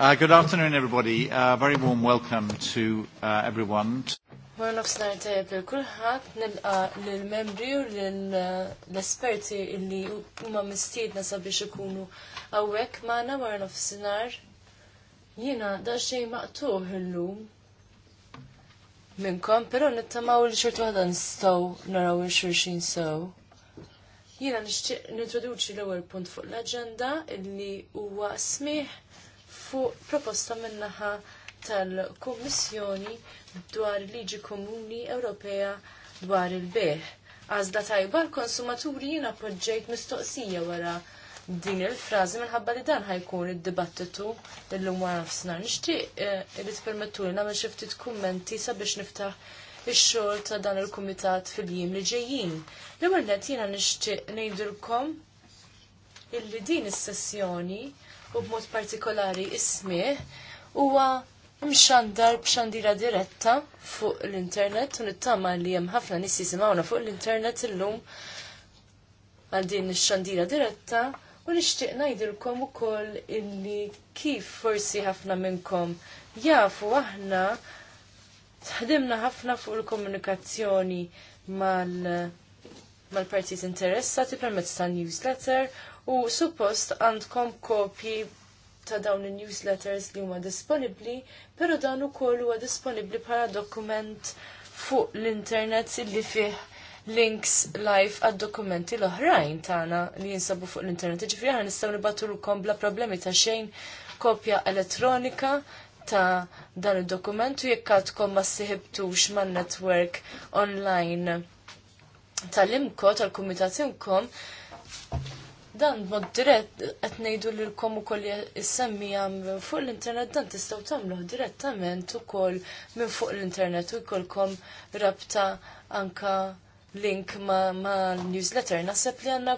Uh, good afternoon, everybody. Uh, very warm welcome to uh, everyone. Wara nofsnar tajab il-kulħat, nilqa l-membri u uh, l-esperti illi huma mistiedna sabiex ikunu għawek magħna wara nofsinhar. Jiena da xej maqtuħ illum minnkom, pero nittamaw li xort waħda nistaw naraw il-xurxin sew. Jiena nixtieq nintroduċi l-ewel punt fuq l-agenda illi huwa smih fuq proposta min-naħa tal-Kummissjoni dwar liġi komuni Ewropea dwar il-beħ. Għazda tajba l-konsumaturi jina poġġejt mistoqsija wara din il-frażi minħabba li dan ħajkun id-dibattitu illum wara nafsna. Nixtieq li eh, tpermettu li nagħmel xi ftit kummenti sabiex niftaħ ix-xogħol ta' dan il-kumitat fil-jiem li ġejjin. L-ewwel qed jiena nixtieq ngħidilkom illi din is-sessjoni u b'mod partikolari ismi, huwa mxandar b'xandira diretta fuq l-internet u nittama li hemm ħafna nies jisimgħuna fuq l-internet illum għal din ix-xandira diretta u nixtieq ngħidilkom ukoll illi kif forsi ħafna minnkom jafu aħna tħdimna ħafna fuq il-komunikazzjoni mal mal-partijiet interessati permezz ta' newsletter U suppost għandkom kopji ta' dawn il-newsletters li huma disponibbli, pero dan ukoll huwa disponibbli bħala dokument fuq l-internet li fih links live għad dokumenti l-oħrajn tagħna li jinsabu fuq l-internet. Ġifieri aħna nistgħu nibatulkom bla problemi ta' xejn kopja elettronika ta' dan id dokumentu jekk għadkom ma ssiħibtux man-network online tal-imko tal-kumitat imkom, Dan mod dirett qed ngħidu lilkom ukoll issemmi minn fuq l-internet dan tistgħu tagħmluh direttament ukoll minn fuq l-internet u jkollkom rabta anka link ma, ma newsletter naħseb li għandna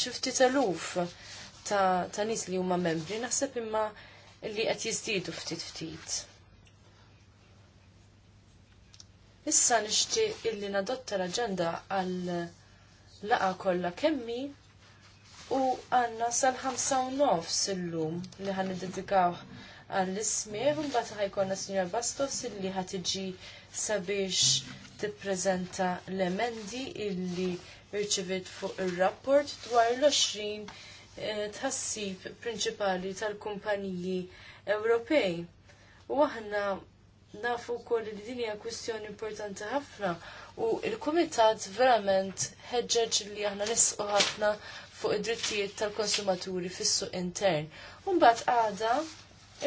xi ftit eluf ta', ta nies li huma membri naħseb imma li qed jiżdiedu ftit ftit. Issa nixtieq illi nadotta l-aġenda għal laqa kollha kemmi u għanna sal-5 nofs illum li għan id-dedikaw għall-ismir, un bat ħajkonna Signor Bastos illi ħatiġi sabiex tippreżenta l-emendi illi rċivit fuq ir rapport dwar l-20 eh, tħassib prinċipali tal-kumpaniji Ewropej. U aħna nafu wkoll li din hija kwistjoni importanti ħafna u l kumitat verament ħeġġeġ li aħna nisqu ħafna fuq id-drittijiet tal-konsumaturi fis-suq intern. Umbagħad għada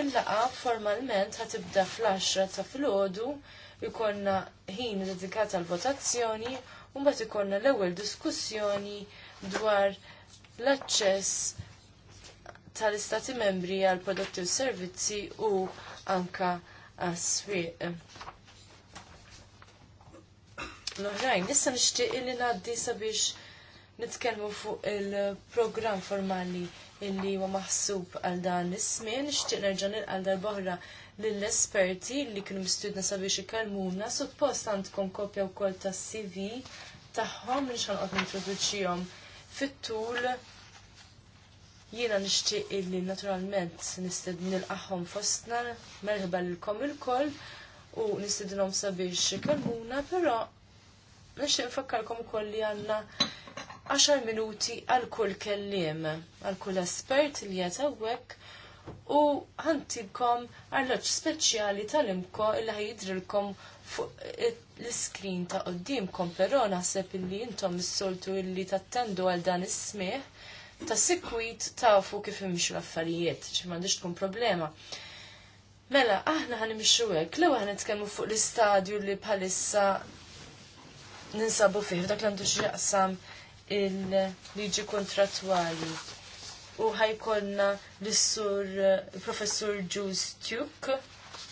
il-laqa formalment ħatibda fl-10 ta' filgħodu jkollna ħin dedikat għall votazzjoni u mbagħad ikollna l-ewwel diskussjoni dwar l-aċċess tal-istati membri għal prodotti u servizzi u anka għas-swieq. L-oħrajn, issa nixtieq li ngħaddi sabiex nitkellmu fuq il-programm formali illi huwa maħsub għal dan is-smien, xtieq nerġa' nilqal darb'oħra lill-esperti li kienu mistudna sabiex ikellmuna, suppost għandkom kopja wkoll tas-CV tagħhom li xanqod nintroduċihom fit-tul jiena nixtieq illi naturalment nisted nilqahom fostna, merħba lilkom il-koll u nistidilhom sabiex ikellmuna, però nixtieq nfakkarkom ukoll li għandna għaxar minuti għal kull kellim, għal kull espert li jatawek u ħantibkom arloġġ speċjali tal-imko illi ħajidrilkom fuq eh, l-iskrin ta' qoddimkom, però naħseb illi jintom is-soltu illi tattendu għal dan is smih ta' sikwit tafu kif imxu l-affarijiet, ċi m'għandix tkun problema. Mela, aħna ħan imxu hekk, l ħan nitkellmu fuq l-istadju li bħalissa ninsabu fih, dak l-għandu xi jaqsam il-liġi kontrattwali u ħajkonna l-sur professur Jules Tuk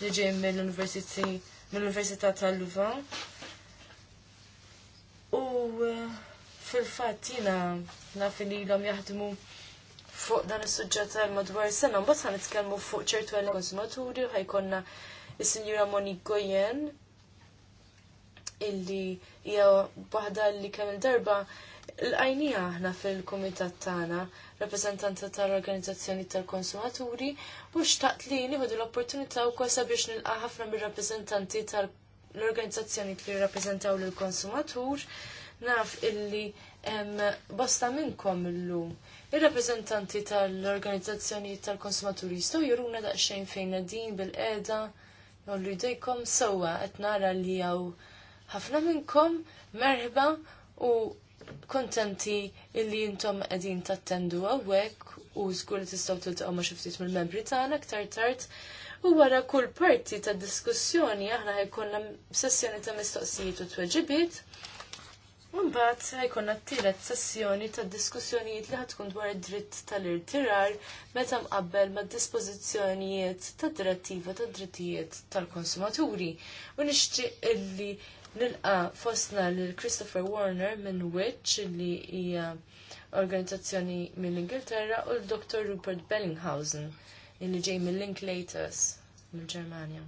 li ġej mill-Università tal-Luvan. U eh, fil-fatt jina naf li l jaħdmu fuq dan is-suġġett għal madwar sena, mbagħad ħan nitkellmu fuq ċertu għal konsumaturi u ħajkonna is-Sinjura Monique Goyen illi hija waħda li kemm il-darba l-għajnija aħna fil-komitat tagħna rappreżentanti tal-organizzazzjoni tal-konsumaturi u xtaqt li nieħu l-opportunità wkoll sabiex nilqa' ħafna mir-rappreżentanti tal-organizzazzjoni li jirrappreżentaw lill-konsumatur naf illi hemm bosta minnkom illum. Ir-rappreżentanti tal-organizzazzjoni tal-konsumaturi jistgħu jiruna daqsxejn fejn din bil-qeda nollu jdejkom sewwa qed nara li hawn ħafna minnkom merħba u kontenti illi jintom qegħdin tattendu hawnhekk u żgur li tistgħu tiltaqgħu ma' xiftit ftit mill-membri tagħna aktar tard. U wara kull parti ta' diskussjoni aħna ħajkonna sessjoni ta' mistoqsijiet u tweġibiet. Mbagħad ħajkonna t-tielet sessjoni ta' diskussjonijiet li ħadkun dwar id-dritt tal-irtirar meta mqabbel mad dispożizzjonijiet tad direttiva tad drittijiet tal-konsumaturi. U nixtieq illi Nilqa fostna lil Christopher Warner minn Witch li hija organizzazzjoni mill-Ingilterra u l-Dr. Rupert Bellinghausen li ġej mill-Linklaters mill-Ġermanja.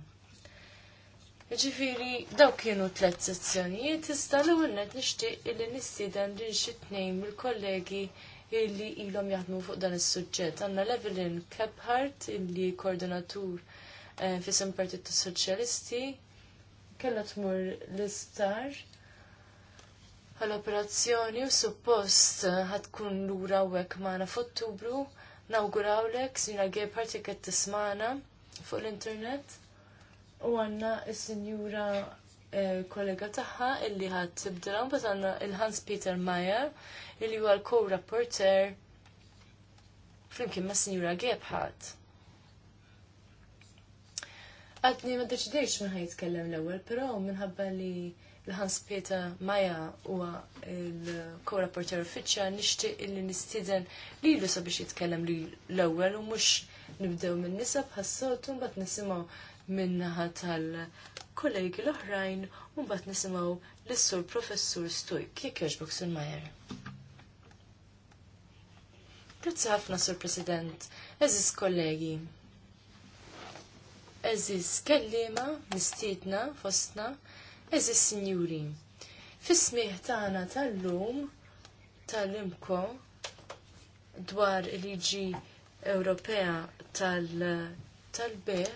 Ġifiri, daw kienu tlet sezzjonijiet, iżda l net nixtieq illi nistieden lil xi tnejn mill-kollegi illi ilhom jaħdmu fuq dan is-suġġett. Għanna Levelin Kephart, illi koordinatur eh, fis Partit Soċjalisti, kellha tmur l-isptar għal-operazzjoni u suppost ħatkun lura hekk magħna f'Ottubru nawgurawlek sinjura Gebhardt jekk qed tismana fuq l-internet u għandna s-sinjura eh, kollega tagħha illi ħadd tibdilha mbagħad għanna il-Hans Peter Meyer illi huwa l-co-rapporter flimkien mas-sinjura Gebhardt għadni ma deċidejx minn ħajtkellem l-ewwel, però minħabba li l-ħans Peter Maja huwa l kora rapporter uffiċja nixtieq illi nistieden lilu sabiex jitkellem li l-ewwel u mhux nibdew minn nisa bħas-soltu mbagħad nisimgħu minnaħa tal-kollegi l-oħrajn u mbagħad nisimgħu lis-sur Professur Stuj. Kif jogħġbok Sur Majer? Grazie ħafna, Sur President. Eżis kollegi, eżis kellima, mistietna, fostna, eżis sinjuri. fis taħna tagħna tal-lum tal-imko dwar il-liġi Ewropea tal-beħ,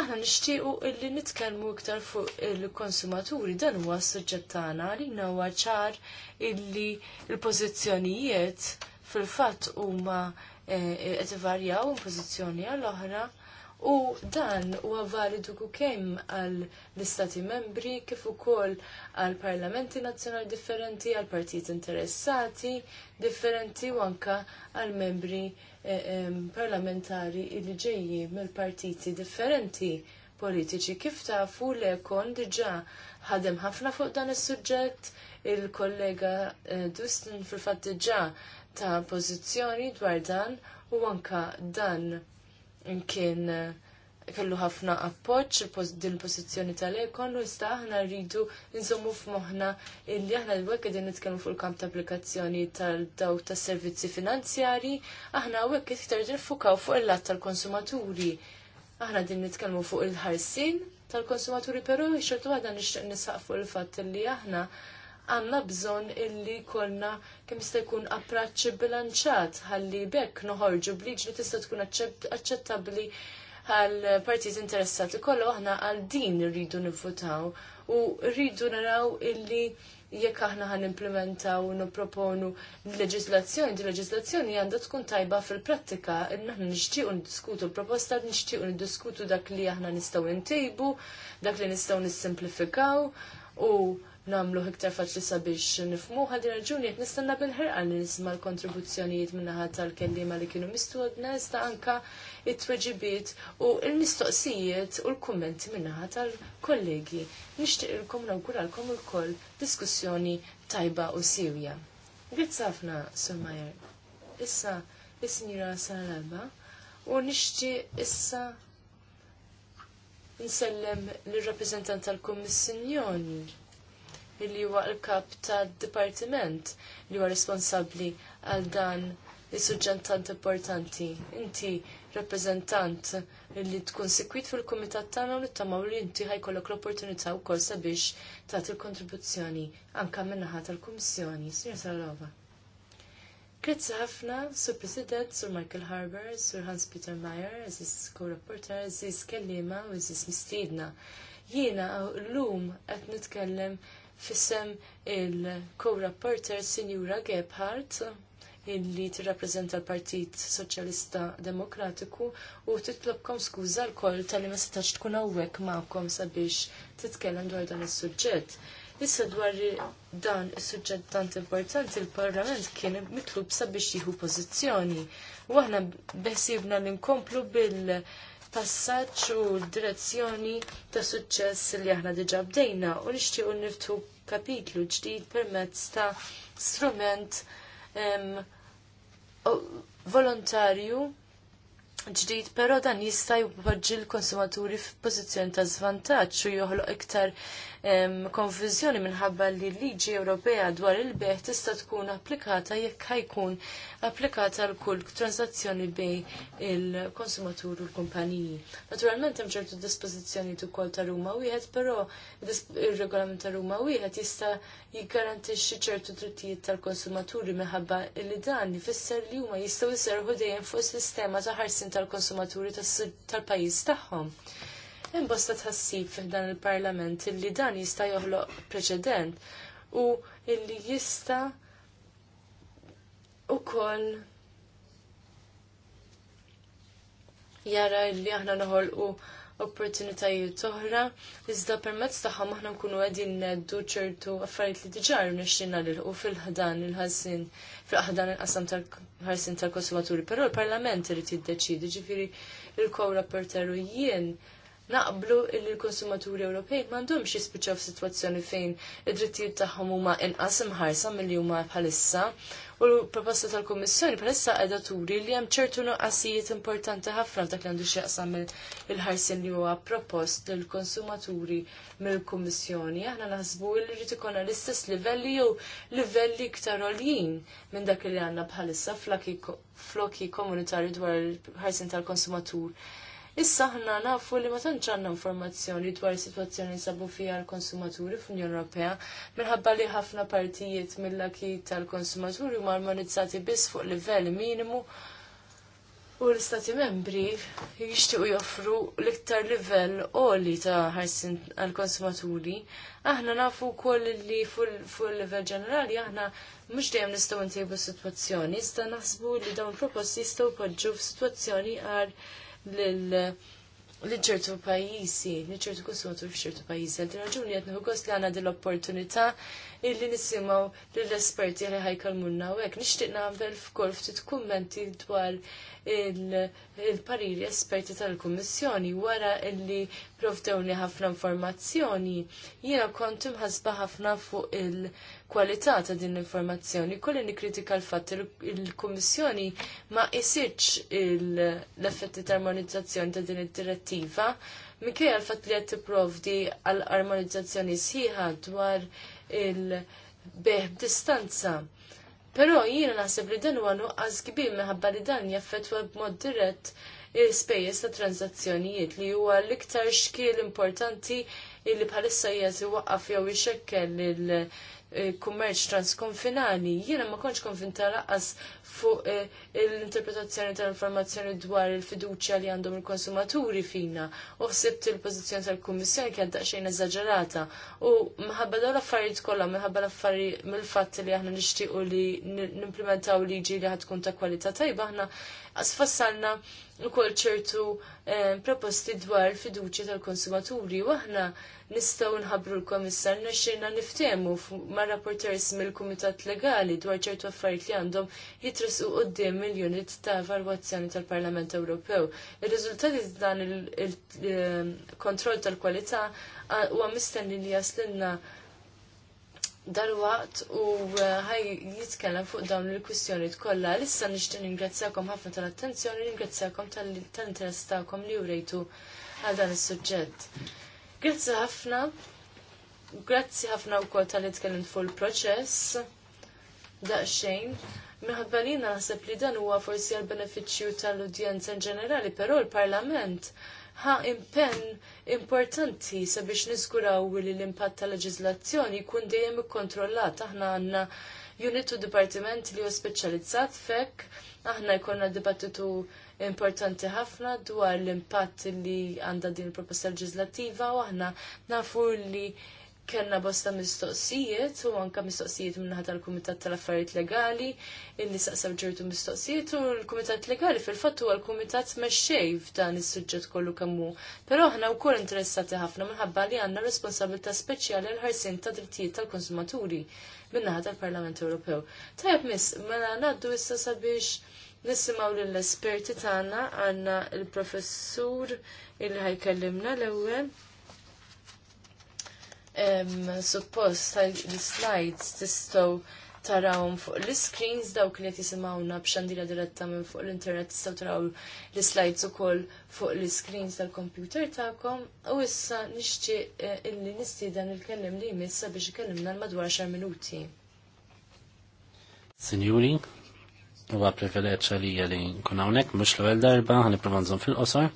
aħna nixtiequ illi nitkellmu iktar fuq il-konsumaturi dan huwa s-suġġett tagħna li huwa ċar illi l-pożizzjonijiet fil-fatt huma eh, qed ivarjaw pożizzjoni għall-oħra U dan huwa validu kemm għal l-istati membri kif ukoll għal parlamenti nazzjonali differenti, għal partijiet interessati differenti u anka għal membri eh, parlamentari li ġejji mill-partiti differenti politiċi. Kif tafu le kon diġa ħadem ħafna fuq dan is-suġġett, il-kollega eh, Dustin fil-fatt diġa ta' pożizzjoni dwar dan u anka dan kien eh, kellu ħafna appoċ din pożizzjoni tal ej kollu, iżda aħna rridu nżommu f'moħħna illi aħna l-wek qegħdin nitkellmu fuq il-kamp ta' applikazzjoni tal-daw tas servizzi finanzjari, aħna hawnhekk iktar nifukaw fuq il-lat tal-konsumaturi. Aħna din nitkellmu fuq il-ħarsin tal-konsumaturi, pero xorta waħda nixtieq fuq il-fatt li aħna għanna bżon illi kolna kemm jista' jkun approċċ bilanċat ħalli bekk noħorġu bliġ li tista' tkun aċċettabbli għal partijiet interessati kollu aħna għal din rridu nivvutaw u rridu naraw illi jekk aħna ħan implementaw u nipproponu l-leġislazzjoni, di leġislazzjoni għandha tkun tajba fil-prattika, naħna nixtiequ ndiskutu l-proposta, nixtiequ ndiskutu dak li aħna nistgħu ntejbu, dak li nistgħu nissimplifikaw u namlu iktar faċli sabiex nifmu ħadi raġuni qed nistanna bil-ħerqan li nisma' l-kontribuzzjonijiet minnaħa tal-kellima li kienu mistuqna iżda anka it-tweġibiet u l-mistoqsijiet u l-kummenti minnaħa tal-kollegi. il-kom nawguralkom ukoll diskussjoni tajba u sirja. Grazzi ħafna, Sur Majer. Issa, is-Sinjura sal-alba u nixti issa nsellem l-rappresentant tal-Kommissjoni li huwa l-kap tad-dipartiment li huwa responsabbli għal dan is-suġġent tant importanti. Inti rappreżentant li tkun sekwit fil-kumitat tagħna u nittamaw li inti ħajkollok l-opportunità wkoll sabiex tagħti il kontribuzzjoni anke min-naħa tal-Kummissjoni. Sir Sarova. Grazzi ħafna, Sur President, Sur Michael Harbour, Sur Hans Peter Meyer, Aziz Co-Reporter, Aziz Kellima u Aziz Mistidna. Jiena uh, l-lum għet nitkellem fissem il-co-rapporter Sinjura Gebhardt illi tirrappreżenta l-Partit Soċjalista Demokratiku u titlobkom skuża l-koll tal-li ma setax tkun hawnhekk ma'kom sabiex titkellem dwar dan is-suġġett. Issa dwar dan is-suġġett tant importanti il-Parlament kien mitlub sabiex jieħu pożizzjoni. U għahna besibna li nkomplu bil- passaġġ u direzzjoni ta' suċċess li aħna diġà bdejna u nixtiequ niftu kapitlu ġdid permezz ta' strument volontarju ġdid, pero dan jista' jpoġġi l-konsumaturi f'pożizzjoni ta' żvantaġġ u joħloq iktar konfużjoni minħabba li l-liġi Ewropea dwar il-beħ tista' tkun applikata jekk ħajkun applikata l kull transazzjoni bej il-konsumatur u l-kumpaniji. Naturalment hemm ċertu dispożizzjoni ukoll ta' Ruma wieħed, però ir-regolament ta' Ruma wieħed jista' jiggarantixxi ċertu drittijiet tal-konsumaturi minħabba li dan jfisser li huma jistgħu jserħu dejjem fuq is-sistema ta' ħarsin tal-konsumaturi tal-pajjiż tagħhom. Hemm bosta tħassib f'dan il-Parlament illi dan jista' joħloq preċedent u illi jista' ukoll jara illi aħna noħolqu opportunitajiet oħra, iżda permezz tagħhom aħna nkunu qegħdin neddu ċertu affarijiet li diġà nixxinna lilqu fil-ħdan il ħarsin fil-ħdan il-qasam tal-ħarsin tal-konsumaturi, però l-Parlament irid jiddeċiedi ġifieri il-kowra perteru jien naqblu li l-konsumaturi Ewropej m'għandhomx jispiċċaw f'sitwazzjoni fejn id-drittijiet tagħhom huma inqas imħarsa milli huma bħalissa. U l-proposta tal-Kummissjoni bħalissa qiegħda turi li hemm ċertu nuqqasijiet importanti ħafna dak li għandu x'jaqsam il-ħarsien li huwa propost lill-konsumaturi mill-Kummissjoni. Aħna naħsbu li rrid ikolna l-istess livelli jew livelli iktar għoljin minn dak li għandna bħalissa flokki komunitarju dwar il-ħarsin tal-konsumatur Issa ħna nafu li ma tantx għandna informazzjoni dwar is-sitwazzjoni li sabu fiha l-konsumaturi fl-Unjoni Ewropea minħabba li ħafna partijiet mill akit tal-konsumaturi huma armonizzati biss fuq livell minimu u l-Stati membri jixtiequ joffru l-iktar livell għoli ta' ħarsin għal-konsumaturi. Aħna nafu wkoll li fuq livell ġenerali aħna mhux dejjem nistgħu ntejbu s-sitwazzjoni, iżda naħsbu li dawn proposti jistgħu poġġu f'sitwazzjoni għal l-ċertu pajjiżi, l-ċertu f-ċertu pajjiżi. Għal din raġuni qed nieħu gost li għandna din l illi nisimgħu lill-esperti li ħajkalmulna u hekk. Nixtieq nagħmel f'kol ftit kummenti dwar il-pariri esperti tal-Kummissjoni wara illi provdewni ħafna informazzjoni. Jiena kont imħasba ħafna fuq il-kwalità ta' din l-informazzjoni. Kolli nikkritika l-fatt il-Kummissjoni ma isirx l-effetti ta' armonizzazzjoni ta' din id-direttiva Mikkej għal-fat li għed għal-armonizzazzjoni sħiħa dwar il-beħ distanza. Però jiena naħseb li dan huwa nuqqas kbir minħabba li dan jaffettwa b'mod dirett il ispejjeż ta' tranzazzjonijiet li huwa l-iktar xkiel importanti illi bħalissa jgħat waqqaf jew ixekkel il-kummerċ transkonfinali, jiena ma konċ konvinta laqqas fuq l-interpretazzjoni tal-informazzjoni dwar il-fiduċja li għandhom il-konsumaturi fina u ħsibt il-pożizzjoni tal-Kummissjoni kienet daqsxejn eżaġerata u minħabba dawn l-affarijiet kollha minħabba l-affarijiet mill-fatt li aħna nixtiequ li nimplementaw liġi li ħad tkun ta' kwalità tajba aħna għasfassalna ukoll ċertu eh, proposti dwar fiduċi tal-konsumaturi u aħna nistgħu nħabru l-komissar nexxirna niftehmu ma' rapporters mill-Kumitat Legali dwar ċertu affarijiet li għandhom jitresqu quddiem mill-unit ta' evalwazzjoni tal-Parlament Ewropew. Ir-riżultati dan il-kontroll eh, tal-kwalità eh, huwa mistenni li jaslilna dal-waqt u uh, ħaj jitkellem fuq dawn il-kwistjoni kollha. Lissa nixtieq ningrazzjakom ħafna tal-attenzjoni, ningrazzjakom tal-interess tagħkom li wrejtu għal dan is-suġġett. Grazzi ħafna. Grazzi ħafna wkoll tal-li tkellimt fuq il-proċess. Daqsxejn. Minħabba li naħseb li dan huwa forsi għal benefiċċju tal-udjenza in ġenerali, però l-Parlament ħa impenn importanti sabiex niskuraw li l-impatt tal-leġiżlazzjoni jkun dejjem ikkontrollat. Aħna għandna unit u dipartiment li hu speċjalizzat fek, aħna jkollna dibattitu importanti ħafna dwar l-impatt li għandha din il-proposta leġislattiva u aħna nafu li kellna bosta mistoqsijiet u anka mistoqsijiet minnaħat tal-Kumitat tal-Affarijiet Legali illi saqsab ġertu mistoqsijiet u l-Kumitat Legali fil-fatt huwa l-Kumitat meċċej f'dan is-suġġett kollu Pero Però aħna wkoll interessati ħafna minħabba li għandna responsabilità speċjali għal ħarsien ta' drittijiet tal-konsumaturi minnaħat tal-Parlament Ewropew. Tajab miss, mela ngħaddu issa sabiex nisimgħu lill-esperti tagħna għandna il-professur il ħajkellimna l-ewwel suppost tal-slides tistgħu tarawhom fuq l-screens dawk li qed jisimgħuna b'xandira diretta minn fuq l-internet tistgħu taraw l-slides ukoll fuq l-screens tal-computer tagħkom u issa nixtieq eh, illi nistieden il-kellim li jmissa biex ikellimna madwar xar minuti. Sinjuri, huwa privileġġ għalija li nkun hawnhekk mhux l-ewwel darba ħanipprova nżomm fil-qosor.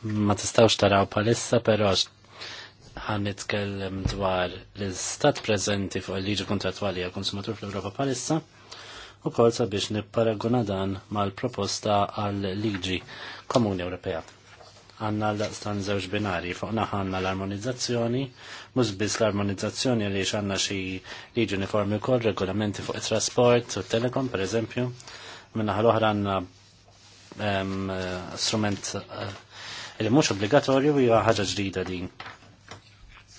ma tistawx taraw palissa, pero għan nitkellem dwar l-istat prezenti fuq il-liġi kontratwali għal konsumatur fl-Europa palissa u kol sabiex nipparagona dan mal-proposta għal liġi komuni Ewropea. Għanna l-stan zewġ binari, fuqna ħanna l-armonizzazzjoni, mux biss l-armonizzazzjoni li xanna xi liġi uniformi kol, regolamenti fuq it-trasport u telekom, per eżempju, minna ħal-oħra għanna eh, strument uh, Illi mhux obbligatorju hija ħaġa ġdida din.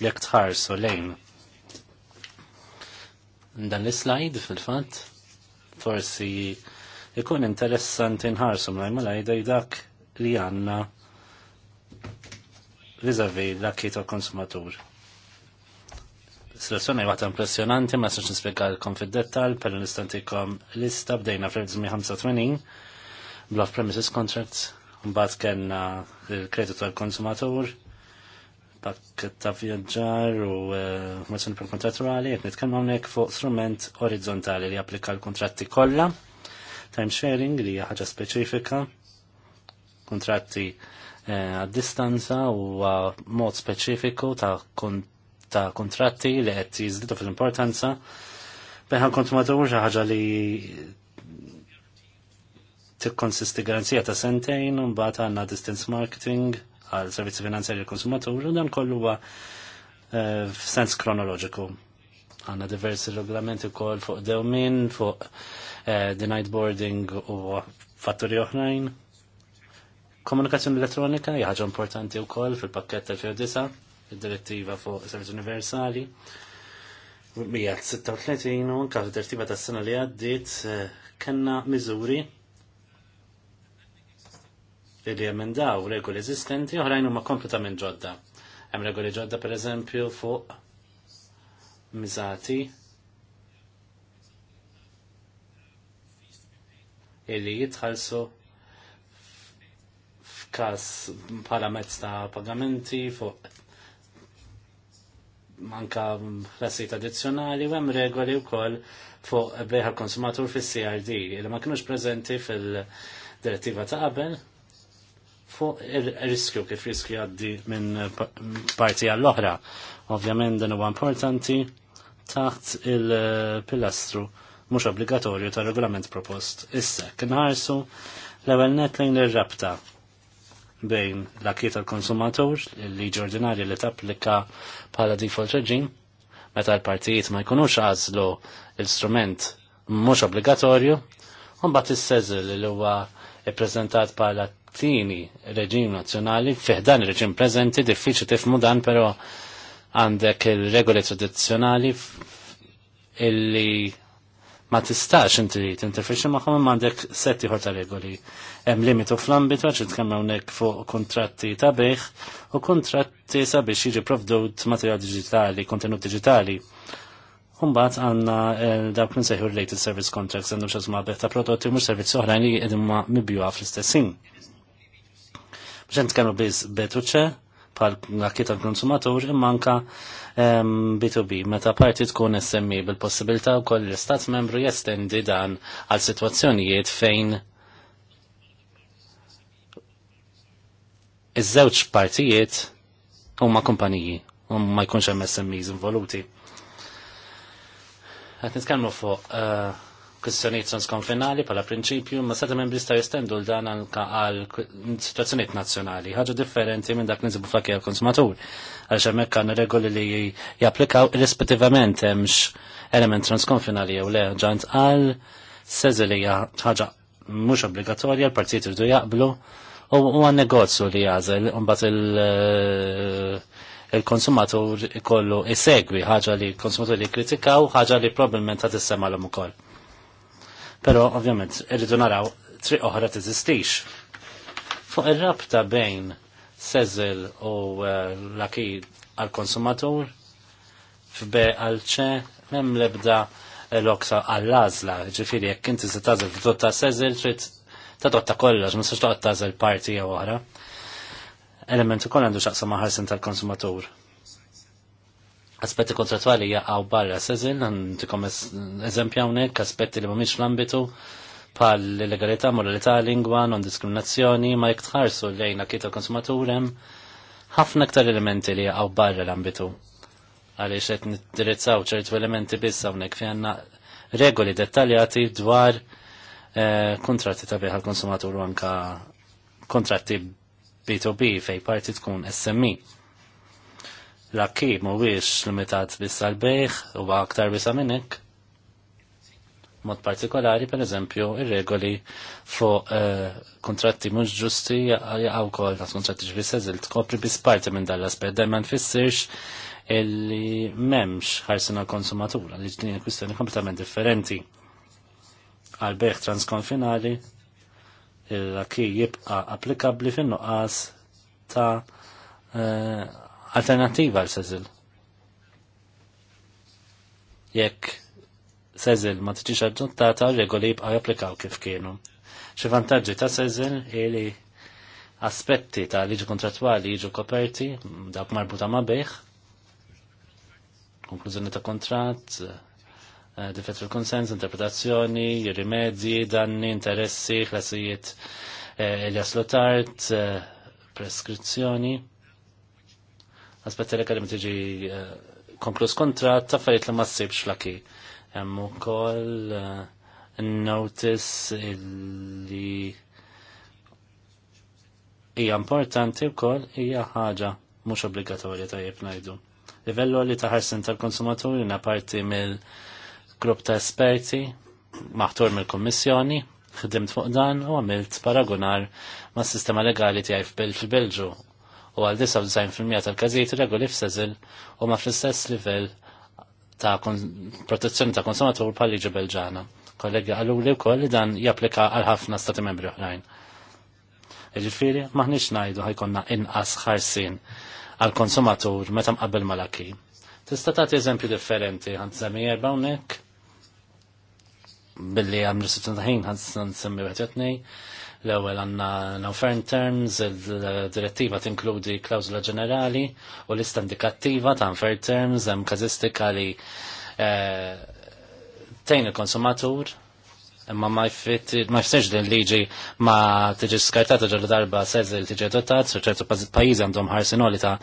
Jekk tħarsu lejn. Dan l-slide fil-fatt forsi ikun interessanti nħarsu mlaj malajda dak li għanna vizavi l-akki u konsumatur. Situazzjoni għata impressionanti, ma' s-sax nispiegalkom fil-dettal, per l-istantikom lista bdejna fl-1985 bluff premises contracts Mbaħt kellna il-kreditu tal-konsumatur, pakket ta' vjaġġar u eh, mazzjoni per kontrattuali, jek nitkellmu hawnhekk fuq strument orizzontali li applika l-kontratti kollha, time sharing li hija ħaġa speċifika, kontratti għad-distanza eh, u mod speċifiku ta' ta' kontratti li qed jiżdidu fil-importanza. Beħan kontumatur xi ħaġa li tikkonsisti garanzija ta' sentejn, mbagħad għandna distance marketing għal servizzi finanzjari l-konsumatur u dan kollu huwa eh, f'sens kronoloġiku. Għanna diversi regolamenti wkoll fuq dewmin, fuq eh, denied boarding u fatturi oħrajn. Komunikazzjoni elettronika hija ħaġa importanti wkoll fil-pakkett tal-2009, id-direttiva fuq servizzi universali. 36 u anka direttiva tas-sena li għaddiet eh, kellna miżuri li jemendaw regoli eżistenti oħrajn huma kompletament ġodda. Hemm regoli ġodda pereżempju fuq miżati illi jitħallsu f'każ bħala mezz ta' pagamenti fuq manka klassit addizzjonali u hemm regoli wkoll fuq beħa konsumatur fis-CRD li ma kinux preżenti fil-direttiva ta' qabel fuq il-riskju kif riskju għaddi minn parti għall-oħra. Ovvjament dan huwa importanti taħt il-pilastru mhux obbligatorju ta' regolament propost. Issa, kinħarsu l-ewwel net lejn ir-rabta bejn l-akki tal-konsumatur, il-liġi ordinarja li tapplika bħala default regime, meta l-partijiet ma jkunux għażlu l istrument mhux obbligatorju, un bat is li huwa ippreżentat bħala tini reġim nazjonali, fiħdan reġim prezenti, diffiċi tifmu dan, pero għandek il-regoli tradizjonali illi ma tistax inti tinterfixxi magħhom ma għandek setti ħorta ta' regoli. Hemm limitu fl-ambitu għax nitkellem hawnhekk fuq kontratti ta' beħ u kontratti sabiex jiġi provdut materjal diġitali, kontenut diġitali. Humbat għanna eh, dawk li nsejħu related service contracts għandhom xazma beħ ta' prodotti mhux servizzi oħrajn li qegħdin ma mibjuha fl-istessin. Bċent hemm biz biss B2C bħal l konsumatur imma B2B meta parti tkun SMI bil u wkoll l stat membru jestendi dan għal sitwazzjonijiet fejn iż-żewġ partijiet huma kumpaniji u ma jkunx hemm SMEs involuti. Qed nitkellmu fuq uh, sans transkonfinali pala prinċipju, ma seta' membri sta jistendu l-dan għal situazzjonijiet nazzjonali, ħaġa differenti minn dak nizibu fakke għal konsumatur, għal xemmek għan regoli li japplikaw rispettivament hemmx element transkonfinali jew le ġant għal sezilija ħaġa mhux obbligatorja, l-partijiet irdu jaqblu, u għan negozju li jażel, mbagħad il- eh, il-konsumatur kollu isegwi ħaġa li konsumatur li kritikaw, ħaġa li probablement ta' tissemalhom ukoll Pero ovvjament irridu naraw triq oħra tiżistix. Fuq ir-rabta bejn seżil u eh, laki għal-konsumatur f'be għal-ċe mem lebda eh, l-oksa għall-azla, ġifiri jekk inti se tażel f'dott ta' seżil trid dotta kollox, ma sax toqgħod tażel parti jew oħra. Elementu ukoll għandu xaqsa maħarsin tal-konsumatur aspetti kontratwali jaqaw barra sezin, għandikom eżempja hawnhekk aspetti li mhumiex l-ambitu pal legalità, moralità, lingwa, non diskriminazzjoni, ma jiktħarsu lejna kita konsumaturem ħafna ktar elementi li jaqaw barra l-ambitu. Għaliex qed nittirizzaw ċertu elementi biss hawnhekk fi għandna regoli dettaljati dwar eh, kontratti ta' bieħal konsumatur u anka kontratti B2B fej parti tkun SME l-akkim u biex limitat biss għal-bejħ u aktar biss minnek. Mod partikolari, per eżempju, ir-regoli fuq uh, eh, kontratti mhux ġusti għaw kol għas kontratti ġbis eżilt tkopri biss parti minn dal-aspett dejjem nfissirx illi m'hemmx ħarsina konsumatura li ġdini kwistjoni kompletament differenti. għal transkonfinali l-akki jibqa' applikabbli fin-nuqqas ta' eh, alternativa għal Sezil. Jekk Sezil ma tiġix adottata regoli jibqa' japplikaw kif kienu. Xi vantaġġi ta' Sezil jeli aspetti ta' liġi kontrattwali jiġu koperti dak marbuta ma' bejħ, konklużjoni ta' kontrat, eh, difett fil-konsens, interpretazzjoni, rimedji, danni, interessi, klasijiet eh, il eh, preskrizzjoni. Aspetta li ma tiġi eh, konklus kontra, ta' li ma ssibx laki. Hemm ukoll eh, notice li hija importanti wkoll hija ħaġa mhux obbligatorja tajjeb ngħidu. Livello li ta' ħarsin tal-konsumaturi na parti mill-grupp ta' esperti maħtur mill-Kommissjoni, ħdimt fuq dan u għamilt paragonar ma' sistema legali tiegħi fil-Belġu u għal 99% tal-każijiet regoli f'seżil u ma fl-istess livell ta' protezzjoni ta' konsumatur pal liġi Belġana. Kollegi għallu li wkoll li dan japplika għal ħafna stati membri oħrajn. Ġifieri maħniex ngħidu ħajkonna inqas ħarsin għal konsumatur meta mqabbel malaki. Tista' tagħti eżempju differenti ħadd semmi erba' hawnhekk billi għamlu sitt ħin ħadd nsemmi wieħed L-ewwel għandna no firm terms, il-direttiva tinkludi klawzula ġenerali u lista indikattiva ta' unfair terms hemm każistika li eh, tejn il-konsumatur imma ma jfitx din liġi ma tiġi skartata ġar darba seżil tiġi adottat, su ċertu pajjiżi għandhom ħarsinoli ta'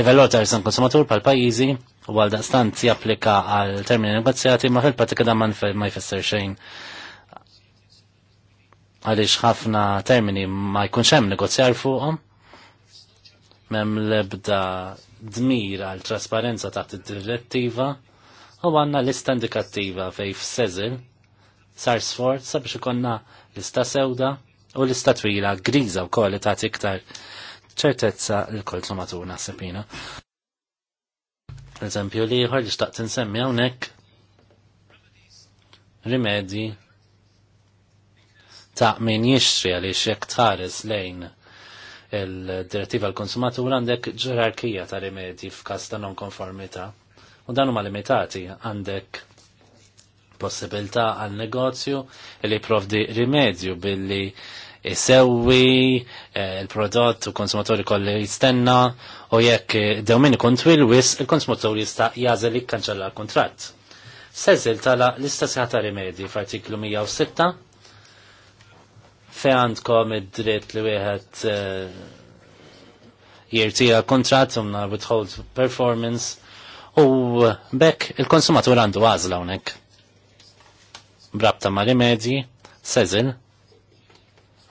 livell ta' ħarsin konsumatur pal pajjiżi u għal daqstant japplika għal termini negozjati ma fil-pratika da ma jfisser xejn għaliex ħafna termini ma jkunx hemm negozjar fuqhom. Mem lebda dmir għal trasparenza taħt id-direttiva u għanna lista indikattiva fej f-sezil sar sforz sabiex ikonna lista sewda u lista twila griża u koll ta' iktar ċertezza l-konsumatur naħsebina. Eżempju liħor li xtaqt insemmi hawnhekk rimedji ta' min jixtri għaliex jekk tħares lejn il-direttiva l-konsumatur għandek ġerarkija ta' rimedji f'każ ta' nonkonformità. U dan huma limitati għandek possibilità għal negozju li provdi rimedju billi isewwi eh, il-prodott u konsumatori kolli jistenna u jekk dewmin ikun twil wis il-konsumatori jista' jażel ikkanċella l-kontratt. Sezil tala l-istess ħata rimedji f'artiklu 106 fe għandkom id-dritt li wieħed eh, jirtija kontrat umna withhold performance u bekk il-konsumatur għandu għazla unek. Brabta ma' rimedji, sezil,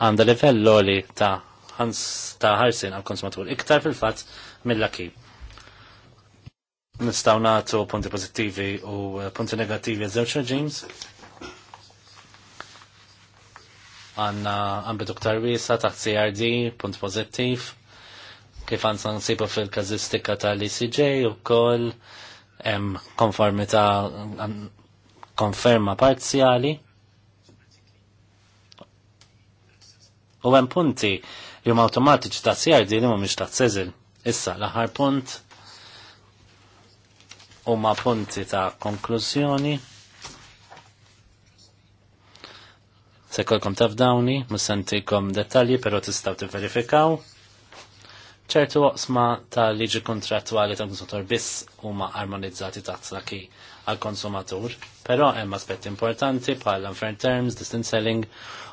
għanda level li ta' għans ta' ħarsin għal-konsumatur iktar fil-fat mill-laki. Nistaw natu punti pozittivi u eh, punti negativi għal James għanna għambidu ktar wisa taħt CRD, punt pozittiv, kif għan sansibu fil-kazistika tal-ECJ u koll konformita konferma parziali. U għem punti li huma automatiċi ta' CRD li mhumiex ta' Cezil. Issa, l-aħħar punt huma punti ta' konklużjoni Se kolkom taf dawni, musantikom dettalji, pero tistaw t-verifikaw. ċertu oqsma ta' liġi kontrattuali ta' konsumatur biss huma armonizzati ta' tlaki għal konsumatur, pero hemm aspetti importanti bħal unfair terms, distance selling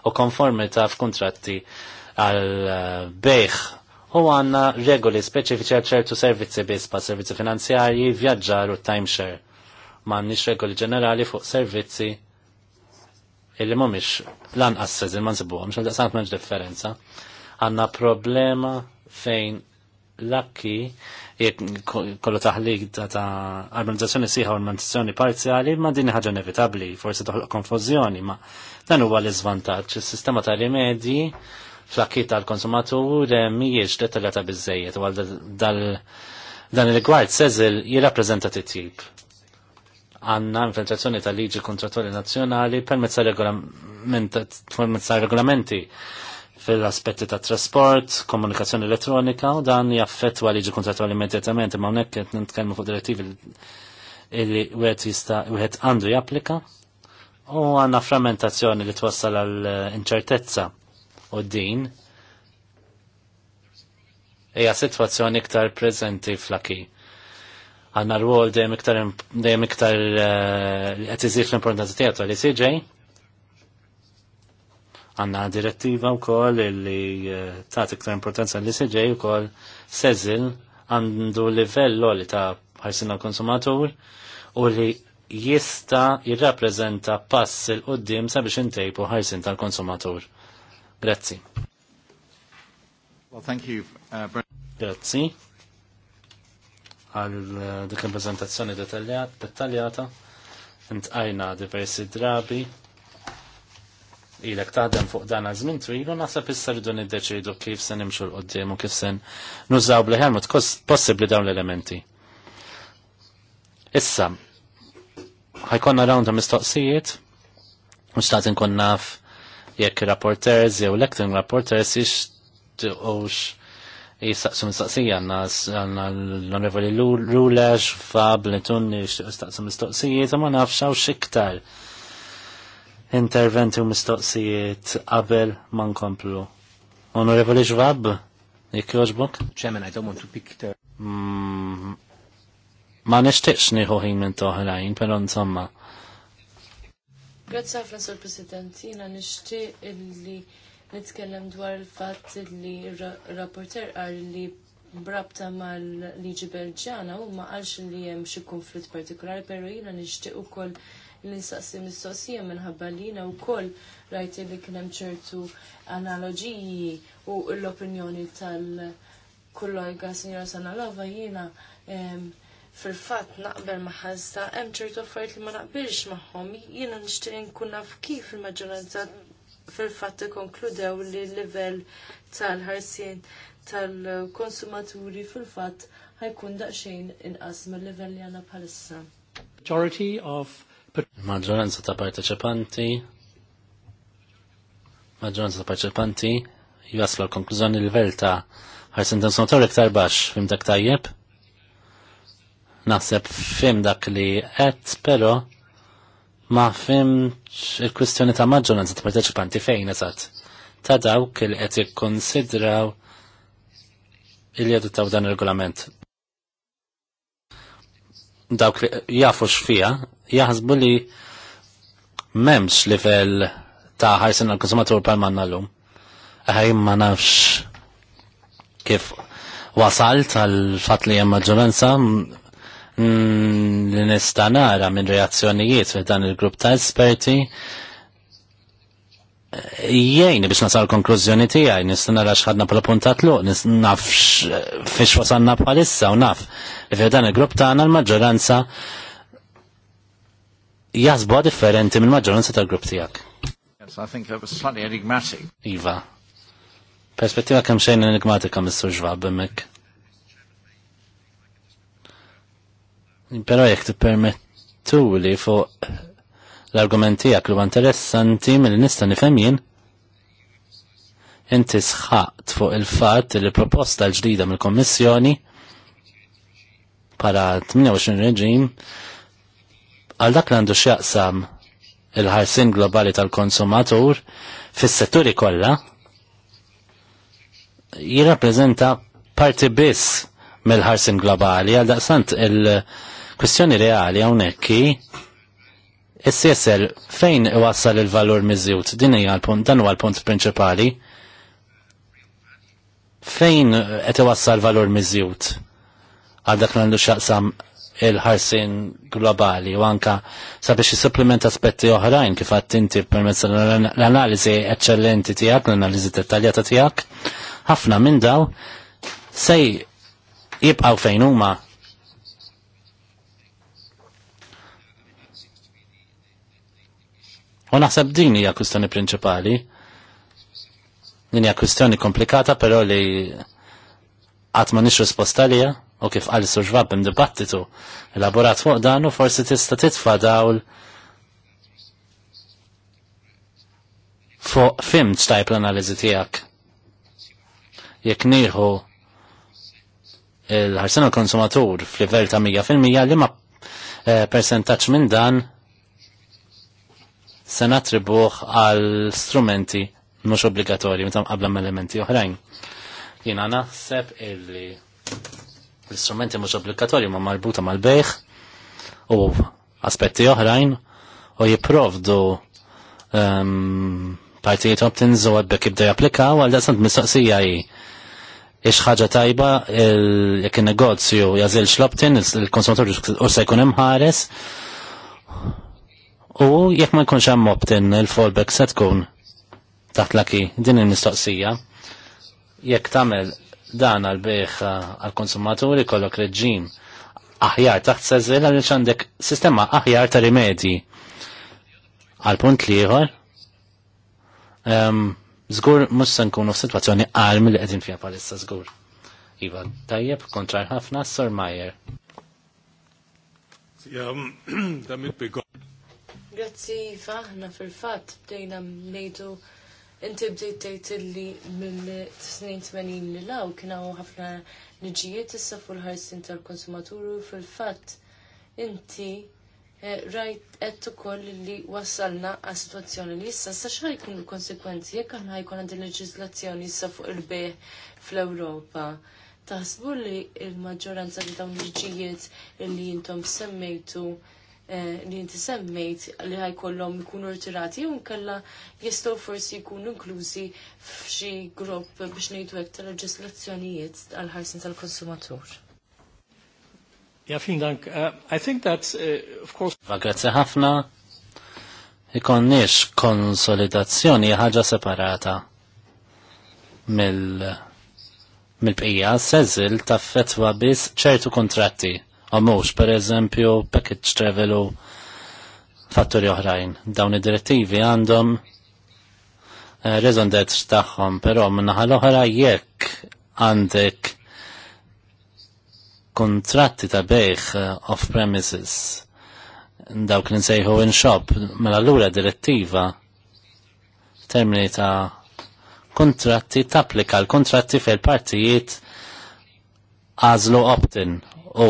u konformità f'kuntratti għal eh, bejħ u għanna regoli speċifiċi għal ċertu servizzi biss pa' servizzi finanzjarji, vjaġġar u timeshare. Ma' nix regoli ġenerali fuq servizzi illi mhumiex lanqas seżin ma nsibuhom, xal daqsant m'hemmx differenza. Għandna problema fejn l-akki kollu taħlik ta' armonizzazzjoni siħa u armonizzazzjoni parzjali ma din ħaġa inevitabli, forsi toħloq konfużjoni, ma dan huwa l-iżvantaġġ. Is-sistema ta' rimedji fl-akki tal-konsumatur eh, mhijiex dettaljata biżejjed u għal dal dan il-gwart seżil jirrappreżenta titjib għanna infiltrazzjoni tal liġi kontrattuali nazzjonali permezz ta' regolamenti fil-aspetti ta' trasport, komunikazzjoni elettronika u dan jaffettwa liġi kontrattuali immedjatament imma hawnhekk qed nitkellmu fuq direttivi li wieħed jista' wieħed għandu japplika u għandna frammentazzjoni li twassal għal inċertezza u din hija sitwazzjoni iktar preżenti flaki għanna rwol dejjem dejjem iktar eh, qed iżir l-importanza tiegħu li CJ. Għanna direttiva wkoll li eh, taħt iktar importanza li e CJ kol sezzil għandu livell li ta' ħarsina konsumatur u li jista jirrappreżenta pass il qoddim sabiex intejpu ħarsin tal-konsumatur. Grazzi. Well, thank you, uh, Grazzi għal eh, dik il-prezentazzjoni dettaljata. ntqajna diversi drabi. Ilek taħdem fuq dan għal żmien twil u naħseb issa rridu niddeċidu kif se imxu l-qoddim u kif se nużaw bl-ħelmet possibbli dawn l-elementi. Issa, ħajkonna rawn ta' mistoqsijiet, u xtaqt nkun naf jekk rapporters jew lecting rapporters jixtiqux jistaqsu mistaqsija għanna l-onorevoli Rulex, Fab, Letun, jistaqsu mistoqsijiet, ma nafx għaw xiktar interventi u mistoqsijiet qabel ma nkomplu. Onorevoli Ġvab, jek joġbok? Chairman, I don't want to pick the... Mm, ma nishtiqx nieħu ħin minn toħrajn, pero insomma. Grazie ħafna, Sir President, jina nishtiq illi nitkellem dwar il-fatt li rapporter qal li brabta mal-liġi belġana u ma qalx li hemm xi konflitt partikolari, pero nishtiq nixtieq ukoll li nsaqsi mistoqsija minħabba li jiena wkoll rajt li kien hemm ċertu analogiji u l-opinjoni tal-kollega Sinjora Sanalova jiena ehm, fil-fatt naqbel maħazza hemm ċertu affarijiet li ma naqbilx magħhom. Jiena nixtieq nkun naf kif il-maġġoranza fil-fatt konkludew li l-level tal-ħarsien tal-konsumaturi fil-fatt ħajkun daqsxejn inqas mill-level li għandna bħalissa. Majority of Maġġoranza ta' parteċipanti maġġoranza ta' parteċipanti jaslu l-konklużjoni l-level ta' ħarsin konsumatori iktar baxx fim dak tajjeb naħseb fim dak li qed, pero ma fimx il-kwistjoni ta' maġġoranza ta' parteċipanti fejn eżatt. Ta' dawk il qed jikkonsidraw il jadottaw dan il-regolament. Dawk li jafu x'fija jaħsbu li memx livell ta' ħarsin għal-konsumatur pal manna l-lum. ma nafx kif wasal għal fat li jemma ġurenza Mm, li nista' nara minn reazzjonijiet minn dan il-grupp ta' esperti Jgħin, biex nasal konklużjoni tiegħi nista' nara x'ħadna bħala punta lu, naf fiex wasanna bħalissa u naf li fi dan il-grupp tagħna l-maġġoranza jasbu differenti mill-maġġoranza tal-grupp tiegħek. Yes, I think that was slightly enigmatic. Iva. Perspettiva kemm xejn enigmatika Mr. Ġvab hemmhekk. Pero jek t-permettu li fuq l-argumentijak argumenti li interessanti mill nista nifhem jien. Inti sħaqt fuq il-fatt li proposta l-ġdida mill-Kommissjoni para 28 reġim għal dak l-għandu x'jaqsam il-ħarsin globali tal-konsumatur fis-setturi kollha jirrappreżenta parti biss mill-ħarsin globali għal daqsant il- Kwestjoni reali hawnhekk s-sessel fejn wassal il-valur mizzjut, din hija l-punt dan huwa l-punt prinċipali. Fejn qed iwassal valur mizzjut għal dak għandu xaqsam il-ħarsin globali u anka sabiex supplement aspetti oħrajn kif għat inti permezz l-analizi eccellenti tijak, l-analizi dettaljata tijak, ħafna minn daw sej jibqaw fejn huma U naħseb din hija kwistjoni prinċipali. Din hija kwistjoni komplikata però li qatt ma nix risposta lija u kif qal sur b'im dibattitu elaborat fuq dan u forsi tista' titfa' dawl fuq fim tajp l-analiżi tiegħek. Jekk nieħu il-ħarsena konsumatur f'livell ta' 100% li ma eh, percentaċ minn dan se natribuħ għal strumenti mhux obbligatorji meta qabla elementi oħrajn. Jiena naħseb illi l-istrumenti mhux obbligatorji ma marbuta mal-bejħ u aspetti oħrajn u jipprovdu um, partijiet optinżu ins jibda japplikaw għal dasant mistoqsija hi ix ħaġa tajba jekk il-negozju jazil l il konsumatorju u se jkun hemm ħares U jekk ma jkunx hemm opt-in il-fallback se tkun taħt laki din il-mistoqsija. Jekk tagħmel dan għal bih għal konsumaturi kollok reġim aħjar taħt sezzil għal għandek sistema aħjar ta' rimedji għal punt liħor zgur mhux se nkunu f'sitwazzjoni għal mill qegħdin fija palissa zgur. Iva, tajjeb kontrar ħafna Sor Majer. Ja, damit begon. Grazzi, faħna iva, fil-fat bdejna mnejdu, inti bdejt tgħid illi mill-snin 80 li law kien hawn ħafna liġijiet issa fuq il-ħarsin tal-konsumaturu fil-fatt inti eh, rajt qed ukoll li wassalna għas sitwazzjoni li issa sa x'ħaj jkunu konsekwenzi jekk aħna jkun għandi leġiżlazzjoni issa fuq il-beħ fl-Ewropa. Taħsbu li l-maġġoranza ta' dawn il-liġijiet li jintom semmejtu Eh, li inti semmejt li kollom ikunu ritirati u nkella jistgħu forsi jkunu inklużi f'xi grupp biex nejtu għek tal leġislazzjonijiet għal ħarsin tal-konsumatur. Ja, fin dank. Äh, I think that, uh, of course... Grazie ħafna. Ikonniex konsolidazzjoni ħaġa separata mill mill-bqija sezzil ta' fetwa biss ċertu kontratti għamux, per eżempju, package travel u fatturi oħrajn. Dawn id-direttivi għandhom eh, rezon det taħħom, pero minnaħal l-oħra jekk għandek kontratti ta' bejħ eh, off-premises dawk li nsejħu in-shop, mela l-ura direttiva termini ta' kontratti tapplika l-kontratti fil-partijiet għazlu opt-in u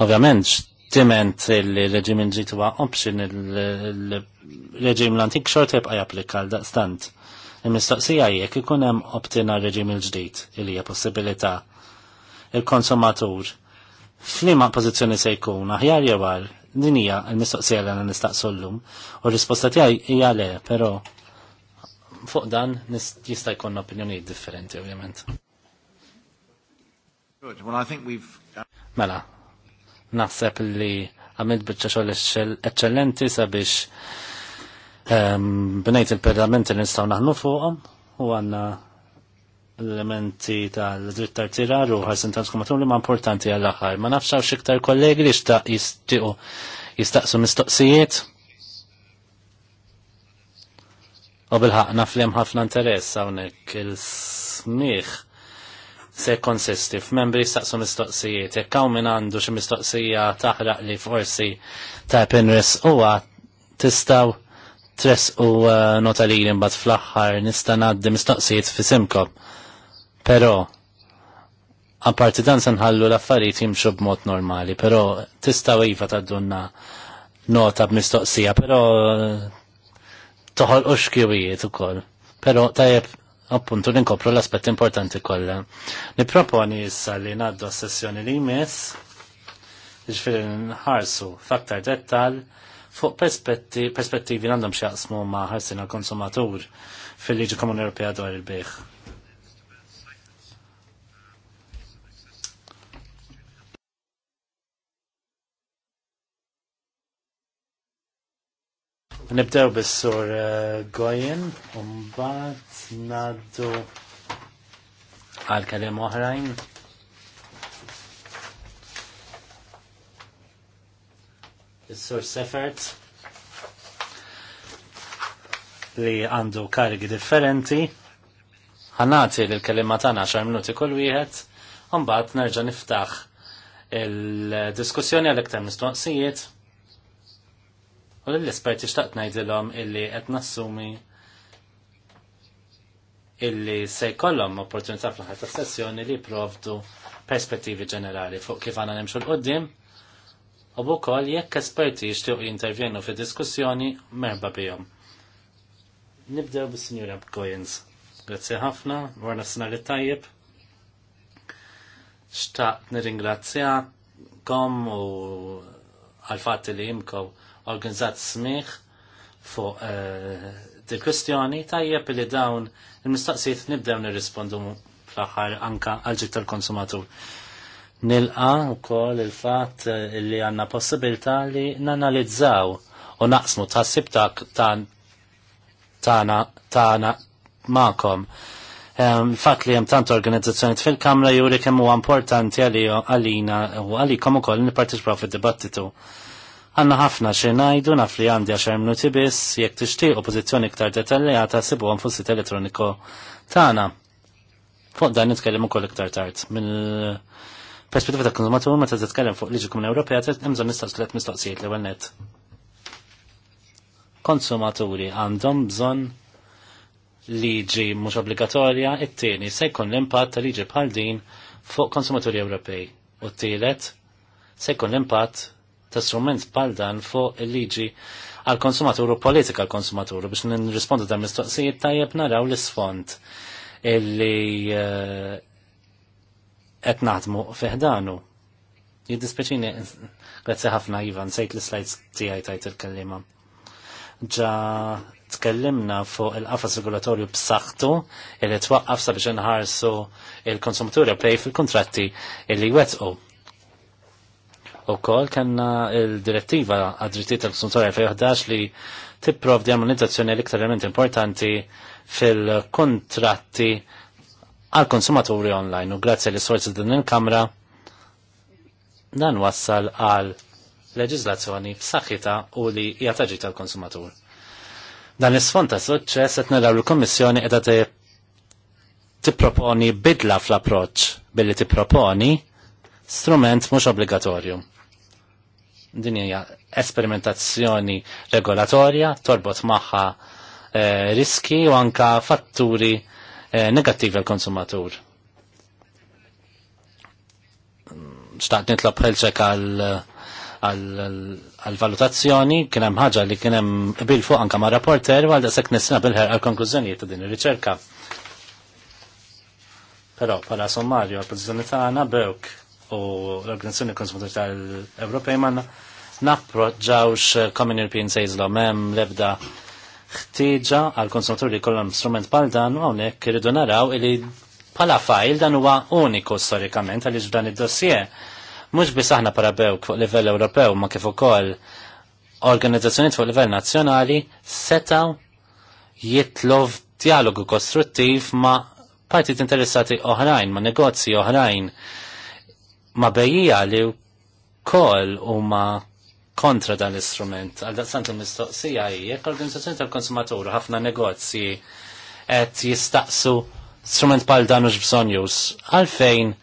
Ovvjament, stiment il-reġim inġit huwa option il-reġim l-antik xort jibqa' japplika l daqstant. Il-mistoqsija jekk ikun hemm optina reġim il-ġdid il hija possibilità il-konsumatur f'liema pożizzjoni se jkun aħjar jew għal din hija l-mistoqsija li għandna nistaqsu llum u r-risposta tiegħi hija le, però fuq dan jista' jkun opinjonijiet differenti ovvjament. Uh, mela, naħseb li għamilt bieċa xogħol eccellenti sabiex ehm, bnejt il-pedamenti li nistgħu naħnu fuqhom u għandna l-elementi tal-dritt tal-tirar u ħarsin tal skumatum li ma' importanti għall-aħħar. Ma nafxaw xiktar kollegi li xtaq jistiqu jistaqsu mistoqsijiet. U bil ħak naf ħafna interess hawnhekk il-smiħ se konsisti f'membri staqsu mistoqsijiet, jekk hawn minn għandu xi mistoqsija taħraq li forsi ta' pinres huwa tistgħu tres u eh, nota li mbagħad fl-aħħar nista' ngħaddi mistoqsijiet fi simkom. Però apparti dan se nħallu l-affarijiet jimxu b'mod normali, però tistgħu iva tadunna nota b'mistoqsija, però toħol uxkiwijiet ukoll. Però tajjeb appuntu li nkopru l-aspett importanti kollha. Niproponi issa li ngħaddu s-sessjoni li jmiss ġifir nħarsu f'aktar dettal fuq perspettivi għandhom xjaqsmu ma' għal-konsumatur fil-liġi Komuni Ewropea dwar il-bieħ. Nibdew bis-sur uh, Goyen, un Naddu għal kelem oħrajn. Is-sur Sefert li għandu karigi differenti. Ħanati li l-kelima tagħna 10 minuti kull wieħed, u mbagħad nerġa' niftaħ il-diskussjoni għal iktar mistoqsijiet. U l-esperti xtaqt ngħidilhom illi qed nassumi illi se jkollhom opportunità fl-aħħar ta' sessjoni li jipprovdu perspettivi ġenerali fuq kif għandna nimxu l-qoddim u wkoll jekk esperti jixtiequ jintervjenu fid diskussjoni merba bihom. Nibdew bis-Sinjura Goins. Grazzi ħafna, warna s li tajjeb. Xtaq nirringrazzjakom u għal-fatt li jimkom organizzat smiħ fuq eh, il kwistjoni tajjeb li dawn il-mistaqsijiet nibdew nirrispondu fl-aħħar anka għalġik tal-konsumatur. Nilqa wkoll il-fatt li għandna possibilta li nanalizzaw u naqsmu ta' sibtak ta' tana ma'kom. Ehm, fatt li hemm tant organizzazzjoni fil-Kamra juri kemm huwa importanti għalina u għalikom ukoll nipparteċipaw fid-dibattitu. Għanna ħafna xinajdu naf li għandi għaxar minuti biss jekk tixtieq oppożizzjoni iktar detaljata sibuhom fuq sit elettroniku tagħna. Fuq dan nitkellem ukoll iktar tard. Mill perspettiva ta' konsumatur meta tkellem fuq liġi Komuni Ewropea hemm bżonn nistaqs tliet mistoqsijiet li ewwel Konsumaturi għandhom bżonn liġi mhux obbligatorja, it-tieni se jkun l-impatt ta' liġi bħal din fuq konsumaturi Ewropej. U t-tielet se jkun l-impatt ta' strument bħal dan fuq il-liġi għal konsumatur u politika għal konsumatur biex nirrispondu ta' mistoqsijiet tajjeb naraw l-isfond illi eh, qed naħdmu fiħdanu. Jiddispeċini, grazzi ħafna Ivan, sejt l-slides tiegħi tajt il-kellima. Ġa tkellimna fuq il-qafas regolatorju b'saħħtu illi twaqqaf sabiex inħarsu il-konsumaturi pej fil-kontratti illi wetqu U kol kanna il-direttiva għad-drittijiet tal-konsumatori 2011 li tipprov di armonizzazzjoni l-iktar element importanti fil-kontratti għal-konsumaturi online u grazzi għal sorzi din il-kamra dan wassal għal leġizlazzjoni b'saħħitha u li jataġi tal-konsumatur. Dan l-isfond ta' suċċess qed naraw il-Kommissjoni qiegħda tipproponi bidla fl-approċċ billi tipproponi strument mhux obbligatorju. Din hija esperimentazzjoni regolatorja torbot magħha eh, riski u anka fatturi eh, negattivi għal konsumatur. Xtaqt nitlob ħelċek għal valutazzjoni kien hemm ħaġa li kien hemm bil fuq anke ma' rapporter għal daqshekk nisna bil-ħer għal-konklużjonijiet ta' din ir-riċerka. Però bħala sommarju għal ta' tagħna bewk u l-Organizzazzjoni Konsumatur tal-Ewropej manna napproġġawx eh, Common European Sales Law mem lebda ħtieġa għal konsumaturi kollhom strument bħal dan u hawnhekk iridu naraw li bħala fajl dan huwa uniku storikament għaliex dan id-dossier mhux biss aħna parabew fuq livell Ewropew ma kif ukoll organizzazzjonijiet fuq livell nazzjonali setaw jitlov dialogu kostruttiv ma' partit interessati oħrajn, ma' negozji oħrajn ma bejjija li wkoll huma kontra dan l-istrument. Għal daqsant l-mistoqsija jek l-organizzazzjoni tal-konsumatur ħafna negozji qed jistaqsu strument pal dan mhux bżonjus Għalfejn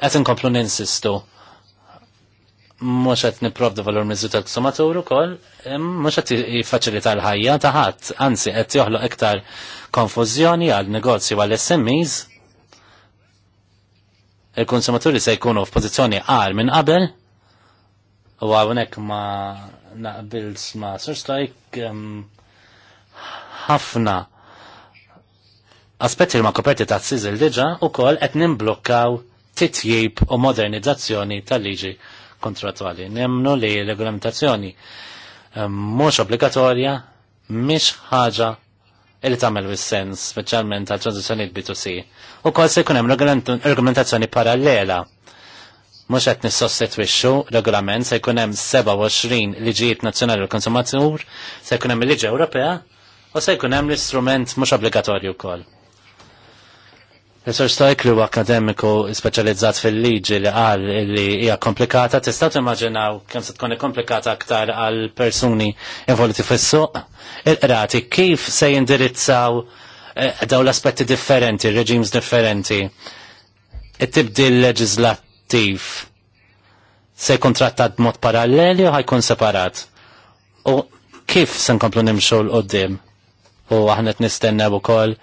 qed inkomplu ninsistu mhux qed nipprovdu valur miżju tal-konsumatur ukoll, mhux qed jiffaċilita l-ħajja ta' ħadd, anzi qed joħloq iktar konfużjoni għal negozji għal SMEs il-konsumaturi se jkunu f'pożizzjoni għar minn qabel u għawnek ma naqbils ma surstrajk ħafna aspetti li ma koperti ta' t il diġa u kol et nimblokkaw titjib u modernizzazzjoni tal-liġi kontratuali. Nemnu li regolamentazzjoni mux obbligatorja, mish ħaġa illi tagħmel bis-sens, speċjalment għal tranzizzjonijiet B2C. U kol se jkun hemm argumentazzjoni parallela. Mhux qed nissostitwixxu regolament se jkun hemm 27 liġijiet nazzjonali l konsumatur se jkun hemm il-liġi Ewropea u se jkun hemm l-istrument mhux obbligatorju wkoll. Professor Stojklu akademiku specializzat fil-liġi li għal li hija komplikata, tistaw timmaġinaw kemm se tkun komplikata aktar għal persuni evoluti fis-suq? Il-qrati kif se jindirizzaw eh, daw l-aspetti differenti, reġims differenti, it-tibdil leġislattiv se kontrattat mod paralleli u ħajkun separat. U kif se nkomplu nimxu l-qoddim? U aħna t-nistennew ukoll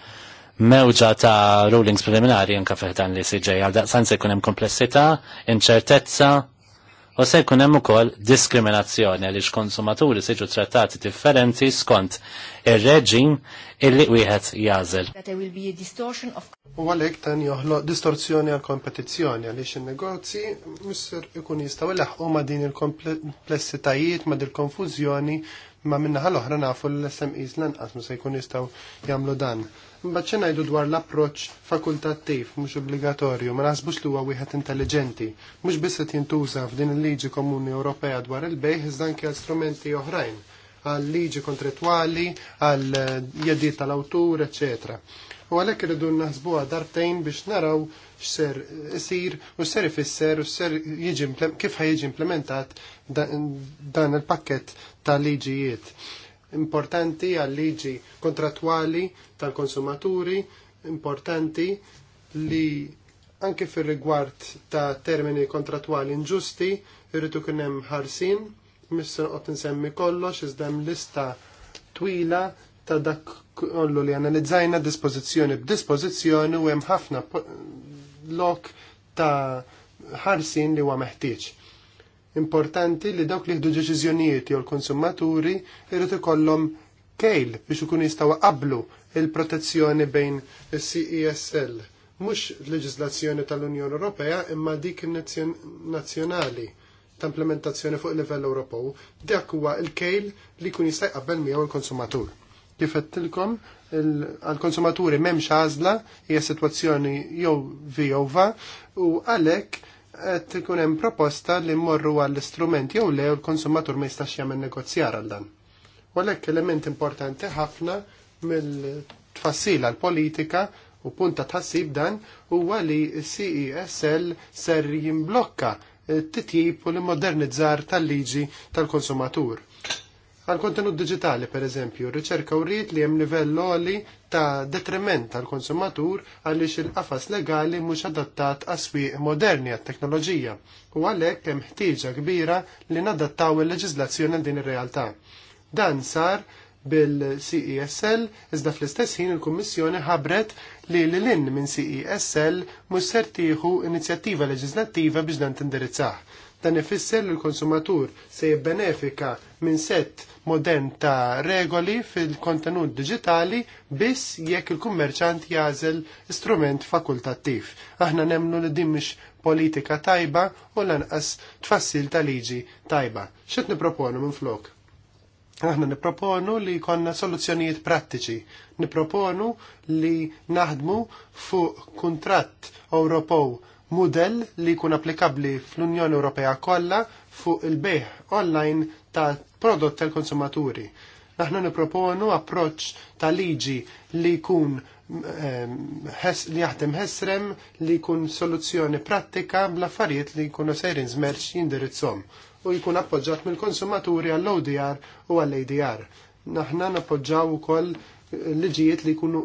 mewġa ta' rulings preliminari anka feħdan li CJ għal daqsan se jkun hemm komplessità, inċertezza u se jkun hemm ukoll diskriminazzjoni għaliex konsumaturi siġu trattati differenti skont ir-reġim illi jħet jażel. U għalhekk dan joħloq distorzjoni għal kompetizzjoni għaliex in-negozji misser ikun jistgħu u ma' din il-komplessitajiet ma' din il-konfużjoni ma minnaħal oħra nafu l-SMEs lanqas ma se jkun jistgħu jagħmlu dan. Mbagħad xi ngħidu dwar l-approċċ fakultattiv mhux obbligatorju, ma nasbux li huwa wieħed intelligenti, mhux biss qed jintuża f'din il-liġi komuni Ewropea dwar il-bejħ iżda anke strumenti oħrajn għal liġi kontretwali, għal eh, jediet tal-awtur, ecc. U għalhekk irridu naħsbuha darbtejn biex naraw x'ser isir u x'ser ifisser u x'ser jiġi kif ħajjiġi implementat dan il-pakkett ta' liġijiet importanti għal-liġi kontratwali tal-konsumaturi, importanti li anke fir rigward ta' termini kontratwali inġusti, irritu kunem ħarsin, missin qot nsemmi kollox, iżdem lista twila ta' dak kollu li analizzajna dispożizzjoni b'dispozizjoni u hemm ħafna lok ta' ħarsin li huwa meħtieġ. Importanti li dawk li ħdu deċiżjonijiet jew l-konsumaturi jrid ikollhom kejl biex ikun jistgħu qablu il-protezzjoni bejn is-CESL. Mhux leġiżlazzjoni tal-Unjoni Ewropea imma dik nazzjonali ta' implementazzjoni fuq livell Ewropew. Dak huwa l-kejl li jkun jista' jqabbel miegħu l-konsumatur. Kif qedtilkom, għal-konsumaturi m'hemmx għażla hija sitwazzjoni jew va, u għalhekk qed ikun hemm proposta li mmorru għall-istrument jew le l-konsumatur ma jistax jagħmel negozjar għal dan. Walhekk element importanti ħafna mill-tfassil għall-politika u punta tħassib dan huwa li CESL ser jimblokka t-titjib u l-modernizzar tal-liġi tal-konsumatur għal kontenut digitali, per eżempju, riċerka u rrit li hemm livell loli ta' detriment għal konsumatur għaliex il-qafas legali mhux adattat għas moderni għat-teknoloġija u għalhekk hemm ħtieġa kbira li nadattaw il-leġiżlazzjoni għal din ir-realtà. Dan sar bil-CESL, iżda fl-istess ħin il-Kummissjoni ħabret li l-lin minn CESL mhux sertiħu tieħu inizjattiva leġislattiva biex dan tindirizzaħ. Dan ifisser li l-konsumatur se jibbenefika minn set modern ta' regoli fil-kontenut digitali biss jekk il-kummerċant jażel strument fakultattiv. Aħna nemnu li din mhix politika tajba u lanqas tfassil ta' liġi tajba. X'qed niproponu minn flok? Aħna niproponu li konna soluzzjonijiet prattiċi. Niproponu li naħdmu fuq kuntratt Ewropew modell li jkun applikabli fl-Unjoni Ewropea kollha fuq il beħ online ta' prodott tal-konsumaturi. Naħna niproponu approċċ ta' liġi li jkun ehm, li jaħdem ħesrem li jkun soluzzjoni prattika bl-affarijiet li jkunu sejrin żmerġ jindirizzhom. u jkun appoġġat mill-konsumaturi għall-ODR u għall-ADR. Naħna nappoġġaw ukoll koll liġijiet li jkunu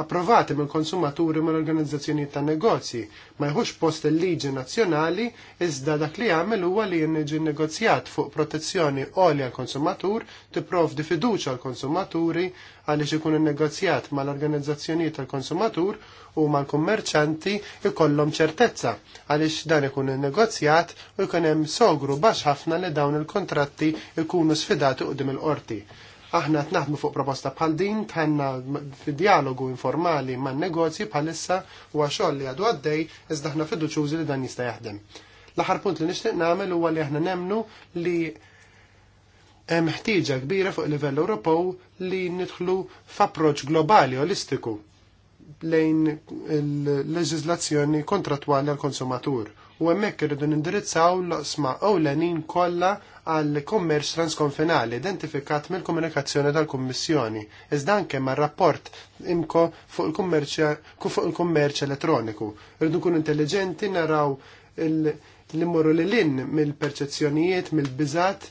approvati mill konsumaturi minn organizzazzjoni ta' negozji. Ma jħux post il-liġi nazzjonali iżda dak li għamil huwa li jinniġi negozjat fuq protezzjoni għolja għal-konsumatur, tipprovdi fiduċa għal-konsumaturi għaliex ikun negozjat mal-organizzazzjoni tal-konsumatur u mal-kummerċanti ikollhom ċertezza għaliex dan ikun negozjat u jkun hemm sogru baxx ħafna li dawn il-kontratti ikunu sfidati qudiem il-qorti. Aħna t naħdmu fuq proposta bħal din tħenna dialogu informali man negozji bħalissa huwa xogħol li għadu għaddej iżda aħna fiduċjużi li dan jista' jaħdem. L-aħħar punt li nixtieq nagħmel huwa li aħna nemnu li hemm ħtieġa kbira fuq livell Ewropew li nidħlu f'approċċ globali holistiku lejn il-leġiżlazzjoni kontrattwali għall konsumatur u hemmhekk irridu nindirizzaw l l ewlenin kollha għal kummerċ transkonfinali identifikat mill-komunikazzjoni tal-Kummissjoni, iżda anke mar-rapport imko fuq il-kummerċ elettroniku. Irridu nkunu intelligenti naraw li morru l lin mill-perċezzjonijiet, mill-biżat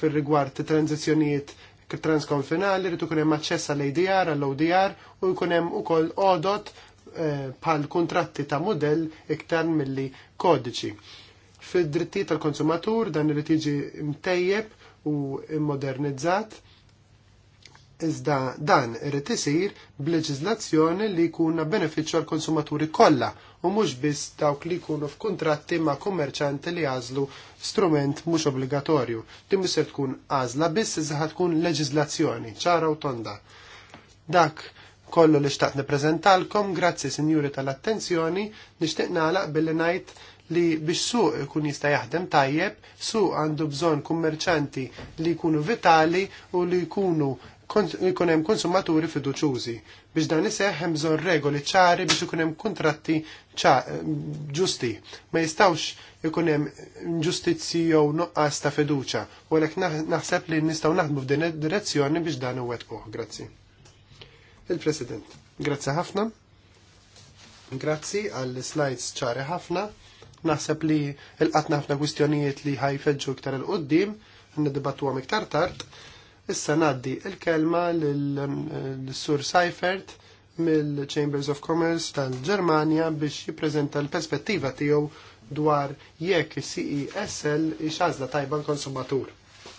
fir-rigward tranzizzjonijiet transkonfinali, rridu kunem maċċessa l-ADR, għall-ODR u hemm ukoll odot pal eh, kontratti ta' model iktar milli kodiċi. Fid-dritti tal-konsumatur dan irid jiġi mtejjeb u immodernizzat iżda dan irid isir b'leġiżlazzjoni li jkunna benefiċċju għall konsumaturi kollha u mhux biss dawk li jkunu f'kuntratti ma' kummerċanti li jażlu strument mhux obbligatorju. Tim se tkun għażla biss iżda tkun leġiżlazzjoni ċara u tonda. Dak kollu li xtaqt niprezentalkom, grazzi sinjuri tal-attenzjoni, nixtieq nagħlaq billi ngħid li biex suq ikun jista' jaħdem tajjeb, suq għandu bżonn kummerċanti li jkunu vitali u li jkunu jkun hemm konsumaturi fiduċjużi. Biex dan iseħħ hemm bżonn regoli ċari biex ikun hemm kuntratti ġusti. Ma jistawx ikun hemm ġustizzji jew nuqqas ta' fiduċja, u għalhekk naħseb li nistgħu naħdmu f'din id-direzzjoni biex dan iwettquh. Grazzi. Il-President, grazzi ħafna. Grazzi għall-slides ċari ħafna. Naħseb li il-qatna ħafna kwistjonijiet li ħajfeġġu iktar il-qoddim, n-dibattu għam iktar tard. Issa naddi il-kelma l-Sur Seifert mill-Chambers of Commerce tal-Germania biex jiprezenta l-perspettiva tiegħu dwar jekk CESL iċazla tajba l-konsumatur.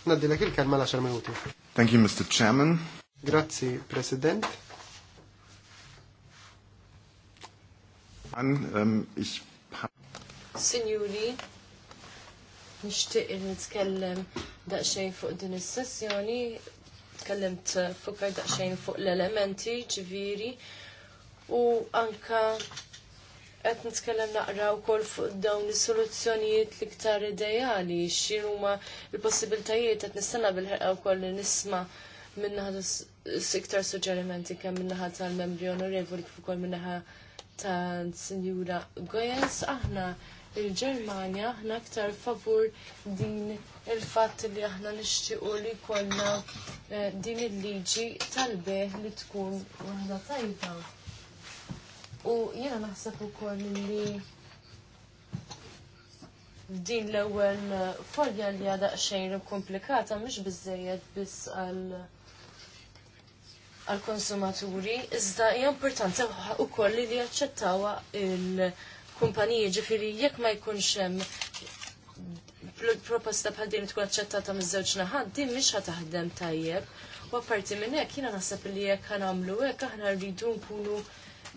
Naddi l-ek il-kelma l-10 minuti. Thank you, Mr. Chairman. Grazzi, President. Ähm, Signori, nishtiq nitkellem daqsxejn fuq din is-sessjoni, tkellimt fukar daqsxejn fuq l-elementi ġviri u anka qed nitkellem naqra wkoll fuq dawn is-soluzzjonijiet l-iktar ideali huma l-possibiltajiet qed nistenna bil-ħerqa wkoll li nisma' s iktar suġġerimenti kemm min-naħa tal-membri onorevoli kif ukoll min-naħa tal-Sinjura Goyens, aħna il-Ġermanja, aħna aktar favur din il fat li aħna nixtiequ li jkollna eh, din il-liġi tal-beħ li tkun wahda tajba. U jiena naħseb ukoll li din l-ewwel eh, folja li għadha xejn komplikata mish bizzejed biss għal għal-konsumaturi, iżda hija importanti wkoll li jaċċettawha il-kumpaniji ġifieri jekk ma jkunx hemm proposta bħal din tkun aċċettata miż-żewġ naħat, din mhix ħataħdem tajjeb. U apparti minn hekk jiena naħseb li jekk ħanamlu hekk aħna rridu nkunu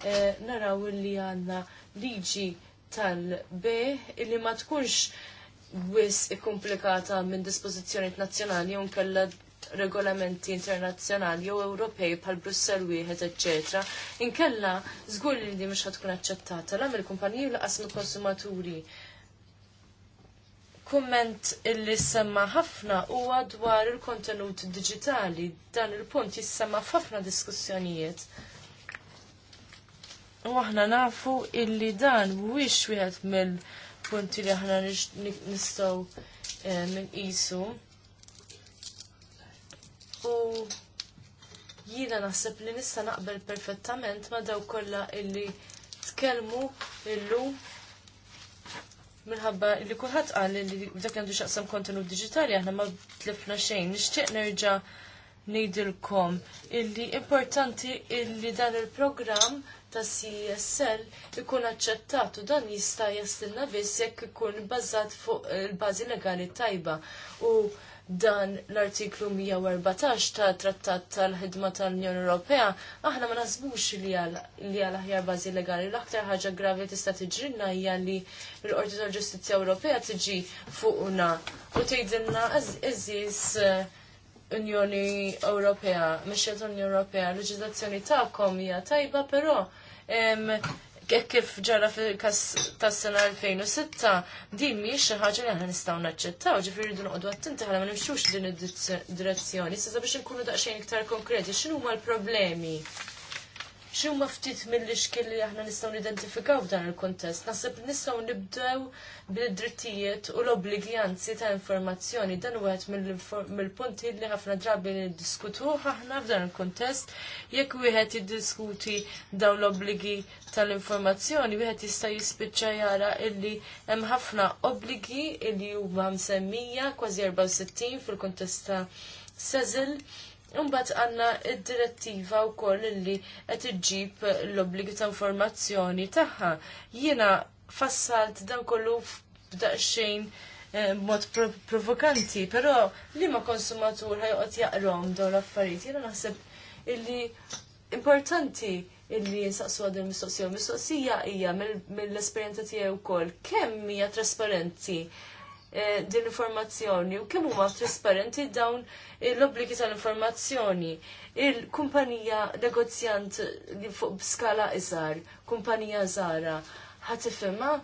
eh, naraw li għandna liġi tal-beħ li ma tkunx wis ikkomplikata minn dispożizzjonijiet nazzjonali jew nkella regolamenti internazzjonali jew Ewropej bħal Brussel wieħed, eċetera, inkella żgur li mhux mhux tkun aċċettata la mill-kumpaniji laqas mill-konsumaturi. Kumment illi semma ħafna huwa dwar il-kontenut digitali dan il-punt jissemma ħafna diskussjonijiet. U aħna nafu illi dan mhuwiex wieħed mill-punti li aħna nistgħu eh, minn qisu u jiena naħseb li nista' naqbel perfettament ma' daw kollha illi tkellmu illum minħabba li kulħadd qal li dak li għandu xaqsam kontenut diġitali aħna ma tlifna xejn. Nixtieq nerġa' ngħidilkom illi importanti illi dan il-programm ta' CSL ikun aċċettat u dan jista' jastilna biss jekk ikun bbażat fuq il-bażi legali tajba. U dan l-artiklu 114 ta' trattat tal-ħidma tal-Unjoni Ewropea, aħna ma nasbux li għal aħjar bażi legali. L-aktar ħaġa gravi tista' tiġrinna hija li l-Qorti tal-Ġustizzja Ewropea tiġi fuqna u tgħidilna iżis eh, Unjoni Ewropea, mexxet Unjoni Ewropea, l-leġiżlazzjoni tagħkom hija tajba, però kif ġara fil-kas tas sena 2006, din mhijiex xi ħaġa li aħna nistgħu naċċettaw, ġifieri dun noqogħdu attenti ħala ma nimxux din id-direzzjoni, sa biex inkunu daqsxejn iktar konkreti, xinu huma l-problemi xumma ftit mill-iskil aħna nistgħu nidentifikaw f'dan il-kontest. Nasib nistgħu nibdew bil-drittijiet u l obligjanzi ta' informazzjoni. Dan u għet mill-punti li ħafna drabi diskutu ħahna f'dan il-kontest. Jekk wieħed jiddiskuti daw l-obbligi tal-informazzjoni, wieħed jista' jispiċċa jara illi hemm ħafna obbligi illi huma msemmija kważi 64 fil-kontest ta' Sezil Imbagħad għandna id-direttiva wkoll li qed iġġib l-obbligi ta' informazzjoni tagħha. Jiena fassalt dan kollu f'daqsxejn eh, mod provokanti, però li ma konsumatur ħajqgħod jaqrom dawn l-affarijiet. Jiena naħseb illi importanti illi jinsaqsu għad il-mistoqsija. Mistoqsija hija mill-esperjenza tiegħi wkoll kemm hija trasparenti Eh, din l-informazzjoni u kemm huma trasparenti dawn l-obbligi tal-informazzjoni. Il-kumpanija negozjant li fuq b'skala iżgħar, kumpanija żara, ħadd ifhimha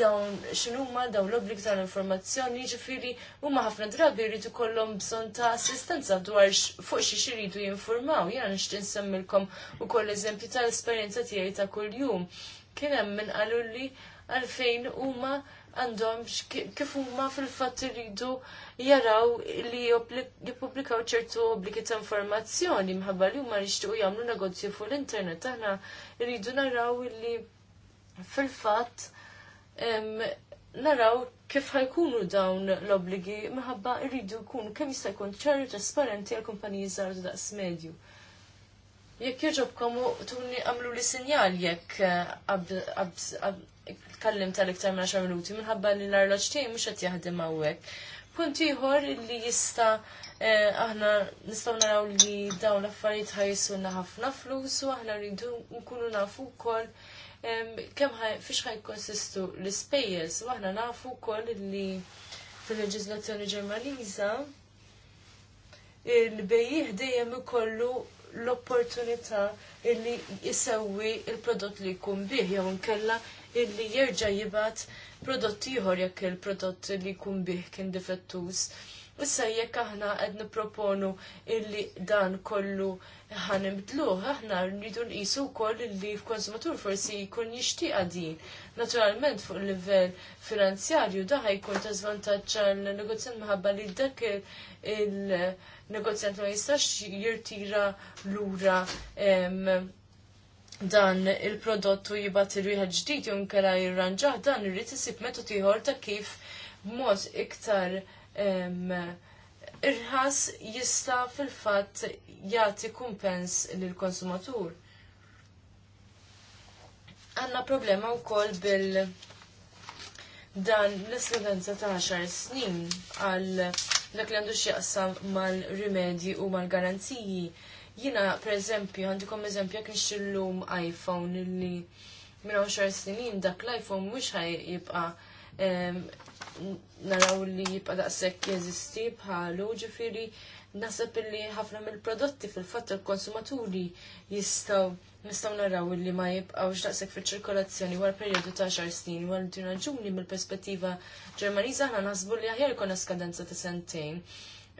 dawn x'inhuma dawn l-obbligi tal-informazzjoni ġifieri huma ħafna drabi jridu kollhom bżonn ta' assistenza dwar fuq xi xiridu jinformaw. Jiena nixtieq insemmilkom ukoll eżempju tal-esperjenza tiegħi ta' kuljum. Kien hemm min qalulli għalfejn huma għandhom kif huma fil-fatt iridu jaraw li jippubblikaw ċertu obbligi ta' informazzjoni minħabba li huma jixtiequ jagħmlu negozju fuq l-internet. Aħna rridu naraw li fil-fatt naraw kif ħajkunu dawn l obbligi minħabba rridu jkunu kemm jista' jkun ċarri trasparenti għal kumpaniji żgħar daqs medju. Jekk jogħġobkom tuni għamlu li sinjal jekk eh, tkallim tal-iktar minn 10 minuti minħabba li l-arloġ tiegħi mhux qed jaħdem hawnhekk. Punt ieħor li jista' eh, aħna nistgħu naraw li dawn l-affarijiet ħajsulna ħafna flus u aħna rridu nkunu nafu wkoll kemm fiex ħajkonsistu l-ispejjeż u aħna nafu wkoll li fil-leġiżlazzjoni Ġermaniża il-bejjih dejjem ikollu l-opportunità illi jisewwi il-prodott li jkun bih jew nkella illi jerġa' jibgħat prodotti ieħor jekk il-prodott li jkun bih kien difettuż. Issa jekk aħna qed nipproponu illi dan kollu ħanimdluh, aħna rridu nqisu wkoll illi l-konsumatur forsi jkun jixtieq din. Naturalment fuq il-livell finanzjarju da jkun ta' żvantaġġ għal-negozjant minħabba li dak il-negozjant ma jistax jirtira lura dan il-prodott u jibat il ġdid u nkela jirranġaħ dan irrid isib metod ieħor ta' kif b'mod iktar irħas jista' fil-fatt jagħti kumpens lil konsumatur. Għanna problema wkoll bil dan l-iskadenza ta' 10 snin għal dak li għandu x'jaqsam mal-rimedji u mal-garanziji Jina, per eżempju, għandikom eżempju, jek nxillum iPhone illi minna 10 snin dak l-iPhone mux ħaj jibqa naraw li jibqa daqsek jeżisti bħalu ġifiri nasab li ħafna mill-prodotti fil-fatt il-konsumaturi jistaw nistaw naraw li ma jibqawx daqsek fil-ċirkolazzjoni wara perjodu ta' xar snin għal tina raġuni mill-perspettiva Ġermaniża aħna naħsbu li aħjar jkollna skadenza ta' sentejn.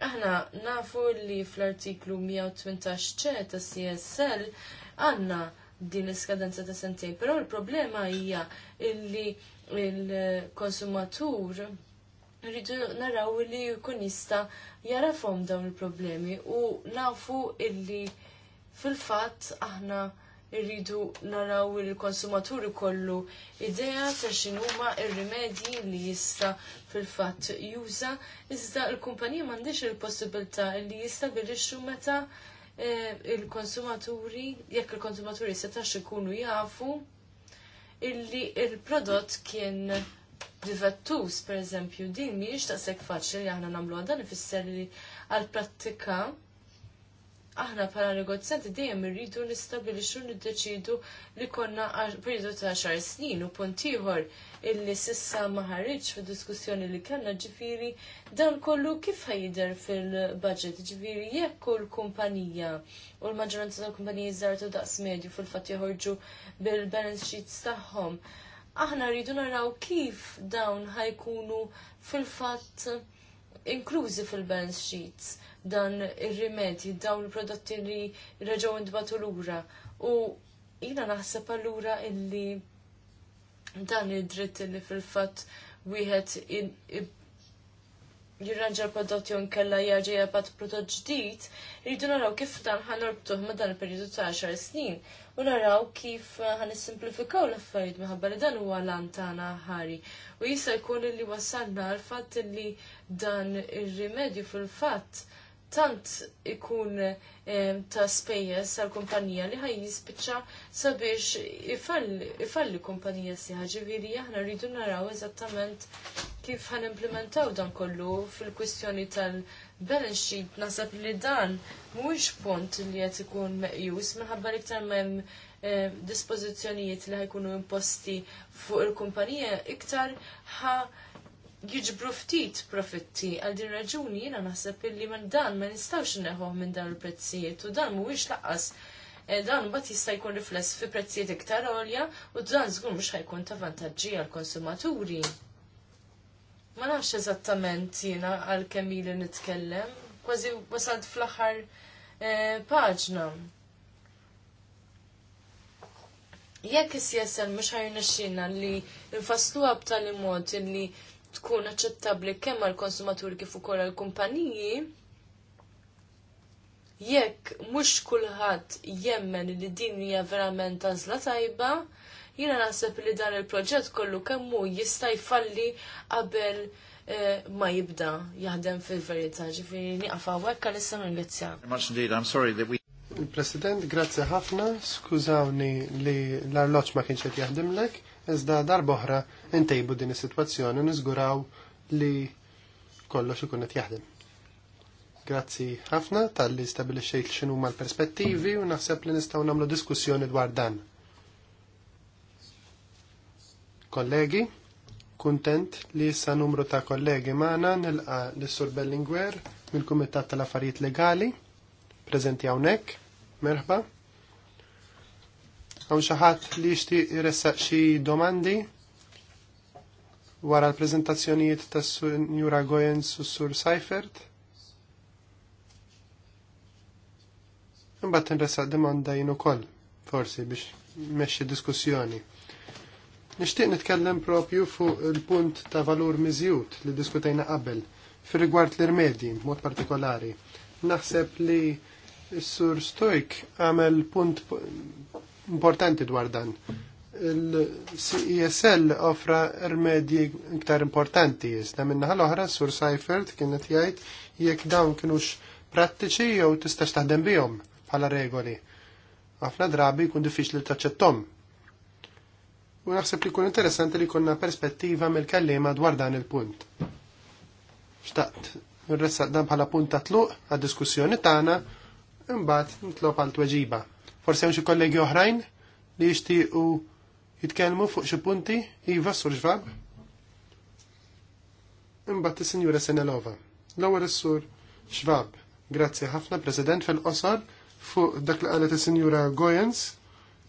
Aħna nafu li fl-artiklu 118 ċe ta' CSL għanna din l-iskadenza ta' sentejn, però l-problema hija illi il-konsumatur rridu naraw li jkun jista jarafhom dawn il-problemi u nafu illi fil-fatt aħna irridu naraw il-konsumaturi kollu idea ta' x'inhuma ir-rimedji li jista' fil-fatt juża, iżda l-kumpanija m'għandix il-possibilità li bilixxu meta eh, il-konsumaturi, jekk il-konsumaturi setax ikunu jafu illi il-prodott kien divettus, per eżempju, din miex ta' sekk faċli li aħna nagħmluha dan ifisser li għal-prattika aħna bħala negozjanti dejjem irridu nistabilixxu niddeċidu li konna periodu ta' xar snin u punt ieħor illi sissa ma ħarridx fid-diskussjoni li kellna ġifieri dan kollu kif ħajder fil-budget ġifieri jekk kull kumpanija u l-maġġoranza tal-kumpaniji żgħar ta' daqs medju fil-fatt joħorġu bil-balance sheets tagħhom. Aħna rridu naraw kif dawn ħajkunu fil-fatt inklużi fil-balance sheets dan ir-rimedji, dawn il-prodotti li reġgħu l lura. U jina naħseb allura illi dan id-dritt illi fil-fatt wieħed jirranġa l-prodotti un kella jarġa għabat prodott ġdijt, rridu naraw kif dan ħanortuħ ma dan il periodu ta' 10 snin u naraw kif ħanissimplifikaw l-affarijiet minħabba li dan huwa għalan tagħna ħari. U jisa jkun li wasalna l-fatt li dan ir-rimedju fil-fatt tant ikun ta' spejjeż għal kumpanija li ħaj jispiċċa sabiex ifalli kumpanija siħa ġiviri aħna rridu naraw eżattament kif ħan implementaw dan kollu fil-kwistjoni tal-balance sheet nasab li dan mhuwiex punt li qed ikun meqjus minħabba li ktar m'hemm dispożizzjonijiet li ħajkunu imposti fuq il-kumpanija iktar ħa jiġbru ftit profitti għal din raġuni jiena naħseb illi man dan ma nistgħux neħuh minn dan il-prezzijiet u dan mhuwiex laqqas eh, dan mbagħad jista' jkun rifless fi prezzijiet iktar għolja u dan żgur mhux ħajkun ta' vantaġġi għall konsumaturi. Ma nafx eżattament jiena għal kemm ili nitkellem, kważi wasalt fl-aħħar eh, paġna. Jekk is-CSL mhux ħajnexxina li nfasluha b'tali mod illi tkun aċċettabbli kemm għall konsumaturi kif ukoll għall kumpaniji jekk mhux kulħadd jemmen li din hija verament għażla tajba, jiena naħseb li dan il-proġett kollu kemm hu jista' jfalli qabel eh, ma jibda jaħdem fil-verità, ġifieri niqafa hekk għalissa nirrizzja. President, grazzi ħafna, skużawni li l arloġġ ma kienx qed jaħdimlek, iżda darboħra ntejbu din is-sitwazzjoni u niżguraw li kollox ikun qed jaħdem. Grazzi ħafna tal-li stabilixxejt x'inhu l-perspettivi u naħseb li nistgħu nagħmlu diskussjoni dwar dan. Kollegi, kuntent li issa numru ta' kollegi magħna nilqa lis-Sur Bellingwer mill-Kumitat tal-Affarijiet Legali preżenti hawnhekk. Merħba. Hawn xi ħadd li jixtieq jressaq xi domandi wara l-prezentazzjonijiet tas Njura Goyens u Sur Seifert. Imbagħad nresaq demanda jien ukoll forsi biex meċi diskussjoni. Nixtieq nitkellem propju fuq il-punt ta' valur miżjud li diskutejna qabel fir-rigward l irmedi mod partikolari. Naħseb li s-sur Stoik għamel punt importanti dwar dan il-CESL offra rimedji iktar importanti iżda minna l-oħra sur Seifert kienet jgħid jekk dawn kienux prattiċi jew tistax taħdem bihom bħala regoli. Ħafna drabi jkun diffiċli taċċettom. U naħseb li jkun interessanti li jkunna perspettiva mill-kellima dwar dan il-punt. Xtaqt, nirressaq dan bħala punt ta' tluq għad-diskussjoni tagħna imbagħad nitlob għal tweġiba. Forsi hemm xi kollegi oħrajn li jixtiequ jitkellmu fuq xi punti iva sur ġvab. Imbagħad is-Sinjura Senelova. L-ewwel is-sur ġvab. Grazzi ħafna President fil-qosor fuq dak li qalet is-Sinjura Goyens.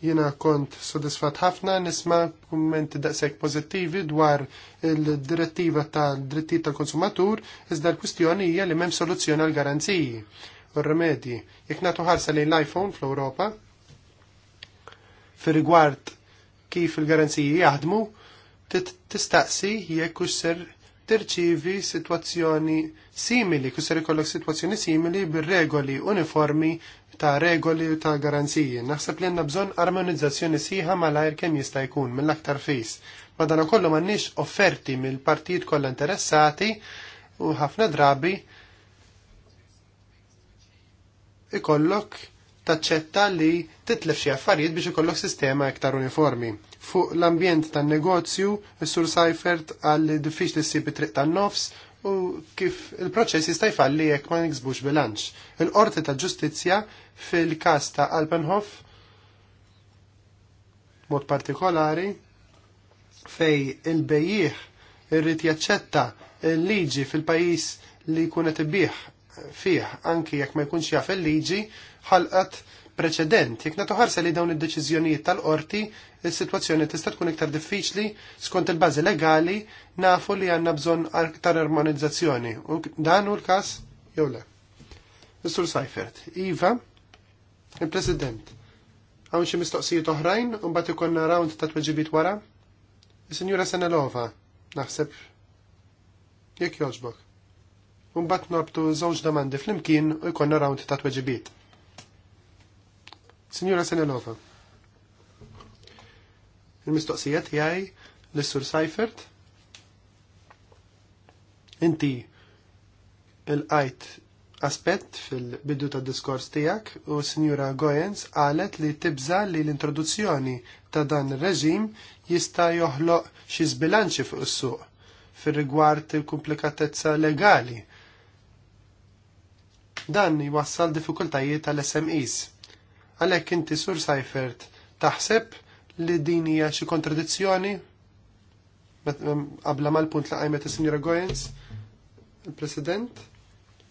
Jiena kont sodisfat ħafna nisma' kummenti daqshekk pożittivi dwar il-direttiva tal-drittijiet tal-konsumatur iżda l-kwistjoni hija li m'hemm soluzzjoni għall garanziji u r-remedji. Jekk nagħtu ħarsa lejn l-iPhone fl-Ewropa, fir rigward kif il-garanziji jaħdmu, tistaqsi jekk ser tirċivi situazzjoni simili, kusser ikollok situazzjoni simili bir-regoli uniformi ta' regoli u ta' garanziji. Naħseb li għanna bżon armonizzazzjoni siħa malajr kem jista' jkun mill-aktar fis. Madana kollu mannix offerti mill-partijiet kollha interessati u ħafna drabi ikollok taċċetta li titlef xi affarijiet biex ikollok sistema iktar uniformi. Fuq l-ambjent tan-negozju, s sur diffiċ li s ssib triq tan-nofs u kif il-proċess jista' jfalli jekk ma niksbux bilanċ. Il-Qorti ta' Ġustizzja fil-każ ta' Alpenhof mod partikolari fej il-bejjieħ irrid jaċċetta l-liġi fil-pajjiż li jkun qed ibih fih anki jekk ma jkunx jaf il-liġi ħalqat preċedent. Jek nagħtu ħarsa li dawn id-deċiżjonijiet tal-qorti, is-sitwazzjoni tista' tkun iktar diffiċli skont il-bażi legali nafu li għandna bżonn aktar armonizzazzjoni. U dan hu l-każ jew le. Mr. Seifert, Iva, il-President, għawn xi mistoqsijiet oħrajn u mbagħad ikollna round ta' tweġibiet wara? Is-Sinjura Senelova, naħseb. Jekk jogħġbok. Mbagħad norbtu żewġ domandi flimkien u jkollna round ta' tweġibiet. Signora Senelova, il-mistoqsijiet jgħaj l-Sur Seifert, inti il-qajt aspett fil-bidu ta' diskors tijak u Signora Goyens għalet li tibza li l-introduzzjoni ta' dan ir reġim jista' joħloq xi zbilanċi fuq is-suq fir-rigward il-komplikatezza legali. Dan jwassal diffikultajiet tal-SMEs Għalhekk inti sur Sajfert taħseb li din hija xi kontradizzjoni qabla mal-punt la qajmet is-Sinjura Goyens, il-President.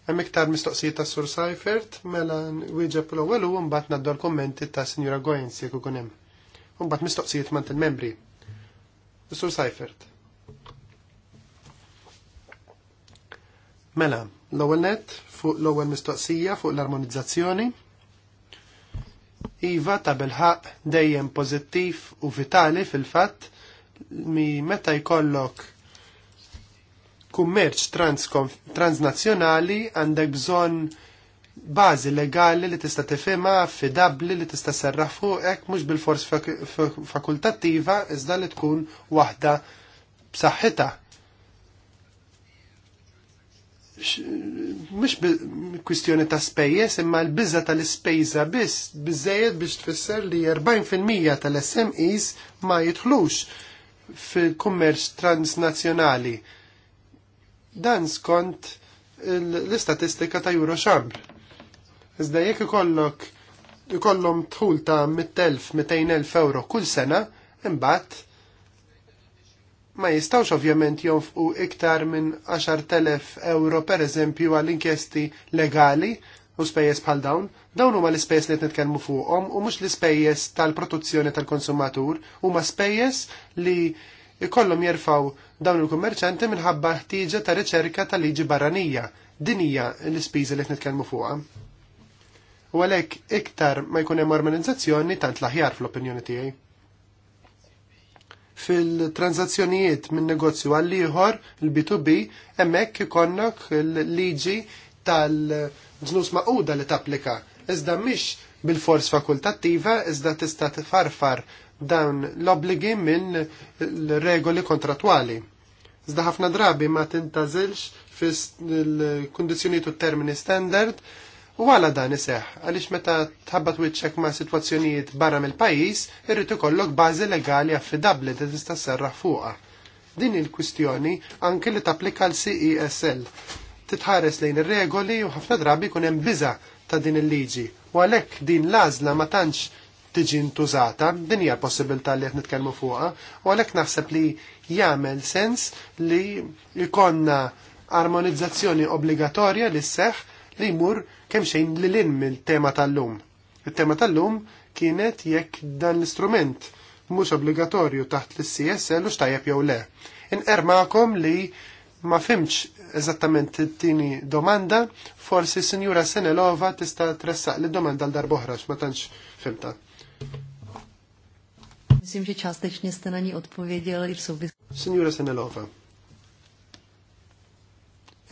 Hemm iktar mistoqsijiet ta' Sur Sajfert mela wieġeb l-ewwel u mbagħad ngħaddu l kommenti ta' Sinjura Goyens jekk ikun hemm. U mbagħad mistoqsijiet mant il-membri. Sur Sajfert. Mela, l-ewwel net fuq l-ewwel mistoqsija fuq l-armonizzazzjoni. Iva ta' bilħaq dejjem pozittiv u vitali fil-fatt mi meta jkollok kummerċ transnazzjonali għandek bżonn bażi legali li tista' tifhimha affidabbli li tista' serraħ fuqek mhux bil-fors fakultattiva iżda li tkun waħda b'saħħitha mux kwistjoni ta' spejjes, imma l-bizza tal-spejza biss, bizzejed biex tfisser li 40% tal-SMEs ma jitħlux fil-kummerċ transnazjonali. Dan skont l-istatistika ta' Euroxambr. Iżda jekk ikollok ikollhom tħul ta' 100,000-200,000 euro kull sena, imbagħad ma jistawx ovvjament jonfqu iktar minn 10.000 euro per eżempju għall inkjesti legali u spejjeż bħal dawn, dawn huma l-ispejjeż li qed nitkellmu fuqhom u mhux l-ispejjeż tal protuzzjoni tal-konsumatur, huma spejjeż li kollom jerfaw dawn il-kummerċanti minħabba ħtieġa ta' riċerka ta' liġi barranija. Din hija l-ispiża li qed nitkellmu fuqha. U għalhekk iktar ma jkun hemm armonizzazzjoni tant l-aħjar fl-opinjoni tiegħi fil-tranzazzjonijiet minn negozju għall ieħor il-B2B hemmhekk ikonnok il-liġi tal-ġnus maquda li tapplika. Iżda mhix bil-fors fakultattiva, iżda tista' tfarfar dawn l-obligi minn regoli kontratwali. Iżda ħafna drabi ma tintażilx fis il-kundizzjonijiet u termini standard U għala dan iseħ, għalix meta tħabbat wiċċek ma' situazzjonijiet barra mill-pajis, irrid ikollok bażi legali affidabli li tista' serraħ fuqha. Din il-kwistjoni anke li tapplika e l CESL. Titħares lejn ir-regoli u ħafna drabi kun hemm biża ta' din il-liġi. U għalhekk din l-għażla ma tantx tiġi ntużata, din hija possibilità li qed nitkellmu fuqha, u għalhekk naħseb li jagħmel sens li jkollna armonizzazzjoni obbligatorja li seħ li jmur kemm xejn li lin mill-tema tal-lum. Il-tema tal-lum kienet jekk dan l-istrument mhux obbligatorju taħt l-CSL u xtajjeb jew le. Inqermakom li ma fimx eżattament it-tieni domanda, forsi Sinjura Senelova tista' tressaq li domanda l darboħra ma tantx fimta. Myslím, že částečně jste na ní odpověděl i v souvislosti. Signora Senelova.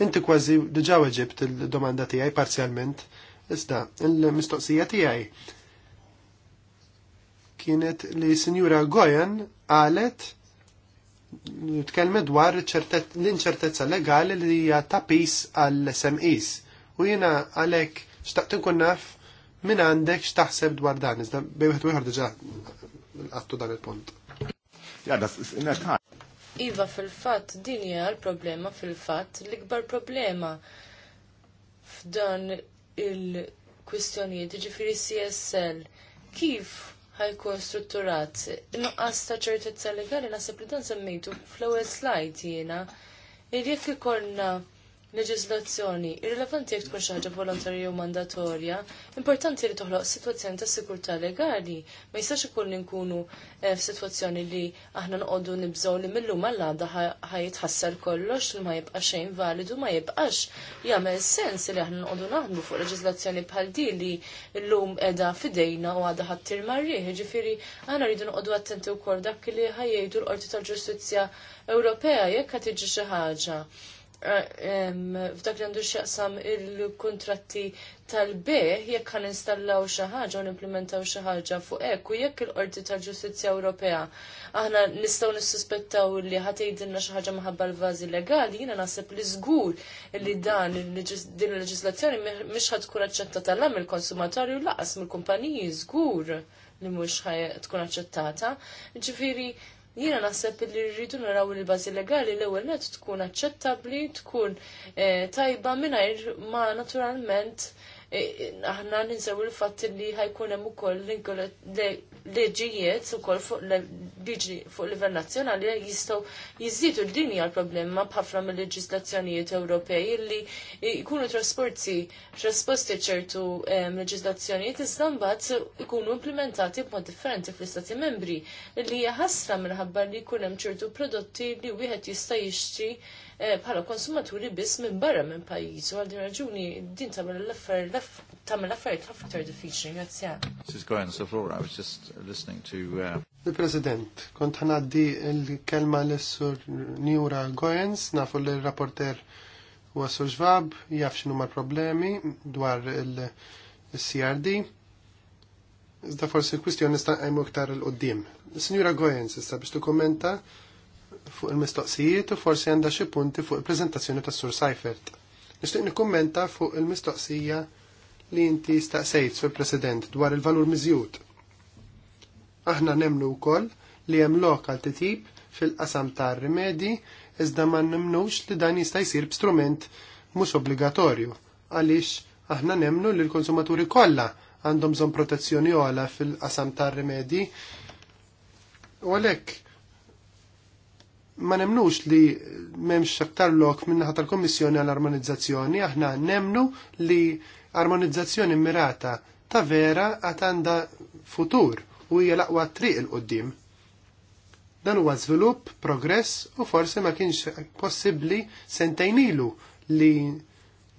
Inti kważi diġa weġibt il-domanda tiegħi parzjalment, iżda il-mistoqsija tiegħi kienet li Sinjura Goyen qalet tkellmet dwar l-inċertezza legali li hija tapis għall-SMEs. U jiena għalhekk xtaqt inkun naf min għandek xtaħseb dwar dan, iżda bejwet wieħed diġa għattu dan il-punt. Iva fil-fatt din hija l-problema fil-fatt l-ikbar problema f'dan il-kwistjonijiet ġifiri CSL kif ħajkun strutturat. Nuqqas ta' ċertezza legali naħseb li dan semmejtu fl-ewwel slide jiena. Irjek ikollna leġislazzjoni irrilevanti jekk tkun xaħġa ħaġa volontarja u mandatorja, importanti li toħloq sitwazzjoni ta' sikurtà legali. Ma jistax ikun li nkunu eh, f'sitwazzjoni li aħna nqogħdu nibżgħu li millum mal għada ħajitħassar kollox li ma jibqa' xejn validu ma jibqax jagħmel sens li aħna noqogħdu naħdmu fuq leġislazzjoni bħal di li llum qiegħda f'idejna u għadha ħattir marrieħ, jiġifieri aħna rridu noqogħdu attenti wkoll dak li ħajjgħidu l-Qorti tal-Ġustizzja Ewropea jekk qed tiġi xi ħaġa Eh, f'dak li għandu x'jaqsam il-kuntratti tal-beħ jekk għan installaw xi ħaġa u nimplementaw xi ħaġa fuq hekk u jekk il-Qorti tal-Ġustizzja Ewropea aħna nistgħu nissuspettaw li ħad tgħidilna xi ħaġa maħabba l vazi legali, jiena naħseb li żgur li dan din il-leġislazzjoni mhix ħad tkun aċċettata l il-konsumatorju laqas mill-kumpaniji żgur li mhux tkun aċċettata. Jiena naħseb li rridu naraw li bażi legali l-ewwel net tkun aċċettabbli, tkun eh, tajba mingħajr ma naturalment eh, aħna ninsew il-fatt li ħajkun hemm ukoll liġijiet ukoll fuq liġi fuq livell nazzjonali jistgħu jizzitu l-dinja l-problema b'ħafna mill-leġislazzjonijiet Ewropej li jkunu trasporti trasposti ċertu ehm, leġislazzjonijiet iżda mbagħad ikunu implementati b'mod differenti fl-Istati membri li hija minħabba li jkun hemm ċertu prodotti li wieħed jista' jixtri Eh, bħala konsumaturi biss minn barra minn pajis u din raġuni din tamil l-affarijiet tagħmel affarijiet ħafna iktar diffiċli grazzja. Mrs. Goins, the floor, I was just listening to uh, Il-President, kont ħanaddi il kelma l-Sur Njura Goins, nafu l-rapporter u Sur Ġvab, jaf x'numa problemi dwar il-CRD. Iżda forsi l-kwistjoni għajmu iktar l qoddim Signora Goens, issa biex tikkommenta fuq il-mistoqsijiet u forsi għandha xi punti fuq il-preżentazzjoni tas Sur Seifert. Nixtieq nikkummenta fuq il-mistoqsija li inti staqsejt sur President dwar il-valur miżjud. Aħna nemnu wkoll li hemm lokal titjib fil-qasam tar rimedi iżda ma nemnux li dan jista' jsir b'strument mhux obbligatorju għaliex aħna nemnu li l-konsumaturi kollha għandhom bżonn protezzjoni ogħla fil-qasam tar rimedi u għalhekk ma nemnux li memx aktar lok minnaħat tal-Kommissjoni għall-Armonizzazzjoni, aħna nemnu li armonizzazzjoni mirata ta' vera għat għanda futur u hija laqwa triq il-qoddim. Dan huwa żvilupp, progress u forsi ma kienx possibbli sentejnilu li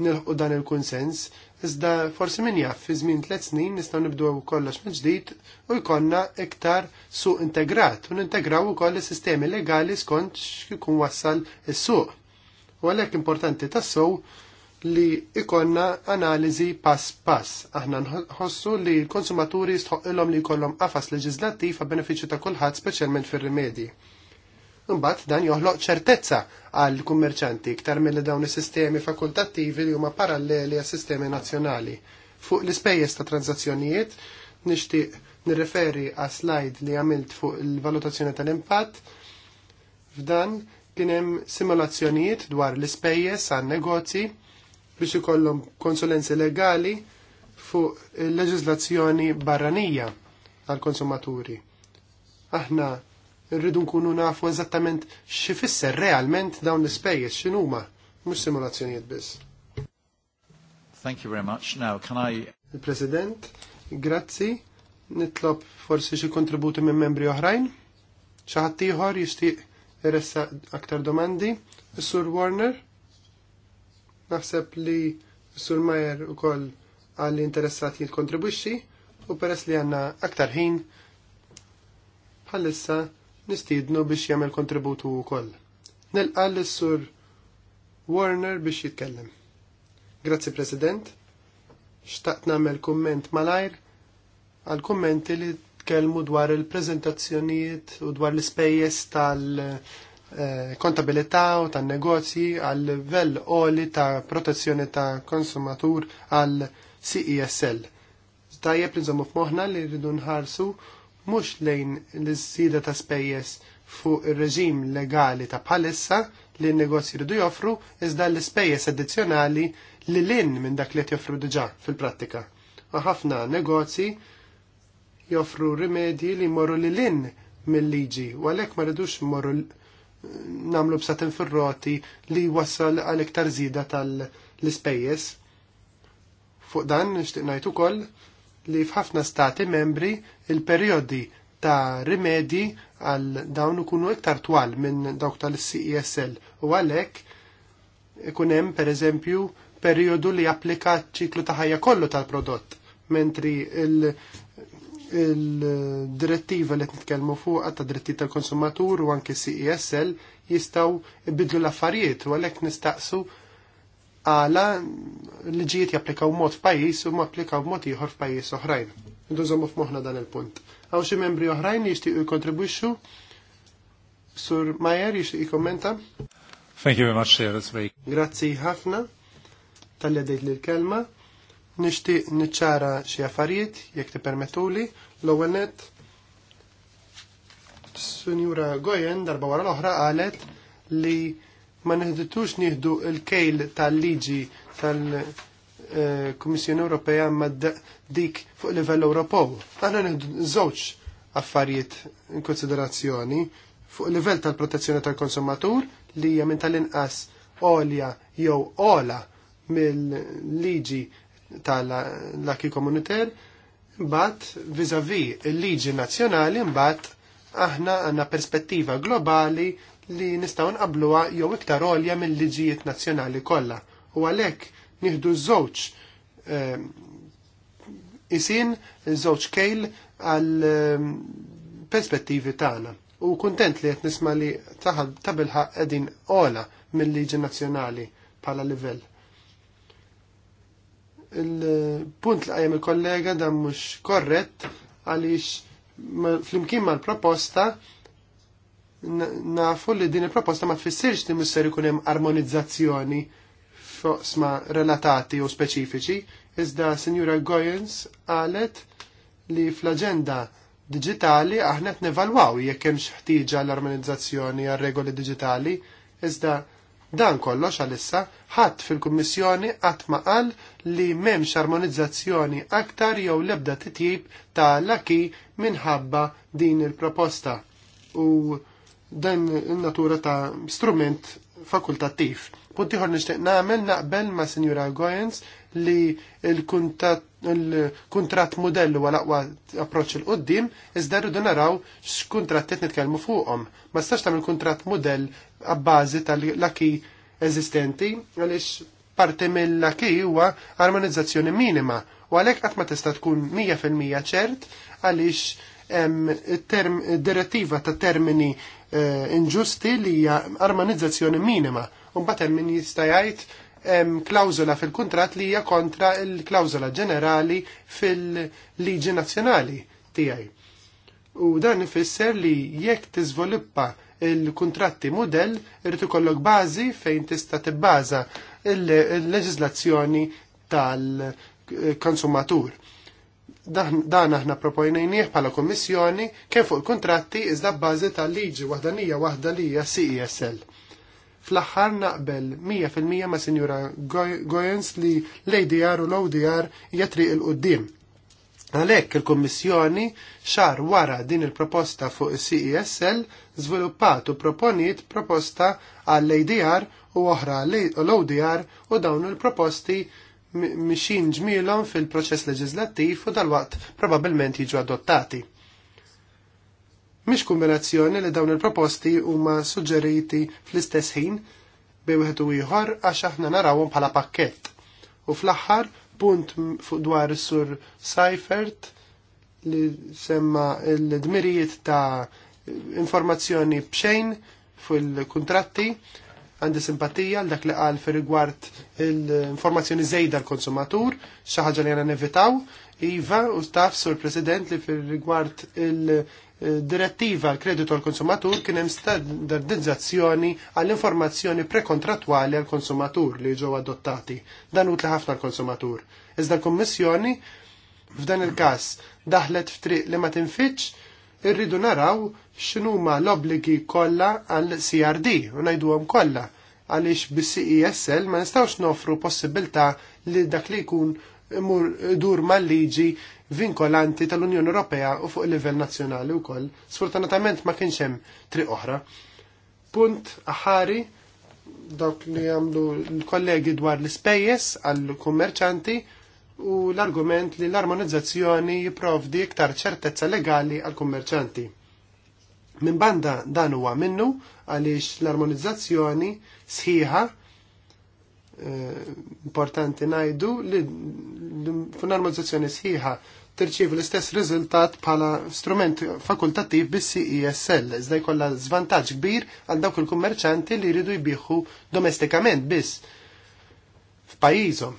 nilħu dan il-kunsens, iżda forsi min jaff fi żmien tliet snin nistgħu nibdu kollox minn ġdid u jkollna iktar suq integrat u nintegraw ukoll is-sistemi legali skont x'ikun wassal is-suq. U għalhekk importanti tassew li ikonna analizi pass pass. Aħna nħossu li l-konsumaturi stħoq li jkollhom qafas leġislattiv għal benefiċċju ta' kulħadd speċjalment fir-rimedji. Imbagħad dan joħloq ċertezza għal kummerċanti iktar mill dawn is-sistemi fakultattivi li huma paralleli għas sistemi nazzjonali. Fuq l-ispejjeż ta' tranzazzjonijiet nixtieq nirreferi għal slide li għamilt fuq il-valutazzjoni tal-impatt. F'dan kien hemm simulazzjonijiet dwar l-ispejjeż għan negozji biex ikollhom konsulenzi legali fuq il-leġiżlazzjoni barranija għal konsumaturi. Aħna rridu nkunu nafu eżattament x'ifisser realment dawn l-ispejjeż x'inhuma, mhux simulazzjonijiet biss. Thank you very much. Now, can I... Il-President, grazzi. Nitlob forsi xi kontributi minn membri oħrajn. Xi ħadd ieħor jixtieq iressa aktar domandi. Is-Sur Warner, naħseb li sur Majer ukoll għall interessati jitkontribwixxi u peress li għandna aktar ħin bħalissa Nistidnu biex jagħmel kontributu wkoll. Nelqa' lis-sur Warner biex jitkellem. Grazzi President. Xtaqt nagħmel kumment malajr għal kummenti li tkellmu dwar il-preżentazzjonijiet u dwar l-ispejjeż tal-kontabilità u tan-negozji għal livell qoli ta' protezzjoni ta' konsumatur għal CESL. Tajjeb li nżommu f'moħħna li rridu nħarsu mhux lejn l sida ta' spejjeż fuq ir-reġim legali ta' bħalissa li n-negozji ridu joffru iżda l-ispejjeż addizzjonali li l-in minn dak li qed joffru diġà fil-prattika. U ħafna negozji joffru rimedji li morru li l-in mill-liġi u għalhekk ma rridux morru namlu b'satin fir-roti li wassal għal iktar żida tal-ispejjeż. Fuq dan nixtieq ngħid ukoll li f'ħafna stati membri il-perjodi ta' rimedi għal dawn ikunu iktar twal minn dawk tal-CESL u għalhekk ikun hemm pereżempju perjodu li applika ċiklu ta' ħajja kollu tal-prodott, mentri il-direttiva li nitkellmu fuq ta' dritti tal-konsumatur u anke CESL jistaw ibidlu l-affarijiet u għalhekk nistaqsu għala l-ġijiet japplikaw mod f'pajis u ma applikaw mod ieħor f'pajjiż oħrajn. Ndużomu f'moħħna dan il-punt. Għaw xi membri oħrajn jixtiequ jkontribwixxu Sur Majer jixtieq jikkommenta. Thank you very much, sir. Grazzi ħafna tal-li l-kelma. Nixtieq niċċara xi affarijiet jekk permetuli, L-ewwel Sunjura Sinjura Gojen darba wara l-oħra qalet li ma neħditux nieħdu il-kejl tal-liġi tal-Kummissjoni Ewropea ma dik fuq livell Ewropew. Aħna neħdu żewġ affarijiet in konsiderazzjoni fuq livell tal-protezzjoni tal-konsumatur li hija minn tal-inqas olja jew ola mill-liġi tal-laki komuniter, mbagħad viżavi il-liġi nazzjonali mbagħad aħna għandna perspettiva globali li nistgħu nqabluha jew iktar għolja mill-liġijiet nazzjonali kollha. U għalhekk nieħdu żewġ eh, isin żewġ kejl għal eh, perspettivi tagħna. U kuntent li qed nisma li tabilħa qegħdin ola mill-liġi nazzjonali bħala livell il-punt li għajem il-kollega dan mux korret għalix fl-imkien mal proposta nafu li din il-proposta ma tfissirx li misser ikun hemm armonizzazzjoni fosma relatati u speċifiċi, iżda Sinjura Goyens qalet li fl-aġenda digitali aħna qed nevalwaw jekk hemmx ħtieġa l-armonizzazzjoni għar-regoli digitali, iżda dan kollox għalissa ħadd fil-Kummissjoni qatt ma qal li m'hemmx armonizzazzjoni aktar jew l-ebda titjib ta' laki minħabba din il-proposta. U dan il-natura ta' strument fakultattiv. Puntiħor ieħor nixtieq nagħmel naqbel ma' Sinjura Goyens li l-kuntratt modellu għal aqwa approċċ il qoddim iżda rridu naraw x'kuntratt qed nitkellmu fuqhom. Ma stax tagħmel kuntratt modell għabbazi tal-laki eżistenti għaliex parti mill-laki huwa armonizzazzjoni minima u għalhekk qatt ma tista' tkun 100% ċert għaliex direttiva ta' termini eh, inġusti li hija armonizzazzjoni minima. Mbagħad hemm min jista' jgħid hemm klawżola fil-kuntratt li hija kontra l-klawżola ġenerali fil-liġi nazzjonali tiegħi. U dan ifisser li jekk tiżviluppa il kuntratti model irrid ikollok bażi fejn tista' tibbaża il-leġiżlazzjoni tal-konsumatur. Dan aħna proponejnieh bħala Kommissjoni kien fuq il-kontratti iżda bbażi tal-liġi waħdanija waħda li hija CESL. Fl-aħħar naqbel 100% ma' Sinjura Goyens li l-ADR u l-ODR hija triq il-qudiem. Għalhekk il-Kommissjoni xar wara din il-proposta fuq is e cesl żviluppat u proponit proposta għall-ADR u oħra l-ODR u dawn il-proposti mixin ġmielhom fil-proċess leġislattiv u dalwaqt probabbilment jiġu adottati. Mhix kombinazzjoni li dawn il-proposti huma suġġeriti fl-istess ħin bej wieħed u ieħor għax aħna narawhom bħala pakkett. U fl-aħħar punt fuq dwar sur Seifert li semma l-dmirijiet ta' informazzjoni bxejn fil-kontratti għandi simpatija l dak li qal fi rigward l-informazzjoni żejda l-konsumatur, xi ħaġa li għana nevitaw. Iva, u staff sur president li fi rigward il-direttiva l-kreditu għal-konsumatur kien hemm standardizzazzjoni għall-informazzjoni prekontratwali għal-konsumatur li ġew adottati. Dan utli ħafna l-konsumatur. Iżda l-Kummissjoni f'dan il-każ daħlet f'triq li ma tinfitx irridu naraw x'inhuma l-obbligi kollha għal CRD u ngħiduhom kollha għaliex bis-CESL ma nistgħux nofru possibilità li dak li jkun dur mal-liġi vinkolanti tal-Unjoni Ewropea u fuq il-livell nazzjonali wkoll. Sfortunatament ma kienx hemm triq oħra. Punt aħari dok li għamlu l-kollegi dwar l-ispejjeż għall-kummerċanti u l-argument li l-armonizzazzjoni jiprovdi iktar ċertezza legali għal kummerċanti. Min banda dan huwa minnu għaliex l-armonizzazzjoni sħiħa eh, importanti najdu li fun armonizzazzjoni sħiħa tirċiv l-istess riżultat bħala strument fakultattiv bis CESL, iżda jkollha żvantaġġ kbir għal dawk il-kummerċanti li jridu jbieħu domestikament biss f'pajjiżhom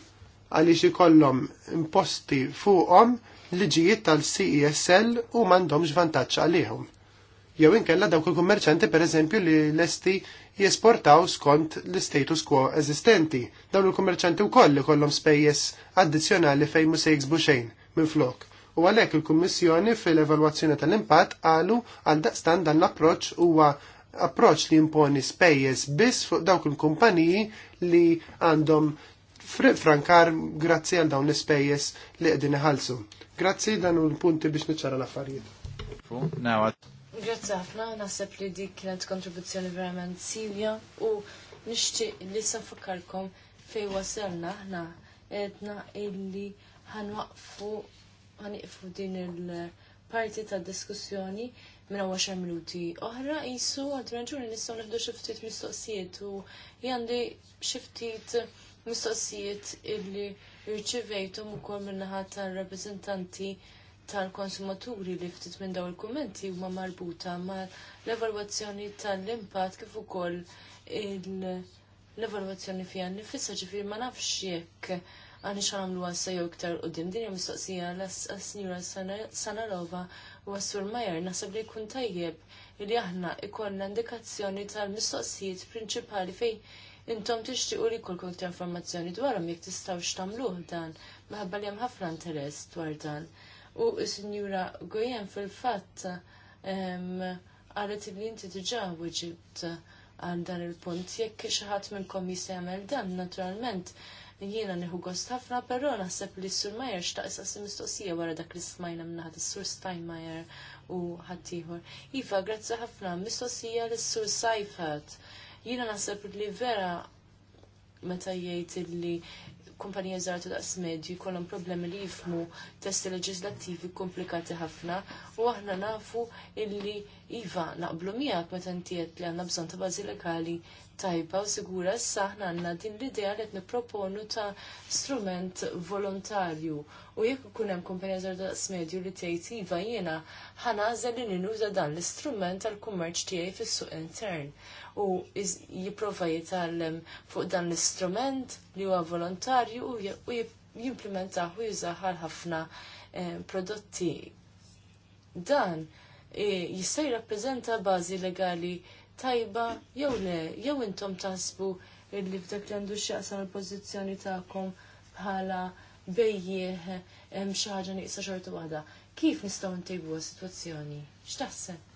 għaliex ikollhom imposti fuqhom liġijiet tal-CESL u m'għandhomx vantaġġ għalihom. Jew inkella dawk il-kummerċanti pereżempju li lesti jesportaw skont l-status quo eżistenti. Dawn il-kummerċanti wkoll li kollhom spejjeż addizzjonali fejn mu se jiksbu xejn minn flok. U għalhekk il-Kummissjoni fil-evalwazzjoni tal-impatt qalu għal daqstan dan l-approċċ huwa approċ li imponi spejjeż biss fuq dawk il-kumpaniji li għandhom frankar grazzi għal dawn l-ispejjes li qegħdin iħallsu. Grazzi dan u l-punti biex niċċara l-affarijiet. Grazzi ħafna, naħseb li dik kienet kontribuzzjoni verament silja u nixtieq li sa nfakkarkom fejn waselna aħna edna illi ħanwaqfu ħaniqfu din il-parti ta' diskussjoni minna 10 minuti. Oħra jisu għad raġuni nistgħu nifdu xi ftit mistoqsijiet u jandi xi ftit mistoqsijiet illi rċivejtum ukoll min-naħa tar-rappreżentanti tal-konsumaturi li ftit minn daw il-kummenti huma marbuta mal l-evalwazzjoni tal-impatt kif ukoll l-evalwazzjoni fiha nifissa ġifieri ma nafx jekk għani xamlu għassa jew iktar u dim dinja mistoqsija għas-snira Sanarova u għassur Majer nasab li jkun tajjeb li aħna ikollna indikazzjoni tal-mistoqsijiet prinċipali fejn intom tixtiequ li kull ta' informazzjoni dwarhom jekk tistgħu tagħmluh dan maħabba li hemm ħafna interess dwar dan. U s-Sinjura Gojen fil-fatt qalet li inti diġà wieġibt għal dan il-punt jekk xi ħadd minnkom jagħmel dan naturalment jiena nieħu gost ħafna, però naħseb li s-Sur Majer xtaqsa mistoqsija wara dak li smajna minnaħat is sur Steinmeier u ħaddieħor. Iva, grazzi ħafna, mistoqsija l-Sur Sajfat Jiena naħseb li vera meta jgħid li kumpanija żgħar daqs medju jkollhom problemi li jifmu testi leġislattivi komplikati ħafna u aħna nafu illi iva naqblu mijak meta inti li għandna bżonn ta' bażi legali tajba u sigura s-saħna għandna din l-idea li qed nipproponu ta' strument volontarju u jekk ikun hemm kumpanija żgħar daqs medju li jiva jena, jiena ħanażel li ninuża dan l-istrument tal-kummerċ tiegħi fis-suq intern u jipprova jitallem fuq dan l strument li huwa volontarju u jimplementaħu u ħafna eh, prodotti. Dan eh, jista' jirrappreżenta bażi legali tajba jew le, jew intom tasbu illi f'dak li għandu x'jaqsam l pożizzjoni tagħkom bħala bejjieħ hemm xi ħaġa nieqsa xorta waħda. Kif nistgħu ntejbu s-sitwazzjoni? X'taħseb?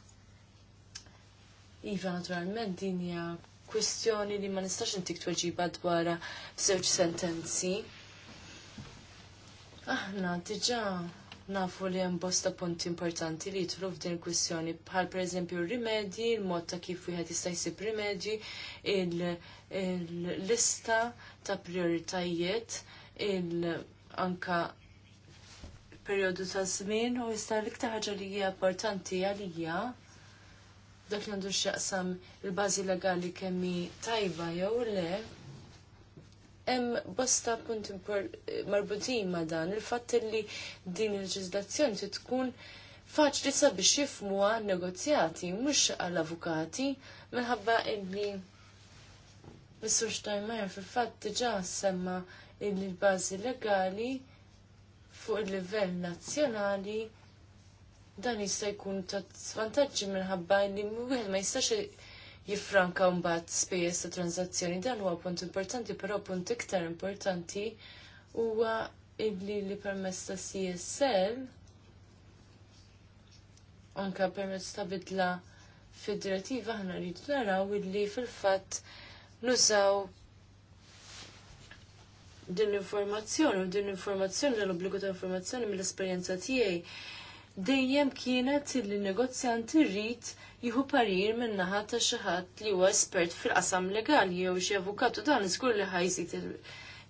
Iva, naturalment, din hija kwestjoni li ma nistax intik tweġiba dwarha f'żewġ sentenzi. Aħna diġà nafu li hemm bosta punti importanti li jidħlu f'din il-kwistjoni bħal pereżempju r-rimedji, il-mod ta' kif wieħed jista' jsib rimedji, il-lista ta' prioritajiet, il-anka perjodu ta' żmien u jista' l-iktar ħaġa li hija importanti għalija dak li għandu x'jaqsam il-bażi legali kemm tajba jew le hemm bosta punt marbutin ma' dan il-fatt li din il-leġiżlazzjoni tkun faċli sabiex jifmuha negozjati mhux għall avukati minħabba illi Mr. Steinmeier fil-fatt diġà semma illi l-bażi legali fuq il-livell nazzjonali dan jista' jkun ta' svantaġġi minħabba li wieħed ma jistax jiffranka mbagħad spejjeż ta' tranzazzjoni. Dan huwa punt importanti, però punt iktar importanti huwa illi li permezz ta' CSL anka permezz ta' bidla fid-direttiva ħana rridu naraw illi fil-fatt nużaw din l-informazzjoni u din l-informazzjoni l-obbligu ta' informazzjoni mill-esperjenza tiegħi dejjem kienet li negozjant irrid Jihu parir min-naħa ta' xi ħadd li huwa espert fil-qasam legali jew xi avukatu dan iżgur li ħajżid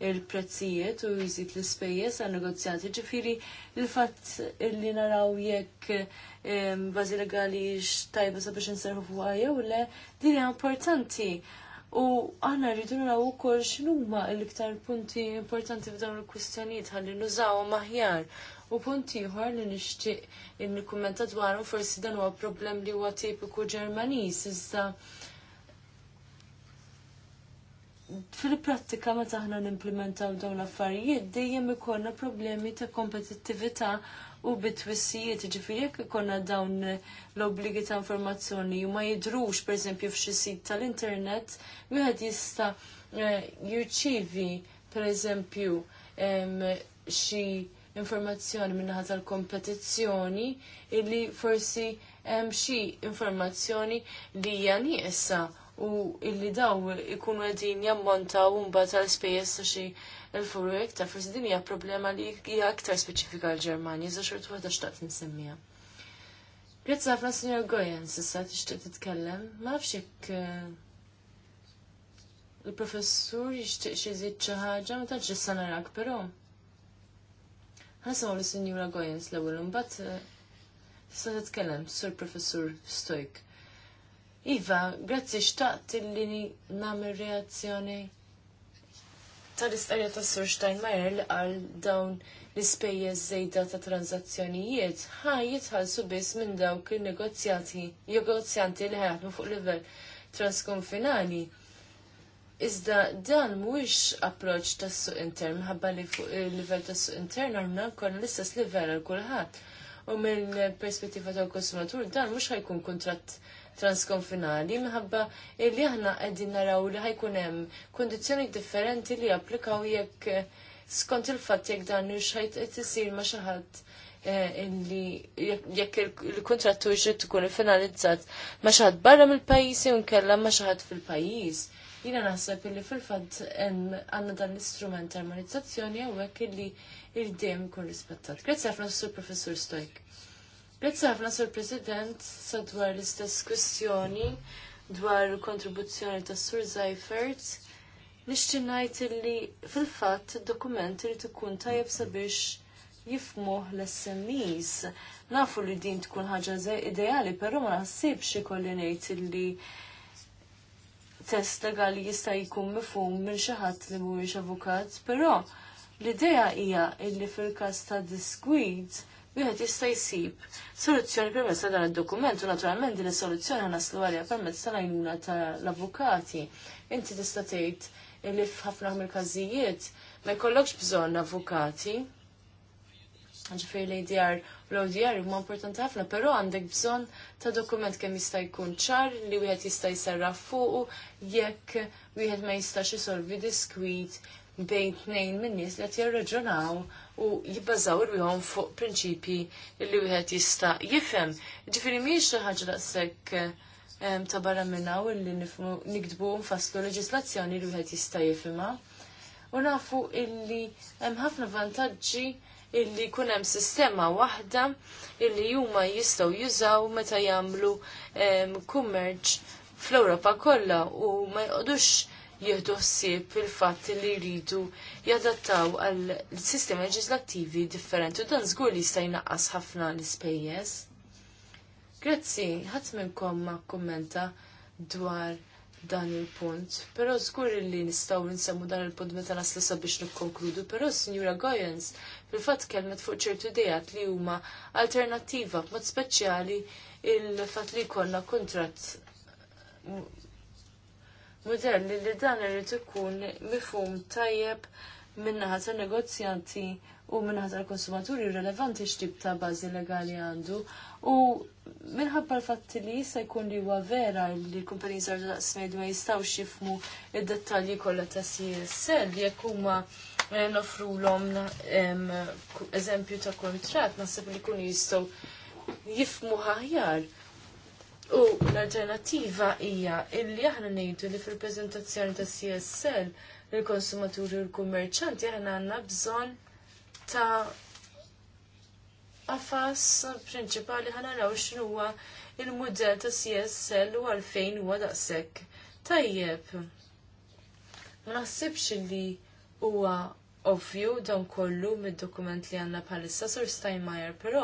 il-prezzijiet u jżid l-ispejjeż għan negozjati ġifieri il-fatt li naraw jekk bażi legali x'tajba sabiex inserħu fuqha jew le din hija importanti. U aħna rridu naraw ukoll x'numa l-iktar punti importanti f'dawn il-kwistjonijiet ħalli nużawhom aħjar U punt ieħor li nixtieq li dwaru forsi dan huwa problem li huwa tipiku Ġermaniż iżda fil-prattika meta aħna nimplementaw dawn l-affarijiet dejjem ikollna problemi ta' kompetittività u bit-twissijiet, ġifiri jekk ikonna dawn l-obbligi ta' informazzjoni u ma jidrux, pereżempju f'xi sit tal-internet, wieħed jista' eh, jirċivi, pereżempju xi informazzjoni minnaħa tal-kompetizzjoni illi forsi hemm xi informazzjoni li hija nieqsa u illi daw ikunu qegħdin jammontaw mbagħad tal-ispejjeż ta' xi l-furu iktar, forsi din hija problema li hija aktar speċifika l-Ġermanja, iżda xorta waħda xtaqt nsemmiha. Grazzi ħafna Sinjor Goyen, s'issa tixtieq titkellem, ma nafx jekk eh, il-professur jixtieq xi jżid xi ħaġa, ma tantx issa narak però. Għasaw li Sinjura Gojens l-ewel, mbagħad eh, sa titkellem sur Professur Stoik. Iva, grazzi xtaqt li nagħmel reazzjoni tal-istarja ta' Sur Steinmeier li qal dawn l-ispejjeż żejda ta' tranzazzjonijiet ħaj jitħallsu biss minn dawk il-negozjati, negozjanti li ħajħatmu fuq livell transkonfinali. Iżda dan mhuwiex approċċ tas-suq intern minħabba li fuq il-livell tas-suq intern għandna wkoll l-istess livell għal kulħadd. U mill-perspettiva tal-konsumatur dan mhux ħajkun kuntratt transkonfinali minħabba li aħna qegħdin naraw li ħajkun hemm kundizzjoni differenti li applikaw jekk skont il-fatt jekk dan mhux ħajt isir ma' xi ħadd eh, illi jekk il-kontrattu jrid tkun finalizzat ma' xi ħadd barra mill-pajjiż jew inkella ma' xi ħadd fil-pajjiż. Jina naħseb illi fil-fatt għanna dan l-istrument armonizzazzjoni għek illi il-dem kun rispettat. Grazie għafna sur professor Stoik. Grazie għafna sur president dwar l-istess kwestjoni dwar kontribuzzjoni ta' sur Zajfert. Nishti najt li fil-fatt dokument li tkun tajab sabiex jifmuh l-SMEs. Nafu li din tkun ħaġa ideali, pero ma naħsibx ikolli Kollinajt, li test legali jista' jkun mifhum minn xi ħadd li mhuwiex avukat, però l-idea hija illi fil-każ ta' diskwid wieħed jista' jsib soluzzjoni permezz ta' dan id-dokument u naturalment din is-soluzzjoni ħanaslu għalha permezz tal-għajnuna tal-avukati. Inti tista' tgħid li f'ħafna mill-każijiet ma jkollokx bżonn avukati. Ġifieri l-ADR u l-ODR huma importanti ħafna, però għandek bżonn ta' dokument kemm jista' jkun ċar li wieħed jista' jserra fuqu jekk wieħed ma jistax isolvi diskwit bejn tnejn minn nies li qed jirraġunaw u jibbażaw irwihom fuq prinċipji li wieħed jista' jifhem. Ġifieri mhijiex xi ħaġa daqshekk ta' barra minnaw illi nikdbu nfasslu leġislazzjoni li wieħed jista' jifhimha. U nafu illi hemm ħafna vantaġġi illi jkun hemm sistema waħda illi huma jistgħu jużaw meta jagħmlu kummerċ fl-Ewropa kollha u ma jqogħdux jieħdu ħsieb il-fatt li jridu jadattaw għal sistemi leġislattivi differenti u dan żgur li jista' jnaqqas ħafna l-ispejjeż. Grazzi, ħadd minnkom ma kummenta dwar dan il-punt, però żgur li nistgħu nsemmu dan il-punt meta naslu sabiex nikkonkludu, però Sinjura Goyens fil-fatt kelmet fuq ċertu dejat li huma alternattiva b'mod speċjali il-fatt li jkollna kuntratt modelli li dan irid ikun mifhum tajjeb naħa tan negozjanti u min-naħa tal-konsumaturi rilevanti x'tib ta' bażi legali għandu u minħabba l-fatt li jista' jkun li huwa vera li l-kumpaniji żgħar daqs ma jistgħux jifmu id-dettalji kollha ta' CSL jekk huma l-om mela eżempju ta' kontrat, naħseb li kun jistgħu jifmu aħjar. U l-alternativa hija illi aħna ngħidu li fil-preżentazzjoni ta' CSL il-konsumaturi u l-kummerċanti aħna għandna bżonn ta' għafas prinċipali ħana raw xnuwa il-modell ta' CSL u għalfejn huwa daqshekk. Tajjeb, ma naħsibx li huwa ovvju dan kollu mid-dokument li għandna bħalissa sur Steinmeier, però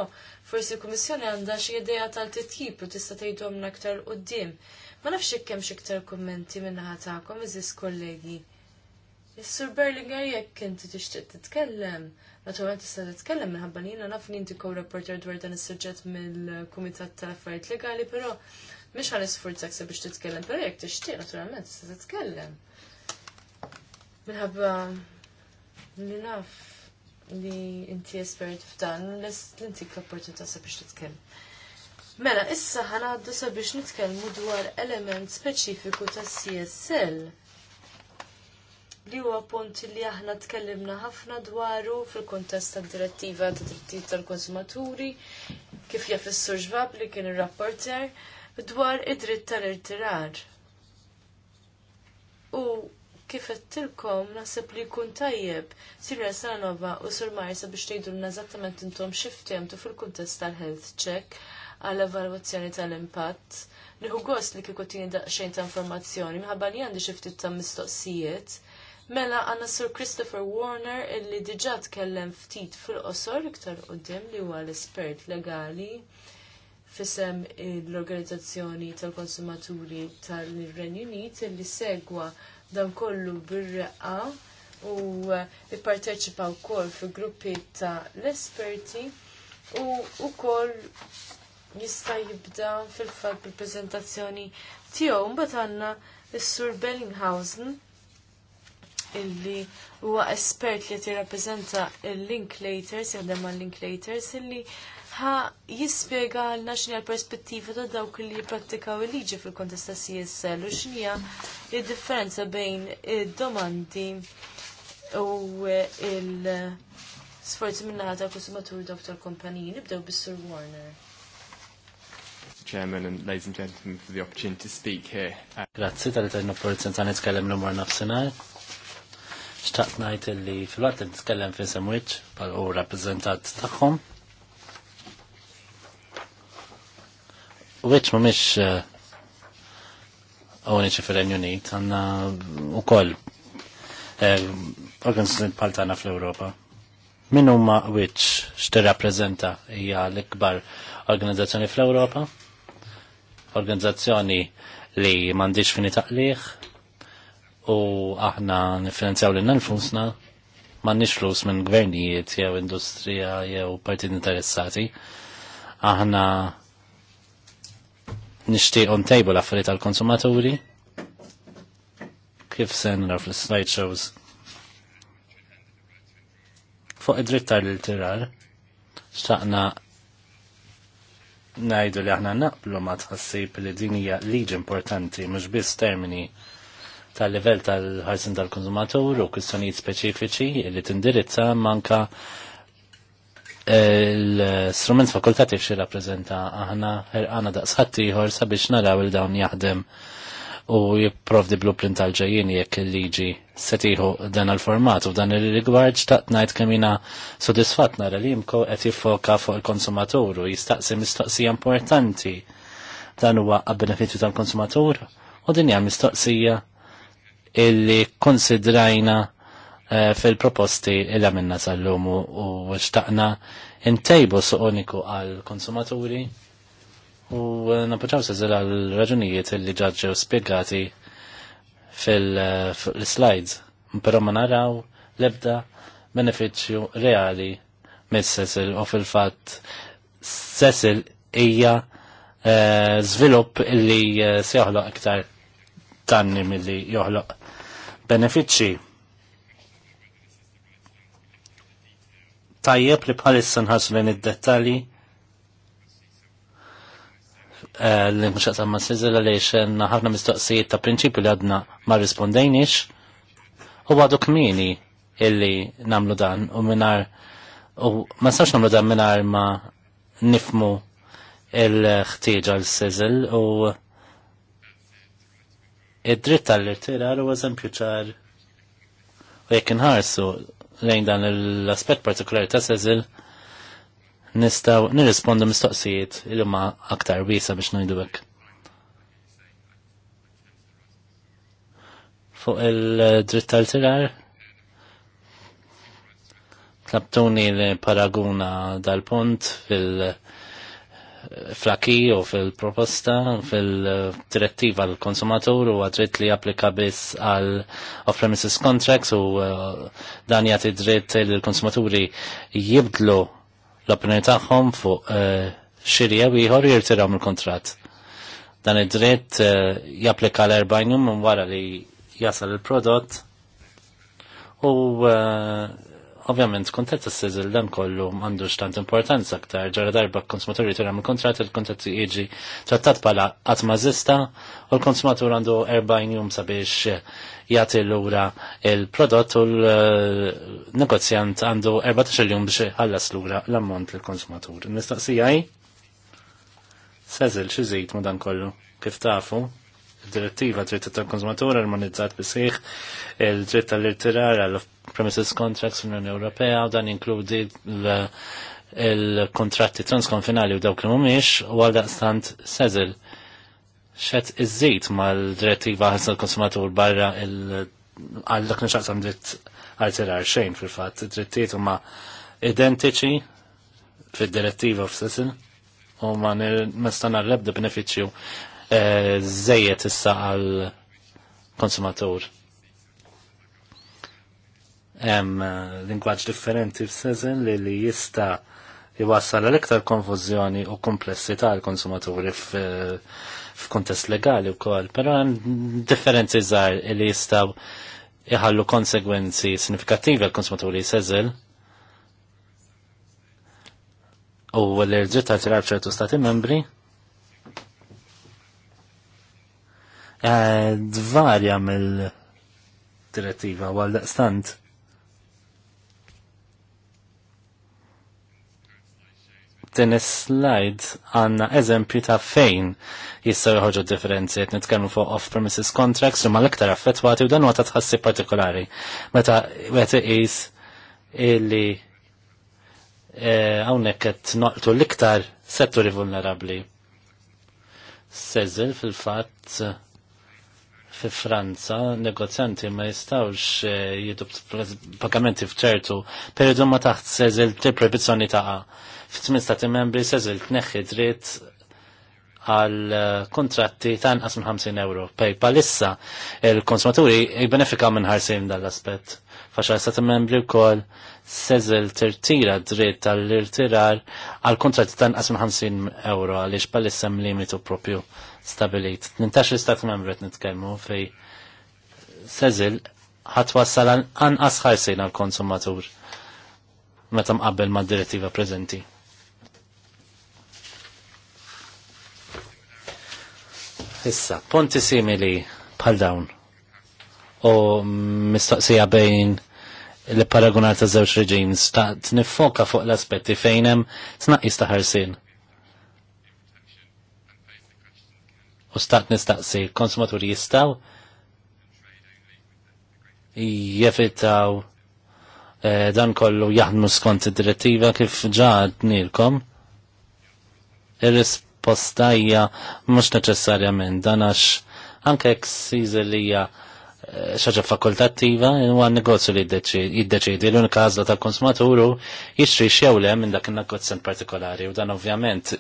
forsi l-Kummissjoni għandha xi idea tal-titjib u tista' tgħidhom aktar quddiem. Ma nafx jekk hemm xi iktar kummenti min-naħa tagħkom iżis kollegi. Is-Sur Berlinger jekk inti tixtieq titkellem, naturalment tista' titkellem minħabba li jiena naf inti kow reporter dwar dan is-suġġett mill-Kumitat tal-Affarijiet Legali, però mhix ħanisfurzak se biex titkellem, però jekk tixtieq naturalment tista' titkellem. Minħabba li naf li inti esperit f'dan, lest l-intik l-opportunità sabiex titkellem. Mela, issa sa sabiex nitkellmu dwar element speċifiku ta' CSL li huwa punt li aħna tkellimna ħafna dwaru fil-kontest tad-direttiva ta' drittijiet tal-konsumaturi, kif jaf is-Sur Ġvab li kien ir-rapporter dwar id-dritt tal-irtirar. U kif għattilkom nasib li jkun tajjeb Sirja Sanova u Sur Marsa biex tgħidulna eżattament intom xiftemtu fil-kuntest tal-health check għal evalwazzjoni tal-impatt. Nieħu gost li kieku tieni daqsxejn ta' informazzjoni minħabba li għandi xi ftit ta' mistoqsijiet. Mela għandna Sur Christopher Warner illi diġà tkellem ftit fil-qosor iktar qudiem li huwa l-espert legali fisem l-organizzazzjoni tal-konsumaturi tal-Renju Unit illi segwa dan kollu bir-reqqa u eh, ipparteċipa wkoll fi gruppi ta' l-esperti u wkoll jista' jibda fil-fatt bil-preżentazzjoni tiegħu mbagħad għandna s-Sur Bellinghausen illi huwa espert li tirrappreżenta l-Linklaters, jaħdem mal linklaters illi ħa jispjega għalna x'inhi l-perspettiva ta' dawk li jipprattikaw il-liġi fil-kontest ta' CSL u x'inhija id-differenza bejn id-domandi u il- Sforzi minna ta' konsumatur doktor Kompanijin. nibdew bis-Sir Warner. Chairman and ladies and gentlemen for the opportunity to speak here. Grazzi tal-tajn opportunità nitkellem l-umor nafsinhar. Xtaqt ngħid li fil-waqt li nitkellem fi semwiċ bħal u rappreżentat tagħhom. Wiċ ma miex uh, għoni ċifir Unit, għanna u koll eh, organizzazzjoni paltana fl-Europa. Min huma wiċ x'tirrappreżenta hija l-ikbar organizzazzjoni fl-Europa? Organizzazzjoni li m'għandix fini taqliħ u aħna nifinanzjaw lil nfusna m'għandniex flus minn gvernijiet jew industrija jew partit interessati. Aħna nishtiq on table affarijiet tal konsumaturi kif sen nara fl-slide shows fuq id-dritt tal-tirar xtaqna najdu li aħna naqblu ma tħassib li din hija liġi importanti mhux biss termini tal-livell tal-ħarsin tal-konsumatur u kwistjonijiet speċifiċi li tindirizza manka l-strument fakultativ xi rappreżenta aħna ħerqana daqsħat ieħor sabiex naraw il dawn jaħdem u jipprovdi blueprint tal-ġejjin jekk il-liġi se tieħu dan il-format u dan il-rigward xtaqt ngħid kemm jiena sodisfatt nara li jimko qed jiffoka fuq il-konsumatur u jistaqsi mistoqsija importanti dan huwa għab-benefiċċju tal-konsumatur u din mistoqsija illi konsidrajna Eh, fil-proposti illa minna tal lumu u xtaqna intejbu suqoniku għal-konsumaturi u eh, napoċaw sezzil għal-raġunijiet li ġaġġew spiegati eh, fil-slides. Pero ma naraw lebda beneficju reali mis-sesil u fil-fat sesil ija zvilup illi se joħloq iktar tanni mill-li joħloq benefiċċji tajjeb li bħalissa nħarsu minn id-dettalji eh, li mxaqt għamma s-sizzela li xen ħafna mistoqsijiet ta' prinċipju li għadna ma' rispondejnix u għadu kmini illi namlu dan u minar u ma' sawx namlu dan minar ma' nifmu il-ħtieġa l sizzel u id-dritt tal-irtirar u eżempju ċar u jekk inħarsu lejn dan l-aspet partikolari ta' sezil nistaw nirrispondu mistoqsijiet il ma aktar wisa biex ngħidu hekk. Fuq il-dritt tal-tirar tlabtuni l-paraguna dal-punt fil- flaki u fil-proposta fil-direttiva l-konsumatur u għadrit li applika biss għal off-premises contracts u uh, dan jagħti dritt li l-konsumaturi jibdlu l-opinjoni tagħhom fuq uh, xirja u jħor jirtiraw mill kontrat Dan id-dritt uh, japplika l-40 jum wara li jasal il-prodott u Ovvjament, kontett s sizzil dan kollu mandu tant importanza aktar, ġara darba konsumatur jitura mill kontrat il-kontrat iġi trattat pala għatmażista u l-konsumatur għandu 40 jum sabiex jati l-ura il-prodott u l-negozjant għandu 14 jum biex ħallas l-ura l-ammont l-konsumatur. Nistaqsijaj? Sezil, xizit ma dan kollu? Kif tafu? direttiva dritt tal konsumatur armonizzat bisħiħ il-dritt tal-irtirar għal premises contracts fl-Unjoni Ewropea u dan inkludi il-kontratti transkonfinali u dawk li mhumiex u għal daqstant seżil xed iżżid mal-direttiva ħas tal-konsumatur barra il- għal dak dritt għal xejn fil-fatt, drittijiet huma identiċi fil-direttiva f'sesin u ma nistana l-ebda beneficju żejjed eh, issa għal konsumatur. Hemm eh, lingwaġġ differenti f'sezen li li jista' jwassal l iktar konfużjoni u komplessità għal konsumaturi eh, f'kuntest legali wkoll, però hemm differenzi żgħar li jistgħu iħallu konsegwenzi sinifikattivi għal konsumaturi sezel u l-irġiet tal ċertu stati membri dvarja mill-direttiva għal daqstant. din slide għanna eżempju ta' fejn jistaw jħoġu differenzi qed nitkellmu fuq off-premises contracts li mal-iktar affettwati u dan huwa ta' tħassib partikolari. Meta qed iqis illi e, hawnhekk qed noqtu l-iktar setturi vulnerabbli. Sezzil fil-fatt fi Franza, negozjanti ma jistawx eh, jidu pagamenti fċertu, periodu ma taħt seżil t-proibizjoni taqa. fit stati membri sezil t-neħi dritt għal eh, kontratti ta' nqas minn 50 euro. PayPal issa il-konsumaturi jibbenefika minn ħarsin dal-aspet. Faxa stati membri wkoll sezel tirtira dritt tal-irtirar għal kontrat tan minn 50 euro għaliex issem limitu propju stabilit. 18 istat membret nitkellmu fej sezel wassal anqas ħarsin għal konsumatur meta mqabbel ma' direttiva preżenti. Issa, ponti simili bħal dawn u mistoqsija bejn Li paragunar ta' żewġ reġins ta' t-nifoka fuq l-aspetti fejn hemm tnaqqis ta' ħarsien. U stat nistaqsi, konsumaturi jistaw jefitaw eh, dan kollu jaħdmu skont id-direttiva kif ġad nilkom. Ir-risposta hija mhux neċessarjament dan għax anke jekk siżilija xaġa fakultattiva, huwa negozju li jiddeċidi l-unika għażla tal-konsumaturu jixtri xew le minn dak il-negozjant partikolari u dan ovvjament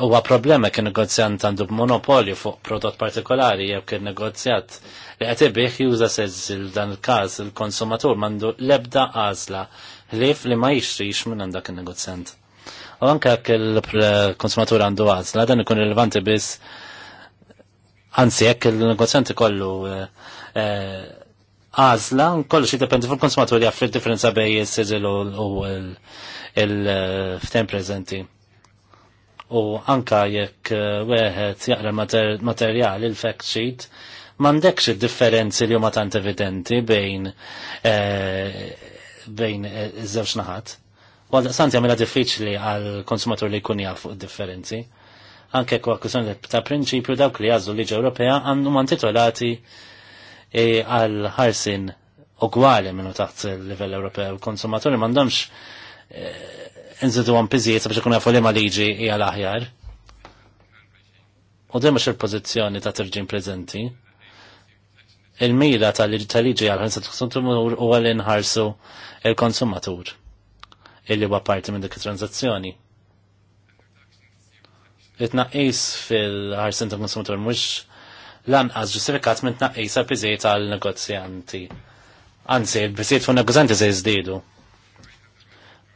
huwa problema kien negozjant għandu monopolju fuq prodott partikolari jew kien negozjat li qed juża sezzil dan il-każ il-konsumatur mandu l-ebda għażla ħlief li ma jixtrix minn għandak il-negozjant. U anke il-konsumatur għandu għażla dan ikun rilevanti biss Anzi, jekk il-negozjanti kollu eh, Eh, għazla, kollox jiddependi fuq konsumatur li jaffir differenza bej il-sizil u il-ftem eh, prezenti. U anka jekk eh, weħed jaqra materjal il-fact sheet, mandekx il-differenzi li huma tant evidenti bejn bejn iż-żewġ naħat. Għal santi għamela diffiċli għal konsumatur li jkun jaf fuq differenzi. Anke kwa kwestjoni ta' prinċipju dawk li jazzu liġi Ewropea għandhom antitolati titolati E għal ħarsin ugwali minnu taħt il-livell Ewropew. Konsumaturi mandomx e, nżidu għan pizijiet biex ikun għafu li ma liġi hija l-aħjar. U dimma il-pozizjoni ta' terġin prezenti. Il-mira tal-liġi għal ħarsin tal-konsumatur u għal-inħarsu il-konsumatur illi huwa parti minn dik it-tranzazzjoni. Itnaqqis fil-ħarsin ta' konsumatur mhux lanqas ġustifikat minn tnaqqisa biżejt għal negozjanti. Anzi, biżejt fuq negozjanti se jżdiedu.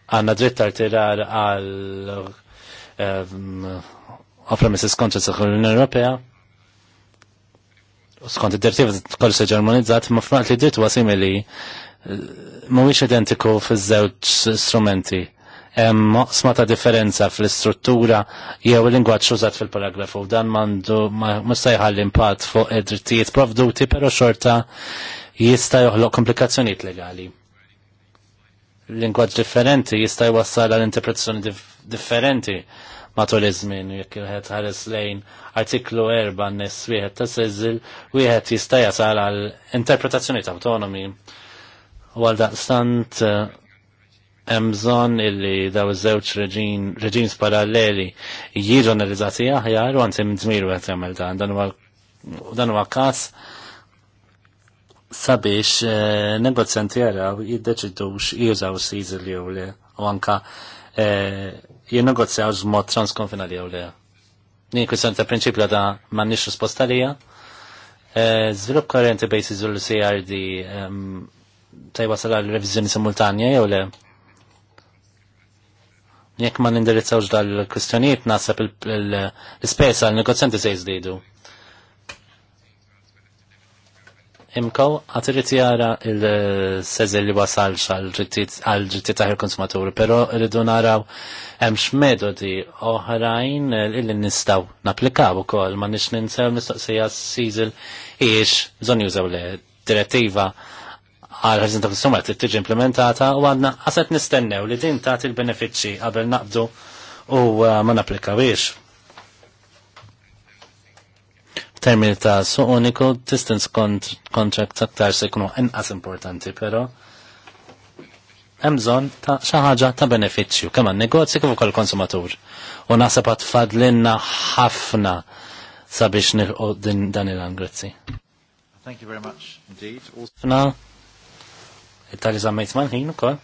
Għanna dritt artirar għal ehm, offra Mrs. Contra sa' l-Unjoni Ewropea. U skont id-dirtiva kollu se ġermanizzat, ma' frant li dritt huwa simili eh, mhuwiex identiku fiż-żewġ strumenti hemm moqsma ta' differenza fl-istruttura jew il-lingwaġġ użat fil-paragrafu dan m'għandu ma sta jħalli impatt fuq id-drittijiet provduti però xorta jista' joħloq komplikazzjonijiet legali. Lingwaġġ differenti jista' jwassal għal interpretazzjoni differenti matul iż-żmien jekk wieħed ħares lejn artiklu 4 nis wieħed ta' seżil, wieħed jista' jasal għal interpretazzjonijiet autonomi. U għal daqstant uh, emżon illi daw iż-żewġ reġins paralleli jiġu analizzati aħjar u għanti mdmiru għet jagħmel dan. Dan huwa każ sabiex eh, negozjanti jaraw jiddeċidu jużaw s-siżi li u le u anka eh, jinnegozjaw z-mod transkonfinali u le. Din kwistjoni ta' prinċipju da m'għandniex risposta lija. Eh, żvilupp korrenti bejn CRD ehm, tajwa sal revizjoni simultanja jew le? Jekk ma nindirizzawx dal-kwistjonijiet nasab l-ispesa għal-negozjanti se jizdidu. Imkow, għatirriti għara jara il-sezel li wasalx għal-ġittiet taħir konsumaturi, pero rridu naraw hemm x'metodi oħrajn illi nistaw naplikaw ukoll ma nix ninsew mistoqsija s-sizil iex bżonn jużaw le direttiva għal ħarżin ta' s-summa li tiġi implementata u għadna għaset nistennew li din uh, ta' il-benefiċċi qabel naqdu u ma biex. Termini ta' su uniku, distance contract aktar se jkunu inqas importanti, pero hemm bżonn ta' xi ħaġa ta' benefiċċju kemm għan-negozju kif ukoll konsumatur. U naħseb għad fadlinna ħafna sabiex nilqu dan il angrezzi Thank you very much indeed. Also tal-li zammejt mal-ħin ukoll.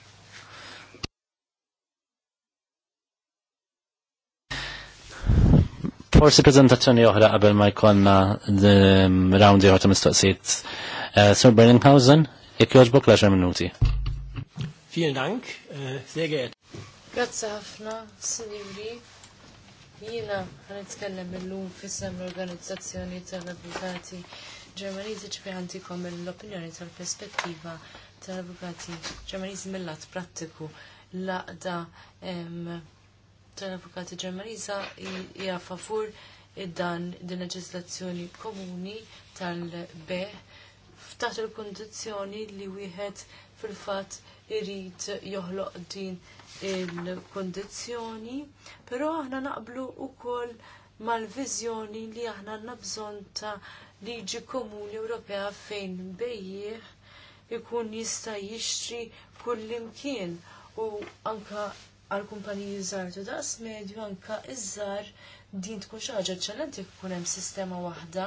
Forsi prezentazzjoni oħra qabel ma jkollna um, round ieħor ta' mistoqsijiet. Uh, Sir Berlinghausen, jekk jogħġbok l-10 minuti. Vielen Dank, äh, sehr geehrt. Grazie ħafna, Sinjuri. Jiena ħanitkellem illum fissem l-organizzazzjoni tal-avukati Ġermaniżi ċbiħantikom l-opinjoni tal-perspettiva tal-avukati ġermaniżi mill-lat prattiku laqda tal-avukati ġermaniża hija favur id-dan din leġislazzjoni komuni tal-beħ f'taħt il kundizzjoni li wieħed fil-fatt irid joħloq din il-kondizzjoni, però aħna naqblu wkoll mal-viżjoni li aħna nabżon ta' liġi komuni Ewropea fejn bejjieħ ikun jista' jixtri kull imkien u anka għal kumpaniji żgħar ta' daqs medju anka iż-żgħar din tkun xi ħaġa eċċellenti hemm sistema waħda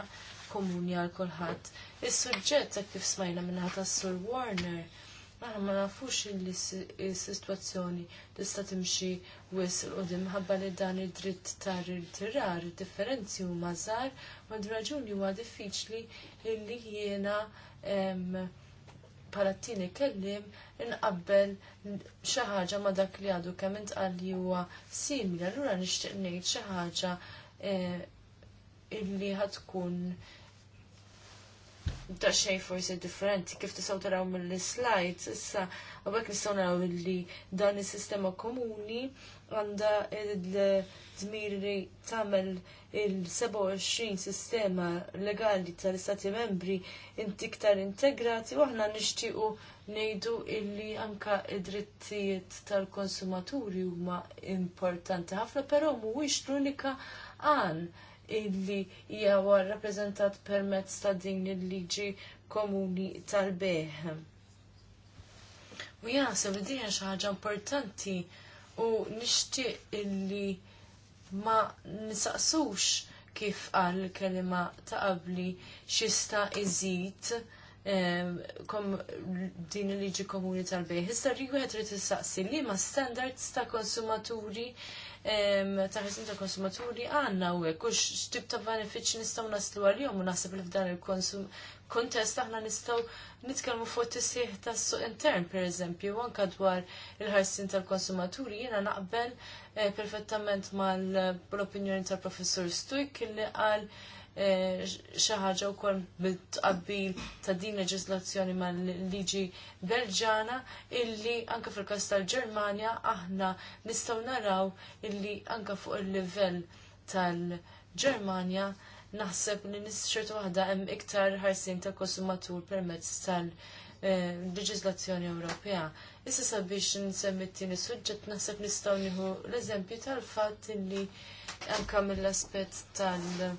komuni għal kulħadd. Is-suġġett hekk kif smajna minnaħa tas-Sur Warner Aħna ma nafux il-situazzjoni tista' timxi wis u ħabba li dan id-dritt tar tirar differenzi huma żgħar ma raġuni huwa diffiċli li jiena bħala t-tieni kellim inqabbel xi ħaġa ma dak li għadu kemm intqal li huwa simili, allura nixtieq ngħid xi ħaġa eh, illi ħatkun da xejn forsi differenti kif tistgħu taraw mill-slides issa għabek nistgħu naraw li dan is-sistema komuni għandha il dmiri tamel tagħmel il-27 sistema legali tal-Istati membri inti integrati u aħna nixtiequ ngħidu illi anka id-drittijiet tal-konsumaturi huma importanti ħafna però mhuwiex l-unika għan illi hija rappreżentat permezz ta' din il-liġi komuni tal-beħ. U jaħseb li din xi ħaġa importanti u nixtieq illi ma nisaqsux kif għal kelima ta' qabli xista iżid kom din il-liġi komuni tal-bej. Issa rriku għed rrit saqsi li ma standards ta' konsumaturi ta' ħizin ta' konsumaturi għanna u għek, ux xtib ta' benefiċ nistaw naslu għal-jom u nasib li f'dan il-konsum kontest aħna nistaw nitkellmu fuq tisih tas-suq intern, per eżempju, anka dwar il-ħarsin tal-konsumaturi, jiena naqbel eh, perfettament mal-opinjoni tal-professur Stuik li qal Eh, xaħġa ħaġa wkoll bil-tqabbil ta' din leġislazzjoni mal-liġi Belġana illi anke fil kas tal-Ġermanja aħna nistgħu naraw illi anke fuq il-livell tal-Ġermanja naħseb li nisċertu waħda hemm iktar ħarsien tal-konsumatur permezz tal-, eh, leġislazzjoni Ewropea. Issa sabiex nsemmi t-tieni suġġett naħseb nistgħu nieħu l-eżempju tal-fatt illi anke mill-aspett tal-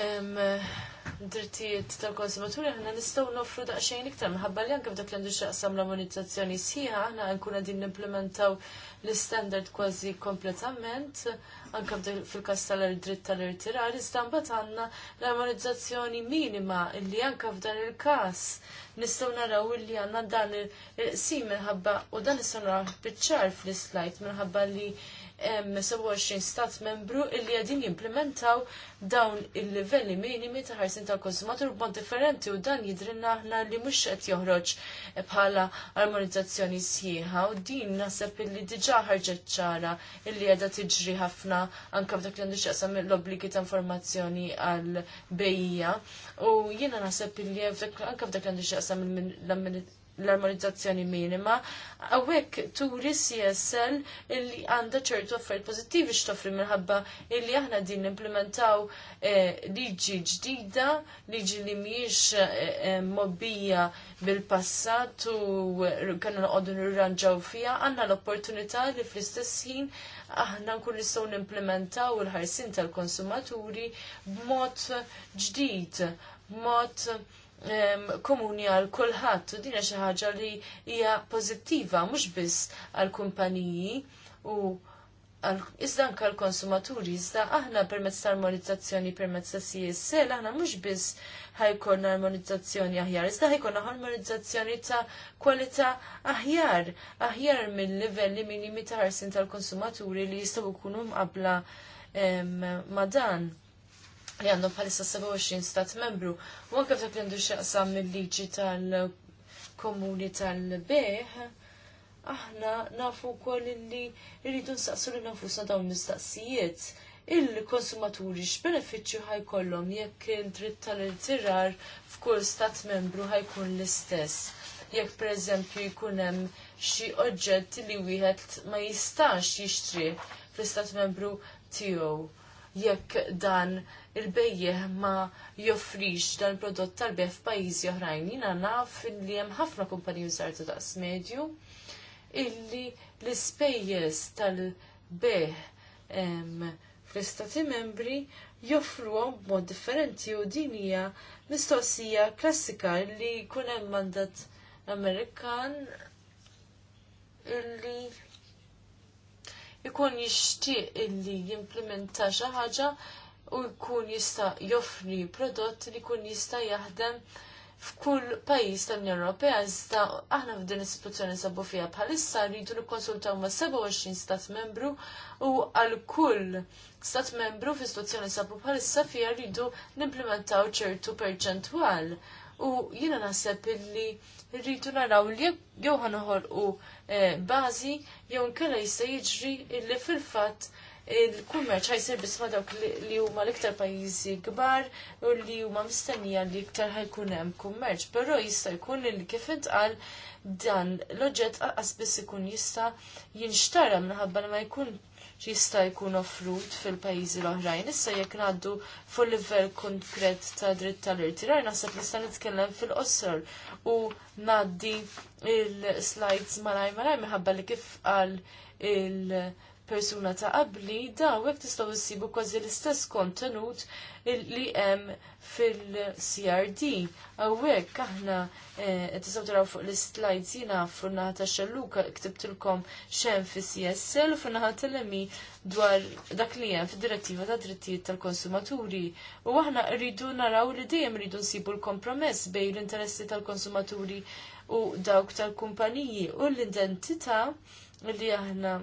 drittijiet tal-konsumaturi aħna nistgħu nofru daqsxejn iktar minħabba li anke f'dak l għandu x'aqsam l-ammonizzazzjoni sħiħa aħna nkun din nimplementaw l-istandard kważi kompletament anke fil-każ tal-dritt tal-irtirar iżda mbagħad għandna l-ammonizzazzjoni minima illi anke f'dan il-każ nistgħu naraw illi għandna dan il-qsim minħabba u dan nistgħu naraw bieċar fil fl-islajt minħabba li 27 stat membru illi għadin jimplementaw dawn il-livelli minimi ta' ħarsin tal-konsumatur b'mod differenti u dan jidrinna aħna li mhux qed joħroġ bħala armonizzazzjoni sħiħa u din naħseb illi diġà ħarġet ċara illi qiegħda tiġri ħafna anke f'dak li għandu x'jaqsam l-obbligi ta' informazzjoni għal bejja u jiena naħseb illi anke f'dak li għandu x'qasam l l-armonizzazzjoni minima, għawek turi CSL illi għanda ċertu affarijiet pozittivi x-toffri minħabba illi aħna din implementaw eh, liġi ġdida, liġi li mhijiex eh, eh, mobbija bil-passat u kanna noqogħdu nirranġaw fija, għandna l-opportunità li fl-istess ħin aħna nkun nistgħu nimplementaw il-ħarsin tal-konsumaturi b'mod ġdid, b'mod komuni għal kulħadd u dina xi ħaġa li hija pożittiva mhux biss għal kumpaniji u iżda anke għal konsumaturi iżda aħna permezz tal-armonizzazzjoni permezz ta' CSL aħna mhux biss ħajkun armonizzazzjoni aħjar, iżda ħajkun armonizzazzjoni ta' kwalità aħjar, aħjar mill-livelli minimi ta' ħarsin tal-konsumaturi li jistgħu jkunu mqabla ma' dan li għandhom bħalissa 27 stat membru. U anke f'dak li għandu x'jaqsam il liġi tal-komuni tal-beħ, aħna nafu wkoll li rridu nsaqsu li nafusna dawn mistaqsijiet. Il-konsumaturi x'benefiċċju ħajkollhom jekk id-dritt tal-irtirar f'kull stat membru ħajkun l-istess. Jekk pereżempju jkun hemm xi oġġett li wieħed ma jistax jixtrih fl-istat membru tiegħu jekk dan il-bejjeħ ma joffrix dan prodott tal-beħ f'pajjiżi oħrajn. Jina naf li hemm ħafna kumpaniji żgħar ta' daqs medju illi l-ispejjeż tal-beħ fl-istati membri joffruhom b'mod differenti u din hija mistoqsija klassika li jkun hemm mandat Amerikan illi ikun jixtieq illi jimplementa xi ħaġa u jkun jista' joffri prodott li jkun jista' jaħdem f'kull pajjiż tal-Unjoni Ewropea iżda aħna f'din is-sitwazzjoni sabu fiha bħalissa rridu nikkonsultaw ma' 27 stat membru u għal kull stat membru f'istituzzjoni sabu bħalissa fiha rridu nimplementaw ċertu perċentwal. U jiena naħseb illi rridu naraw li jew u eh, bażi jew nkella jista' jiġri illi fil-fatt il-kummerċ ħajsir bis ma' dawk li huma l-iktar pajjiżi kbar u li huma mistennija li iktar ħajkun hemm kummerċ, però jista' jkun li kif intqal dan l-oġġett qas biss ikun jista' jinxtara minħabba li ma jkun jista' jkun offrut fil-pajjiżi l-oħrajn. Issa jekk ngħaddu fuq livell konkret ta' dritt tal-irtirar naħseb nista' nitkellem fil-qosor u ngħaddi il-slides malaj malaj minħabba li kif qal il- persuna ta' qabli, daw hekk tistgħu issibu kważi l-istess kontenut li hemm fil-CRD. Hawnhekk aħna eh, tistgħu taraw fuq l-slides jiena naħa ta' xelluka ktibtilkom xem fi CSL u furnaħa tal dwar dak li hemm fid-direttiva ta' drittijiet tal-konsumaturi. U aħna rridu naraw li dejjem rridu nsibu l-kompromess bejn l-interessi tal-konsumaturi u dawk tal-kumpaniji u l-identità li aħna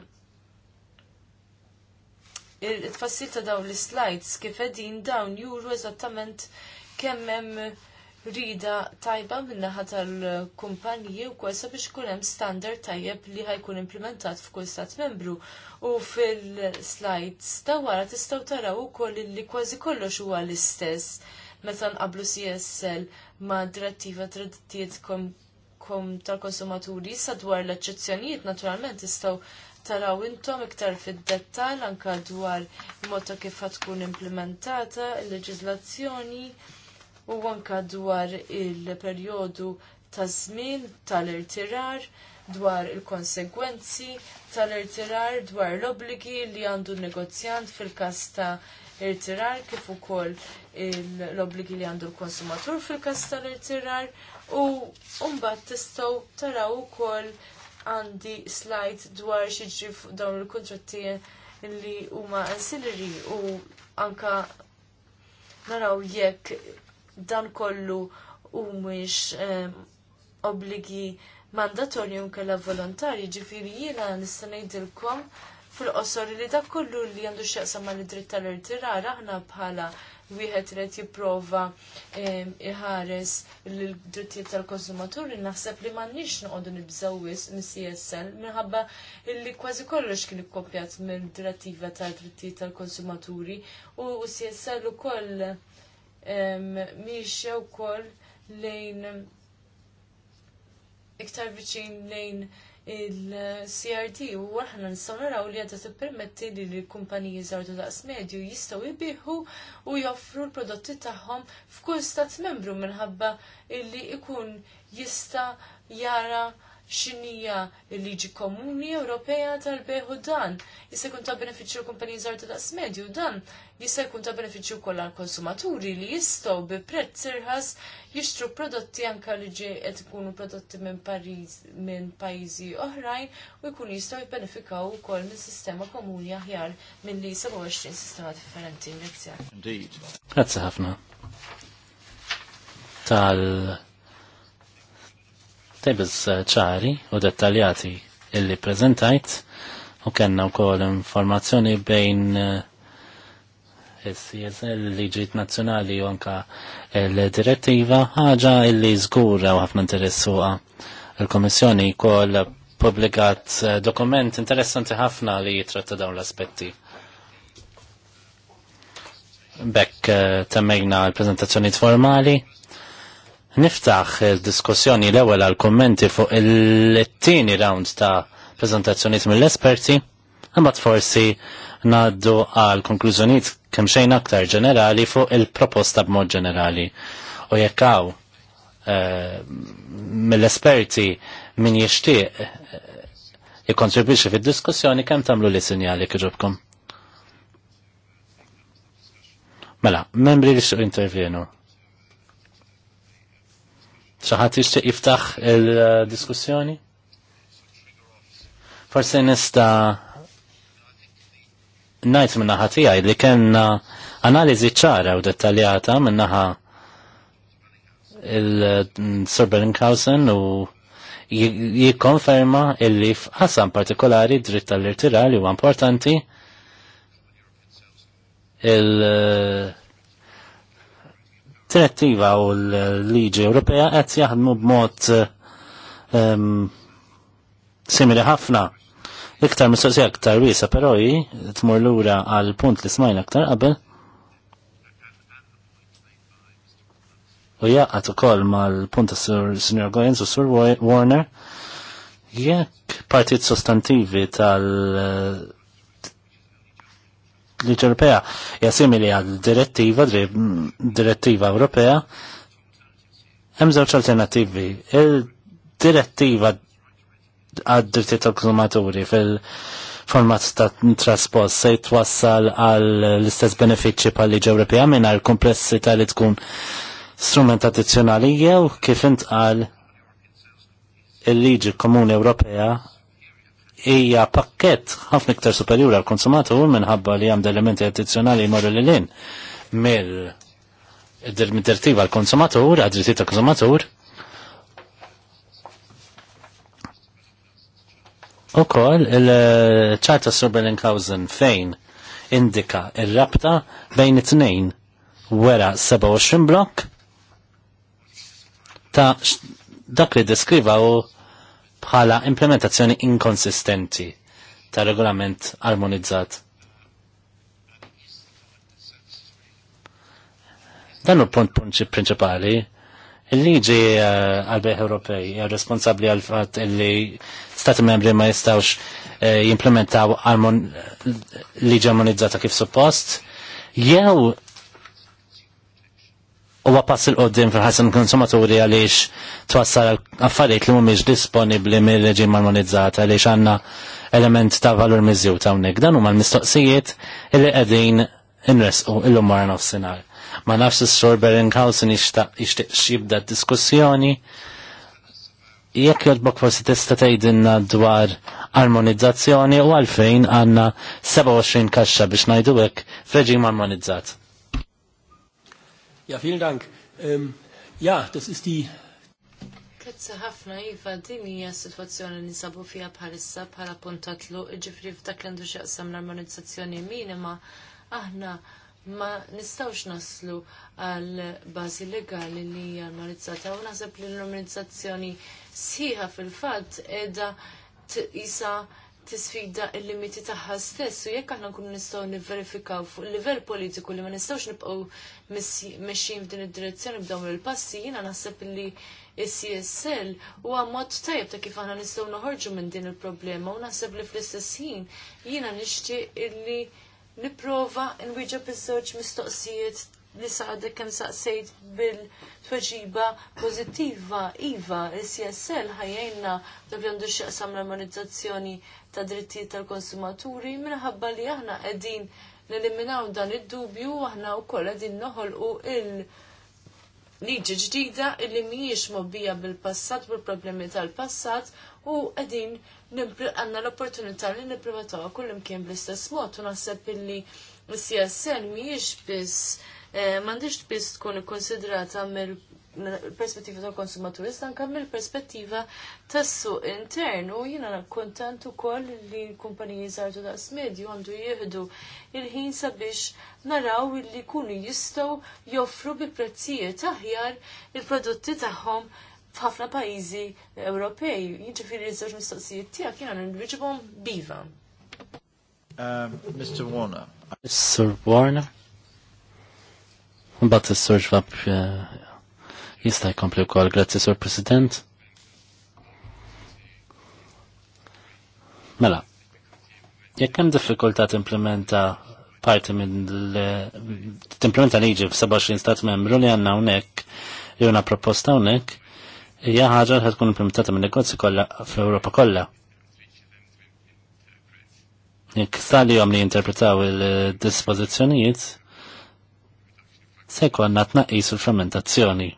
il-tfassil ta' dawn l-slides kif qegħdin dawn juru eżattament kemm hemm rida tajba min-naħa tal-kumpaniji u kwesa biex kunem hemm standard tajjeb li ħajkun implementat f'kull stat membru. U fil-slides ta' wara tistgħu taraw ukoll li kważi kollox huwa l-istess meta nqablu CSL ma' direttiva tradittiet kom, kom tal-konsumaturi sadwar l-eċċezzjonijiet naturalment istaw taraw intom iktar fid-dettal anka dwar il-mod kif tkun implementata il-leġiżlazzjoni u anka dwar il-perjodu ta' żmien tal-irtirar dwar il-konsegwenzi tal-irtirar dwar l-obbligi li għandu negozjant fil-kas ta' irtirar kif ukoll l-obbligi li għandu l-konsumatur fil-kas tal-irtirar u mbagħad tistgħu taraw ukoll għandi slajt dwar xieġri fuq dawn il-kontratti li huma ancillary u anka naraw jekk dan kollu u mhix ehm, obbligi mandatorju nkella volontari, ġifiri jiena nista' ngħidilkom fil-qosor li dak kollu li għandu x'jaqsam mal dritt tal-irtirara aħna bħala wieħed red jipprova iħares l-drittijiet tal-konsumatur, naħseb li m'għandniex noqogħdu nibżawwis mis-CSL minħabba li kważi kollox kien ikkopjat mill-direttiva tal-drittijiet tal-konsumaturi u CSL ukoll miexja wkoll lejn iktar viċin lejn il crt u aħna nistgħu u li t-permetti li l-kumpaniji żgħar daqs medju jistgħu jbieħu u joffru l-prodotti tagħhom f'kull stat membru minħabba illi ikun jista' jara x'inhija l-liġi komuni Ewropea tal-beħu dan. Jista' jkun ta' beneficju l-kumpaniji żgħar ta' daqs medju dan jista' jkun ta' benefiċċju wkoll għall-konsumaturi li jistgħu bi prezz irħas jixtru prodotti anke li ġej qed ikunu prodotti minn pajjiżi oħrajn u jkunu jistgħu jibbenefikaw ukoll minn sistema komuni aħjar milli 27 sistema differenti. Grazie. Grazzi ħafna. Tal tables eh, ċari u dettaljati illi prezentajt u kenna u kol informazzjoni bejn il-CSL eh, liġit nazjonali u anka il-direttiva ħaġa illi zgura u ħafna interessuqa. Il-Komissjoni kol publikat eh, dokument interessanti ħafna li jitratta dawn l-aspetti. Bekk temmejna l-prezentazzjoni formali Niftaħ il-diskussjoni l-ewel għal-kommenti fuq il-tini round ta' prezentazzjoniet mill-esperti, għambat forsi naddu għal-konklużjoniet kemm xejn aktar ġenerali fuq il-proposta b'mod ġenerali. U jekkaw eh, mill-esperti min jixtieq jikontribwixi eh, fid-diskussjoni kemm tagħmlu li sinjali kieġobkom. Mela, membri li xo intervjenu ċaħat jixtieq jiftaħ il-diskussjoni? Forse nista najt minna ħatijaj li kena analizi ċara u dettaljata ħa il-Sir Bellinghausen u jikkonferma illi f'qasam partikolari dritt tal-irtirar li huwa importanti il- direttiva u l-liġi Ewropea qed jaħdmu b'mod ehm, simili ħafna. Iktar mistoqsija aktar wiesa, però hi tmur lura għal punt li smajna aktar qabel. U jaqqat ukoll mal-punt sur Sr. Goenz u Sur Warner jekk partit sostantivi tal- liġi Ewropea ja simili għal direttiva direttiva Ewropea. Hemm żewġ alternattivi. Il-direttiva għad dritti tal-konsumaturi fil-format ta' trasport se jitwassal għal l-istess benefiċċji pal liġi Ewropea mingħajr komplessità li tkun strument addizzjonali jew kif intqal il-liġi komuni Ewropea hija pakket ħafna iktar superjur għal konsumatur minħabba li għandha elementi addizzjonali jmorru l lin mill direttiva għal konsumatur, għad drittijiet tal konsumatur. U koll il-ċarta Sobelinkhausen fejn indika il-rabta bejn it-tnejn wera 27 blok ta' dak li deskriva u bħala implementazzjoni inkonsistenti ta' regolament armonizzat. Dan u punt prinċipali, il-liġi eh, għal-beħ Ewropej hija responsabbli għal fatt li stati membri ma jistawx eh, jimplementaw liġi armonizzata kif suppost, jew huwa pass il qoddim fil-ħasin konsumaturi għaliex twassal affarijiet li mhumiex disponibbli mill reġim marmonizzata għaliex għandna element ta' valur mizzju ta' hawnhekk. Dan huma l-mistoqsijiet li qegħdin inresqu illum wara nofsinhar. Ma nafx s sur kawsin jixtieq jibda diskussjoni jekk jodbok forsi tista' tgħidilna dwar armonizzazzjoni u għalfejn għandna 27 kaxxa biex ngħidu hekk f'reġim armonizzat. Ja, vielen Dank. Ähm, ja, das ist die. Grazzi ħafna Iva, din hija situazzjoni sitwazzjoni li nsabu fiha bħalissa bħala puntat lu ġifri f'dak li għandu l-armonizzazzjoni minima aħna ma nistawx naslu għal bażi legali li hija armonizzata u naħseb li l-armonizzazzjoni sħiħa fil-fatt qiegħda tqisa' tisfida il-limiti tagħha stess u jekk aħna nkunu nistgħu nivverifikaw fuq livell politiku li ma nistgħux nibqgħu mexxin f'din id-direzzjoni b'dawn il-passi, jiena naħseb li is-CSL huwa mod tajjeb ta' kif aħna nistgħu noħorġu minn din il-problema u naħseb li fl-istess ħin jiena nixtieq illi nipprova nwieġeb iż-żewġ mistoqsijiet li saħadek kem saqsejt bil-tweġiba pozittiva, Iva, il-CSL ħajjajna dak li għandu xieqsam l-armonizzazzjoni ta' drittijiet tal-konsumaturi minħabba li aħna qegħdin neliminaw dan id-dubju aħna wkoll qegħdin noħolqu il- liġi ġdida illi mhijiex mobbija bil-passat, bil-problemi tal-passat u qegħdin għandna l-opportunità li nipprivataw kull imkien bl-istess mod u naħseb illi l csn mhijiex biss eh, m'għandix biss tkun ikkonsidrata mill perspettiva tal-konsumatur, iżda anke mill-perspettiva tas-suq internu, jiena kontent ukoll li l-kumpaniji żgħar ta' daqs medju għandu jieħdu il-ħin sabiex naraw li jkunu jistgħu joffru bi prezzijiet aħjar il-prodotti tagħhom f'ħafna pajjiżi Ewropej. Jiġifieri ż-żewġ mistoqsijiet tiegħek jiena nirriġibhom biva. Mr. Um, Warner. Sir Warner. Mbagħad is-Sir uh, Jista' jkompli wkoll, grazzi Sur President. Mela, jekk hemm diffikultà timplementa parti minn timplementa liġi f'27 stat membru li għandna hawnhekk jew na proposta hawnhekk hija ħaġa li tkun implementata minn negozji kollha fl-Ewropa kollha. Jekk sali jom li jinterpretaw il-dispożizzjonijiet se jkollna tnaqqis u frammentazzjoni.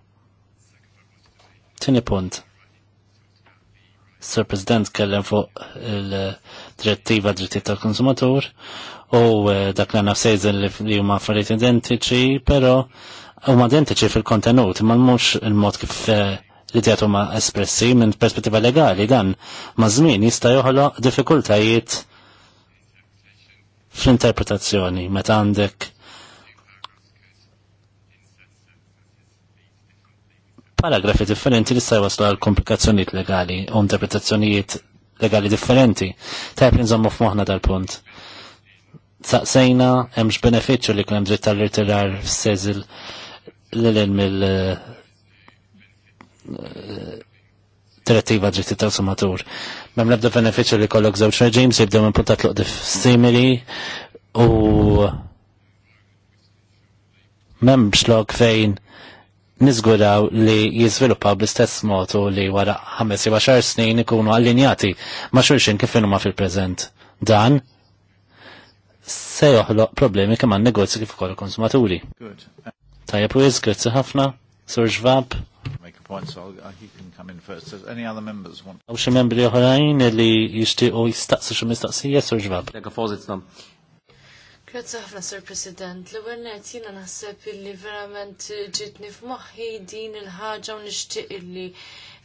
Tini punt. Sir President kellem fuq il-direttiva drittijiet tal-konsumatur u eh, dak li nafsejżen li huma affarijiet identiċi, però huma identiċi fil-kontenut, ma mhux il-mod kif eh, li idejat huma espressi minn perspettiva legali dan ma' żmien jista' joħlo diffikultajiet fl-interpretazzjoni meta għandek paragrafi differenti li sa' waslu għal komplikazzjonijiet legali u interpretazzjonijiet legali differenti. Tajb nżommu f'moħna dal-punt. Saqsejna hemmx benefiċċju li kien hemm dritt tal-irtirar f'seżil l-lin mill eh, direttiva dritti tal sumatur. Mem lebda beneficju li kollok żewġ reġims jibdew minn puntat loqdi simili u mem log fejn nizgudaw li jizviluppaw bl-istess motu li wara 15 jew snin ikunu allinjati ma' xulxin kif ma fil prezent Dan se joħloq problemi kemm għan negozju kif ukoll konsumaturi. Tajjeb u grazzi ħafna, Sur Žvab. Uh, Għaw xie membri oħrajn li jishtiqu jistaqsu xie mistaqsija, Sur Žvab. Grazie ħafna, Sir President. L-ewwel nett jiena naħseb illi verament ġitni f'moħħi din il-ħaġa u nixtieq illi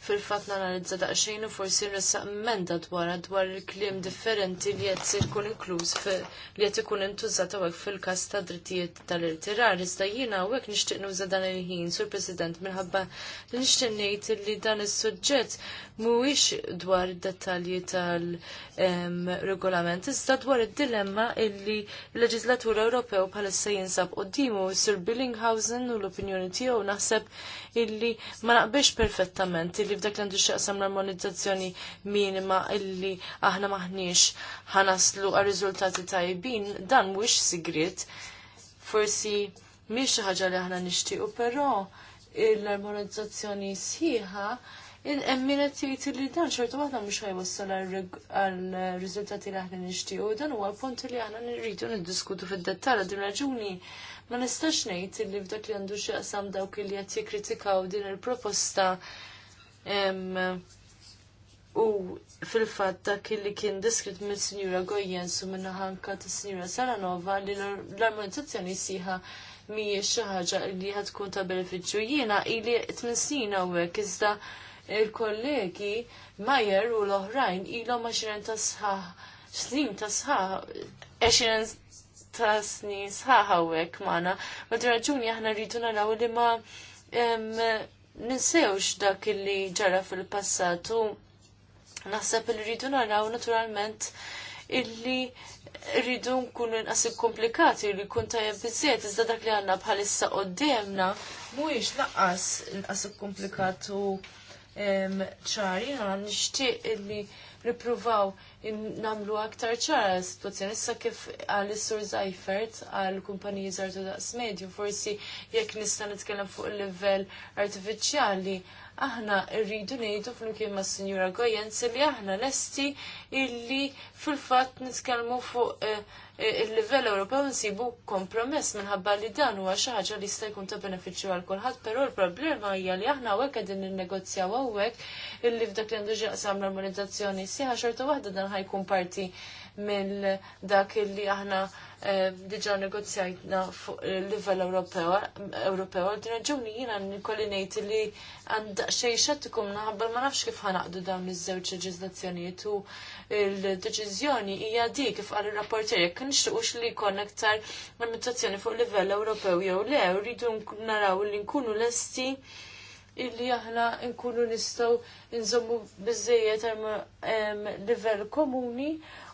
fil-fatt nanalizza daqsxejn u forsi nressaq emenda dwar dwar il-kliem differenti li qed ikun inkluż li qed ikun intużat hawnhekk fil-każ ta' drittijiet tal-irtirar. Iżda jiena hawnhekk nixtieq nuża dan il-ħin, Sur President, minħabba li nixtieq ngħid li dan is-suġġett mhuwiex dwar id-dettalji tal- regolament. Iżda dwar id-dilemma illi l leġislatura Ewropew bħalissa jinsab qoddimu Sir Billinghausen u l-opinjoni tiegħu naħseb illi ma naqbex perfettament illi f'dak l-għandu xaqsam l-armonizzazzjoni minima illi aħna maħniex ħanaslu għal-riżultati tajbin dan mhuwiex sigrit. Forsi mhix xi ħaġa li aħna nixtiequ, però l-armonizzazzjoni sħiħa emminet jgħid li dan xorta waħda mhux ħajwassal għal-riżultati li aħna nixtiequ dan huwa punt li aħna nirridu niddiskutu fid-dettall din raġuni ma nistax ngħid li f'dak li għandu x'jaqsam dawk kelli qed jikkritikaw din il-proposta u fil-fatt ta' kelli kien diskrit minn sinjura Gojjens u minnaħanka tas-Sinjura Saranova li l-armonizzazzjoni siħa mhijiex xi ħaġa li ħad tkun ta' benefiċċju jiena ili t-minsina u għek iżda il-kollegi Majer u l-oħrajn ilhom 20 ta' sħaħ, snin ta' sħaħ, 20 ta' snin sħaħ hawnhekk magħna. meta raġuni aħna rridu naraw li ma ninsewx dak li ġara fil-passatu. Naħseb li rridu naraw naturalment illi rridu nkunu inqas komplikati li kun tajjeb biżejjed iżda dak li għandna bħalissa qudiemna mhuwiex lanqas inqas komplikat u ċari, għan nishtiq li riprovaw namlu aktar ċara situazzjoni issa kif għal sur Zajfert għal kumpaniji zartu daqs medju, forsi jekk nista' nitkellem fuq il-livell artifiċjali aħna rridu ngħidu flimkien mas Sinjura Gojenz li aħna lesti illi fil-fatt nitkellmu fuq eh, eh, il-livell Ewropew nsibu kompromess minħabba li dan huwa xi ħaġa li jista' jkun ta' benefiċċju għal kulħadd, però l-problema hija li aħna hawnhekk qegħdin ninnegozjaw hawnhekk illi f'dak li għandu x'jaqsam l-armonizzazzjoni sieħa xorta waħda dan ħajkun parti mill dak illi aħna diġa negozjajtna fuq il-livell Ewropew, għaddi raġuni jiena nkolli ngħid li għandha xej xattikum naħabba ma nafx kif ħanaqdu dawn iż-żewġ leġiżlazzjonijiet u l-deċiżjoni hija dik kif għal il-rapporti jekk nixtiequx li jkollna aktar limitazzjoni fuq livell Ewropew jew le, rridu naraw li nkunu lesti illi aħna nkunu nistgħu nżommu biżejjed hemm livell komuni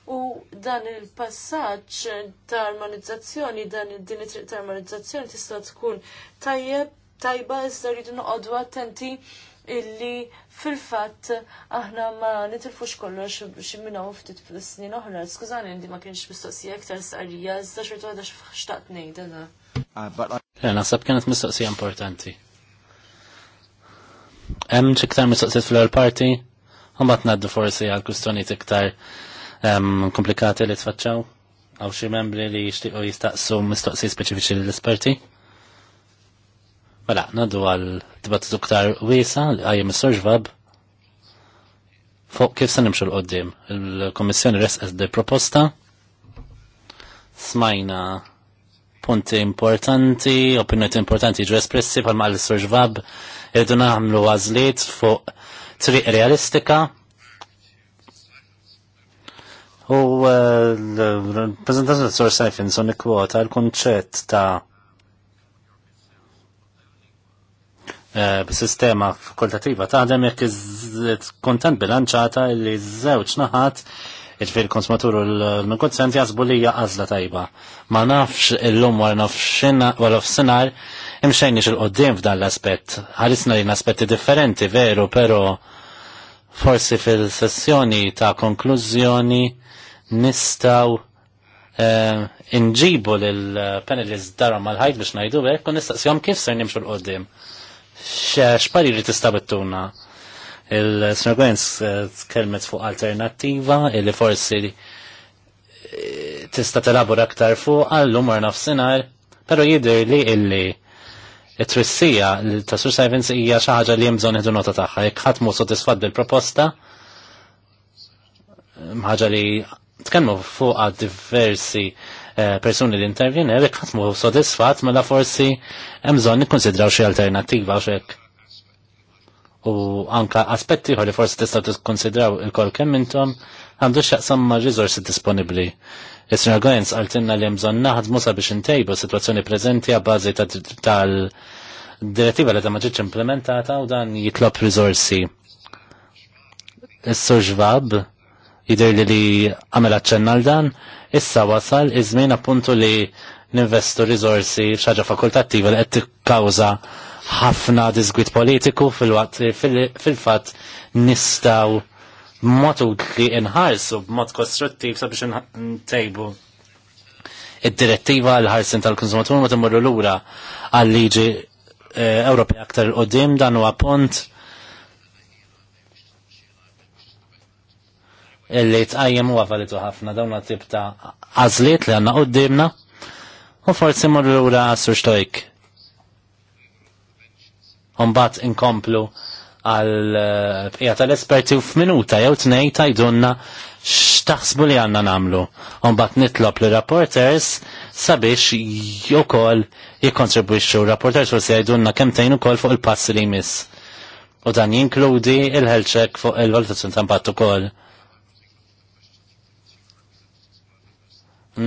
U dan il-passaġġ ta' armonizzazzjoni, dan din it-triq ta' armonizzazzjoni tista' tkun tajjeb, tajba iżda rridu noqogħdu attenti illi fil-fatt aħna ma nitilfux kollox ximminaw ftit fil-snin oħra. Skużani li ma kienx mistoqsija iktar sqarrija, iżda xorta għadha xtaqt ngħid għadha. sab ah, naħseb kienet mistoqsija importanti. Hemm xiktar mistoqsijiet fl-ewwel parti, u mbagħad ngħaddu forsi għal kustjonijiet iktar komplikati li tfaċċaw? Għaw xi membri li jixtiequ jistaqsu mistoqsi speċifiċi l-esperti? Mela, naddu għal dibattitu ktar wiesa li għajjem is-sorġvab fuq kif se nimxu l-qoddim. Il-Kommissjoni resqet di proposta smajna punti importanti, opinjoni importanti ġu espressi pal s surġvab irridu naħamlu għazliet fuq triq realistika U eh, l-prezentazzjoni Sor Stephenson kwota l konċet ta' b'sistema eh, fakultativa għadem jekk kontent bilanċata li żewġ naħat ġifir konsumatur u l-negozjant jazbu li hija għażla tajba. Ma nafx illum wara nofsinhar imxejniex il-qoddim f'dan l-aspett. Għalisna li aspetti differenti veru, però forsi fil-sessjoni ta' konklużjoni nistaw eh, inġibu l eh, panelis darom għal-ħajt biex najdu għek u nistaqsjom kif ser nimxu l-qoddim. pari li tista bittuna il eh, t-kelmet fuq alternativa illi forsi tista t-elabur aktar fuq għallum għar nafsinar, pero jidir li illi it-twissija ta' Sivens hija xi ħaġa li hemm bżonn nota tagħha. Jekk ħadd mhu sodisfatt bil-proposta, ħaġa li tkellmu fuqa diversi eh, persuni li intervjene, jek ħatmu sodisfat, mela forsi emżon nikonsidraw xie alternativa xek. U anka aspetti li forsi tistaw tikkonsidraw il-kol kemm intom għandu xaqsam ma' rizorsi disponibli. Is-Sr. għaltinna li mżon naħdmu sabiex intejbu situazzjoni prezenti għabbażi tal-direttiva li ta' maġiċ implementata u dan jitlob rizorsi. Is-Sur Ġvab, jider li li għamela ċennal dan, issa wasal iż-żmien appuntu li ninvestu rizorsi f'xaġa fakultattiva li qed tikkawża ħafna disgwit politiku fil-waqt fil-fatt nistaw mod li inħarsu b'mod kostruttiv sabiex ntejbu id-direttiva l ħarsin tal-konsumatur ma l lura għal liġi eh, Ewropea aktar qudiem dan huwa punt illi tqajjem huwa valitu ħafna dawn tip ta' għażliet li għandna qudiemna u forsi morru lura sur xtojk. Umbat inkomplu għal eh, bqija tal-esperti u f'minuta jew tnej tajdunna x'taħsbu li għandna nagħmlu. Umbat nitlob li rapporters sabiex jokol jikkontribwixxu. Rapporters se jgħidulna kemm tgħin ukoll fuq il-passi li jmiss. U dan jinkludi il-ħelċek fuq il-valutazzjoni ta' impatt ukoll. koll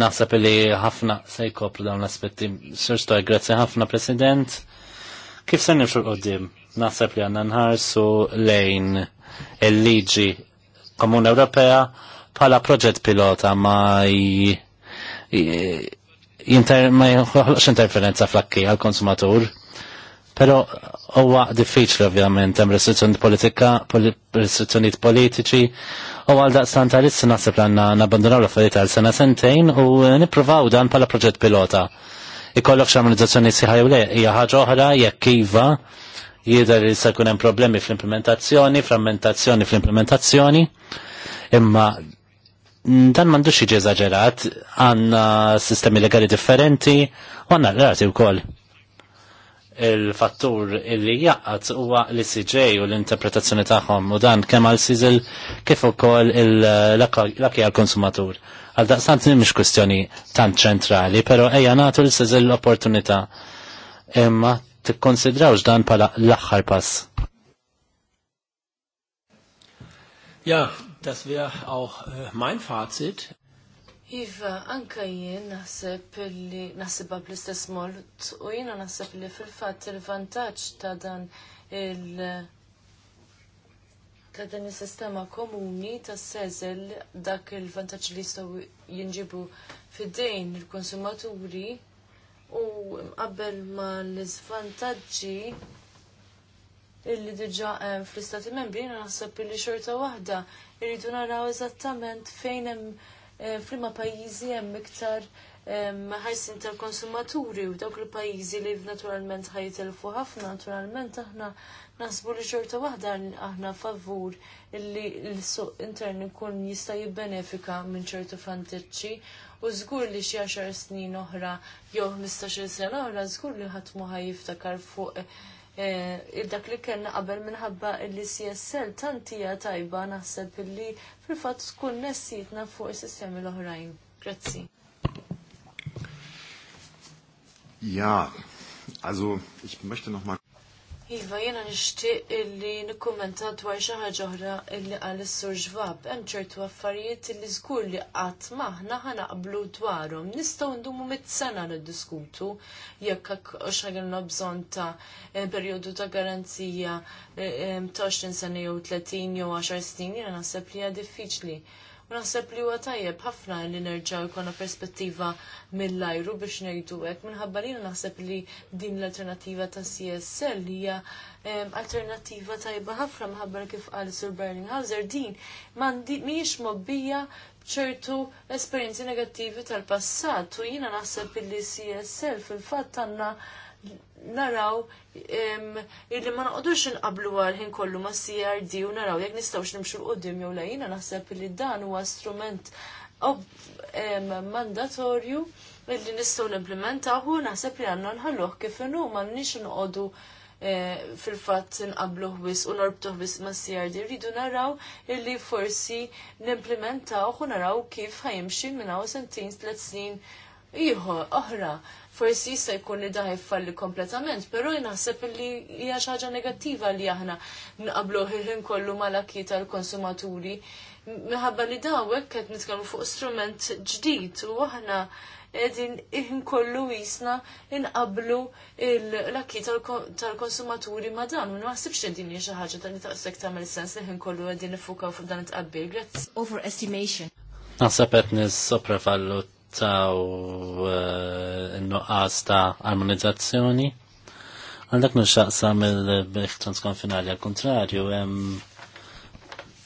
naħseb li ħafna se jkopru dawn l-aspetti. Sir Stoj, grazzi ħafna, President. Kif se nifru l Naħseb li għanna nħarsu lejn il-liġi Komuna Ewropea bħala proġett pilota ma jinter, ma jħuħlax interferenza flakki akki għal-konsumatur. Pero huwa diffiċli ovvjament hemm restrizzjoni politika, restrizzjonijiet politiċi, u għal daqstan ta' issi naħseb għandna nabbandunaw l-affarijiet għal sena sentejn u eh, nippruvaw dan bħala proġett pilota. Ikollok x'armonizzazzjoni siħaj u le hija ħaġa oħra jekk iva jidher li se jkun hemm problemi fl-implementazzjoni, frammentazzjoni fl-implementazzjoni, imma dan m'għandux jiġi eżaġerat, għandna sistemi legali differenti u għandna l-rati wkoll il-fattur illi jaqqat huwa l-CJ u l-interpretazzjoni tagħhom u dan kemm għal siżel kif ukoll l-akki għal konsumatur. Għal daqstant mhix kwestjoni tant ċentrali, però ejja nagħtu l siżil l-opportunità imma tikkonsidrawx dan bħala l-aħħar pass. Ja, das wäre auch äh, mein Fazit. Iva, anka jien naħseb li naħseb bl-istess mod u jiena naħseb li fil-fatt il-vantaġġ ta' dan il- ta' dan is-sistema komuni ta' sezel dak il-vantaġġ li jistgħu jinġibu fid-dejn il-konsumaturi u qabel ma l-iżvantaġġi illi diġa fl-istati membri, jiena naħseb li xorta wahda, irridu naraw eżattament fejn hemm Eh, f'liema pajjiżi hemm iktar ħajsin tal-konsumaturi u dawk il-pajjiżi li naturalment ħajtelfu ħafna, naturalment aħna nasbu li xorta waħda aħna favur li l-suq intern ikun jista' jibbenefika minn ċertu fantiċċi u żgur li xi għaxar snin oħra jew 15-il sena oħra żgur li ħadd ma ħajiftakar fuq Eh, dak li kena qabel minħabba li CSL tantija tajba naħseb illi fil fat tkun nessitna fuq is-sistemi l-oħrajn. Grazzi. Ja, also ich möchte noch mal Iva, jena nishtiq illi nikkumenta dwar xi ħaġa oħra illi qal is-sur ġvab. Hemm ċertu affarijiet illi żgur li qatt maħna ħa naqblu dwarhom. Nistgħu ndumu mit-sena niddiskutu jekk hekk xagelna bżonn ta' eh, perjodu ta' garanzija eh, eh, ta' 20 sena jew 30 jew 10 snin jiena naħseb li hija diffiċli naħseb li huwa tajjeb ħafna li nerġgħu jkollna perspettiva mill-ajru biex ngħidu hekk minħabba li naħseb li din l-alternattiva ta' CSL hija alternattiva tajba ħafna minħabba kif qal Sur Hauser din mhijiex mobbija ċertu esperjenzi negattivi tal-passat u jiena naħseb li CSL fil-fatt għandna naraw illi ma naqdux inqablu għalħin kollu ma CRD u naraw jekk nistgħux nimxu l-qudiem jew lajina naħseb li dan huwa strument mandatorju illi nistgħu nimplementaw u naħseb li għandna nħalluh kif inhu e, ma nix inqogħdu fil-fatt nqablu ħwis u norbtu ħwis ma' CRD rridu naraw illi forsi nimplementaw u naraw kif ħajimxi minnaw sentin tliet snin ieħor oħra forsi jista' jkun li daħi jfalli kompletament, però jnaħseb li hija xi ħaġa negattiva li aħna nqablu il-ħin kollu mal-akki tal-konsumaturi. Minħabba li dawek qed nitkellmu fuq strument ġdid u aħna edin kollu jisna inqablu l-akki tal-konsumaturi ma dan u naħsibx hija xi ħaġa ta' nitaqsek tagħmel sens li kollu qegħdin nifukaw fuq dan it-qabbil. Overestimation. Naħseb qed nissopravallu taw eh, il-nuqqas ta' armonizzazzjoni. Għandak nuxaqsa mill-biħ transkonfinali, għal kontrarju,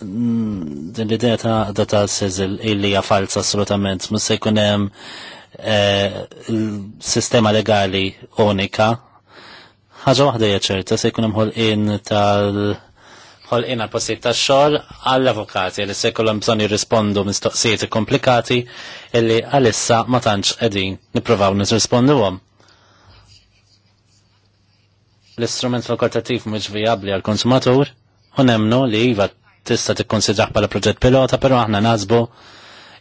mm, din l-idea ta' data s sizil illi falsa assolutament, mus se jkunem eh, sistema legali unika, ħaġa waħda hija ċerta se jkun hemm ħolqien tal- ħol ina posit ta' xol għall-avokati li se kollom bżon jirrispondu mistoqsijiet komplikati illi għalissa ma tantx edin niprovaw nirrispondu għom. L-istrument fakultativ mhux vijabbli għal-konsumatur u nemnu li iva tista' tikkonsidraħ bħala proġett pilota, però aħna nażbu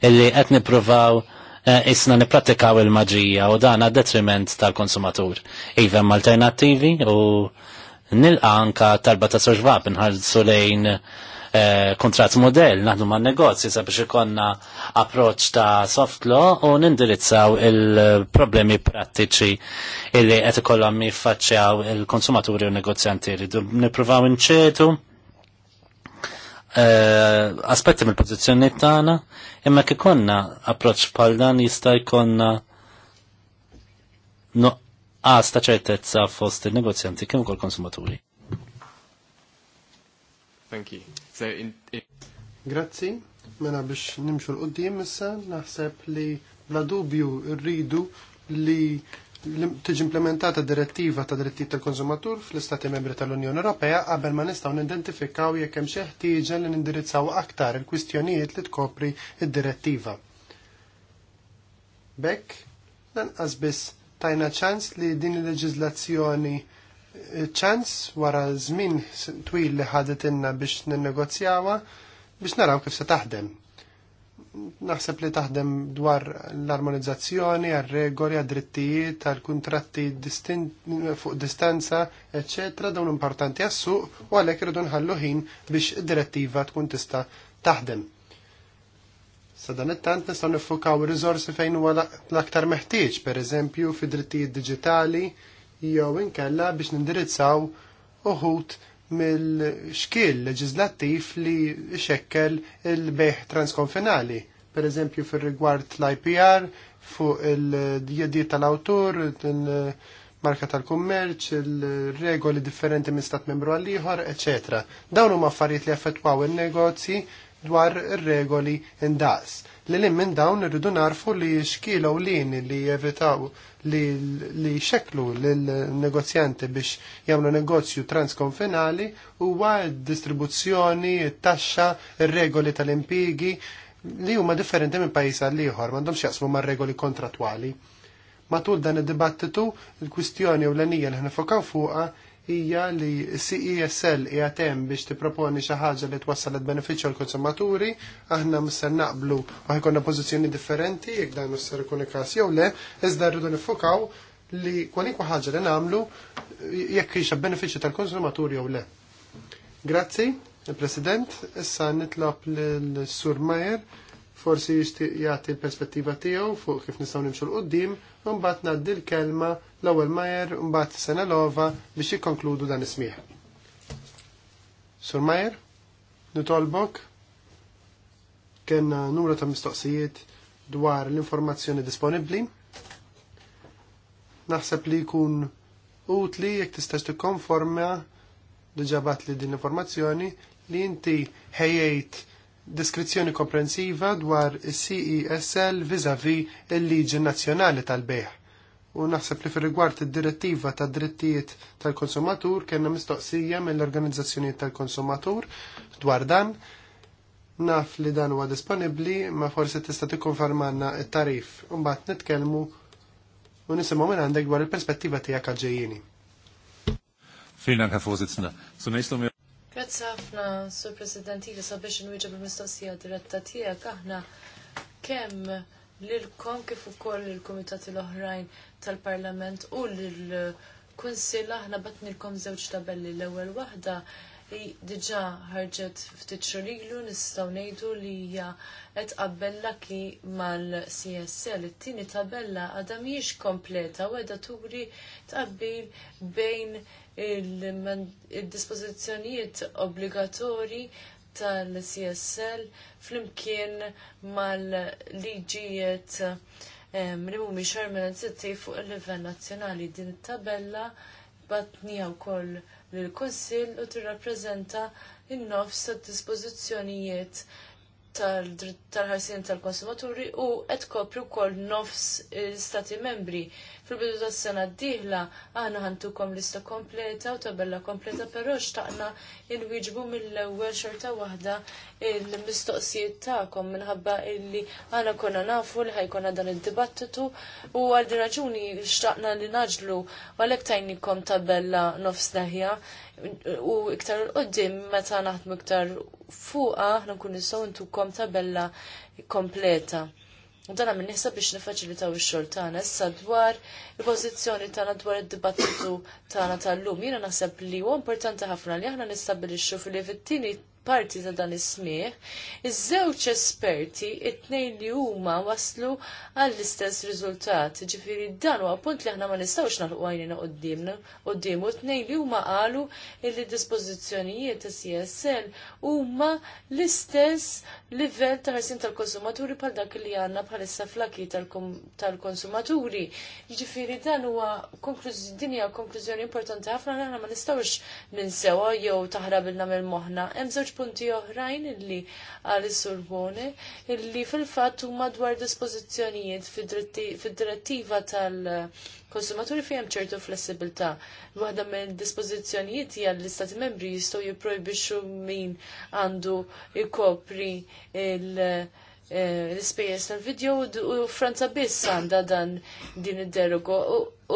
illi qed nippruvaw eh, isna nipprattikaw il-maġija u dan għad detriment tal-konsumatur. Iva alternattivi u nilqa anka talba ta' soġvab nħarsu lejn eh, kontrat model, naħdu ma' negozji sabiex ikonna approċ ta' soft law u nindirizzaw il-problemi prattiċi illi qed ikollhom jiffaċċjaw il-konsumaturi u negozjanti rridu nippruvaw inċetu eh, aspetti mill-pożizzjoni tagħna imma kikonna approċ bħal dan jista' jkollna no nuqqas ta' ċertezza fost il-negozjanti kemm ukoll konsumaturi. Thank you. So in, in... Grazzi, mela biex nimxu l-qoddim issa naħseb li bla dubju rridu li tiġi implementata direttiva ta' diritti tal-konsumatur fl-Istati membri tal-Unjoni Ewropea qabel ma nistgħu nidentifikaw jekk hemm xi ħtieġa li nindirizzaw aktar il-kwistjonijiet li tkopri id-direttiva. Bekk, lanqas biss tajna ċans li din il-leġizlazzjoni eh, ċans wara żmien twil li ħadet inna biex ninnegozjawha biex naraw kif se taħdem. Naħseb li taħdem dwar l-armonizzazzjoni, għal-regoli, għal-drittijiet, għal-kontratti fuq distanza, eccetera, dawn importanti għas-suq u għalhekk irridu nħallu ħin biex id-direttiva tkun tista' taħdem. Sa dan it-tant nistgħu nifukaw riżorsi fejn huwa l-aktar meħtieġ, pereżempju fi drittijiet diġitali jew inkella biex nindirizzaw uħut mill-xkil leġislattiv li xekkel il-beħ transkonfinali, pereżempju fir-rigward l-IPR, fuq il-dijedi tal-awtur, il marka tal-kummerċ, il-regoli differenti minn stat membru għal ieħor eċetera. Dawn huma affarijiet li affettwaw in-negozji dwar regoli indaqs. Li li minn dawn irridu narfu li u lini li jevitaw li xeklu l-negozjanti biex jamlu negozju transkonfinali huwa distribuzzjoni, taxxa, regoli tal-impigi li huma differenti minn pajjiż għal ieħor, m'għandhomx jaqsmu mar-regoli kontratwali matul dan id-dibattitu il-kwistjoni u l-anija li ħnifokaw fuqa hija li CESL jgħatem biex tipproponi xi ħaġa li twassalet benefiċċju għall konsumaturi aħna mister naqblu għax ħajkonna pożizzjoni differenti jekk dan mister ikun każ jew le, iżda rridu nifukaw li kwalinkwa ħaġa li nagħmlu jekk hija benefiċċju tal-konsumaturi jew le. Grazzi, il-President, issa nitlob l-Sur Majer forsi jixtieq jagħti l-perspettiva tiegħu fuq kif nistgħu nimxu l-qudiem mbagħad ngħaddi l-kelma l-ewwel Majer mbagħad Senelova biex jikkonkludu dan ismieħ. Sur Majer, nitolbok kenna numru ta' mistoqsijiet dwar l-informazzjoni disponibbli. Naħseb li jkun utli jekk tistax tikkonforma ġabat li din l-informazzjoni li inti ħejjejt diskrizzjoni komprensiva dwar CESL vis vis-a-vi il-liġi nazzjonali tal-beħ. U naħseb li fil-rigward id-direttiva ta' drittijiet tal-konsumatur kena mistoqsija mill organizzazzjoni tal-konsumatur dwar dan. Naf li dan huwa disponibbli ma forsi tista' tikkonfermanna t-tarif. Mbagħad nitkellmu u nisimgħu minn għandek dwar il-perspettiva tiegħek għal ġejjieni. Vielen Dank, Herr Vorsitzender. Zunächst um Grazzi ħafna, Sur President, li iva, sabiex nwieġeb il-mistoqsija diretta tiegħek aħna kemm lilkom kif ukoll il-kumitati l-oħrajn tal-Parlament u l-Kunsill aħna batnilkom żewġ tabelli l-ewwel waħda li diġa ħarġet ftit xorilu nistgħu ngħidu li hija qed qabbella ki mal-CSL. It-tieni tabella għadha mhijiex kompleta u qiegħda turi tqabbil bejn il-dispożizzjonijiet obbligatorji tal-CSL flimkien mal-liġijiet li mhumiex armenizzati fuq il-livell nazzjonali din it-tabella batnija wkoll lill-Kunsill u tirrappreżenta in-nofs tad-dispożizzjonijiet tal-ħarsien tal-konsumaturi u qed kopri wkoll nofs l-Stati membri. Fil-bidu tas-sena d-dieħla aħna ħantukom lista kompleta u tabella kompleta però xtaqna inwiġbu mill-ewwel xorta waħda il-mistoqsijiet tagħkom minħabba illi aħna konna nafu li ħajkonna dan id-dibattitu u għal din raġuni xtaqna li naġlu għalhekk tajnikom tabella nofs leħja u iktar l-qoddim meta naħdmu iktar fuqa aħna nkun nistgħu ntukom tabella kompleta. U dan għamil nisa biex nifaċilitaw ix-xogħol tagħna issa dwar il-pożizzjoni tagħna dwar id-dibattitu tagħna tal-lum. Jiena naħseb li huwa importanti ħafna li aħna nistabilixxu fil-li parti ta' dan is-smigħ, iż-żewġ esperti, it-tnejn li huma waslu għall-istess riżultat. Ġifieri dan huwa punt li aħna ma nistgħux naħluq għajnina qudiemna qudiemu t-tnejn li huma qalu li dispożizzjonijiet ta' CSL huma l-istess livell ta' ħarsin tal-konsumaturi bħal dak li għandna bħalissa flaki tal-konsumaturi. Ġifiri dan huwa din hija konklużjoni importanti ħafna aħna ma nistgħux ninsewha jew taħrab il namil moħħna. Hemm żewġ punti oħrajn illi għal sorbone illi fil-fatt huma dwar dispożizzjonijiet fid-direttiva tal-konsumaturi fejn ċertu flessibilità. Waħda minn dispożizzjonijiet hija l-istati membri jistgħu jipprojbixxu min għandu jkopri il- eh, l-ispejjeż tal-video u Franza biss għandha dan din id-derogo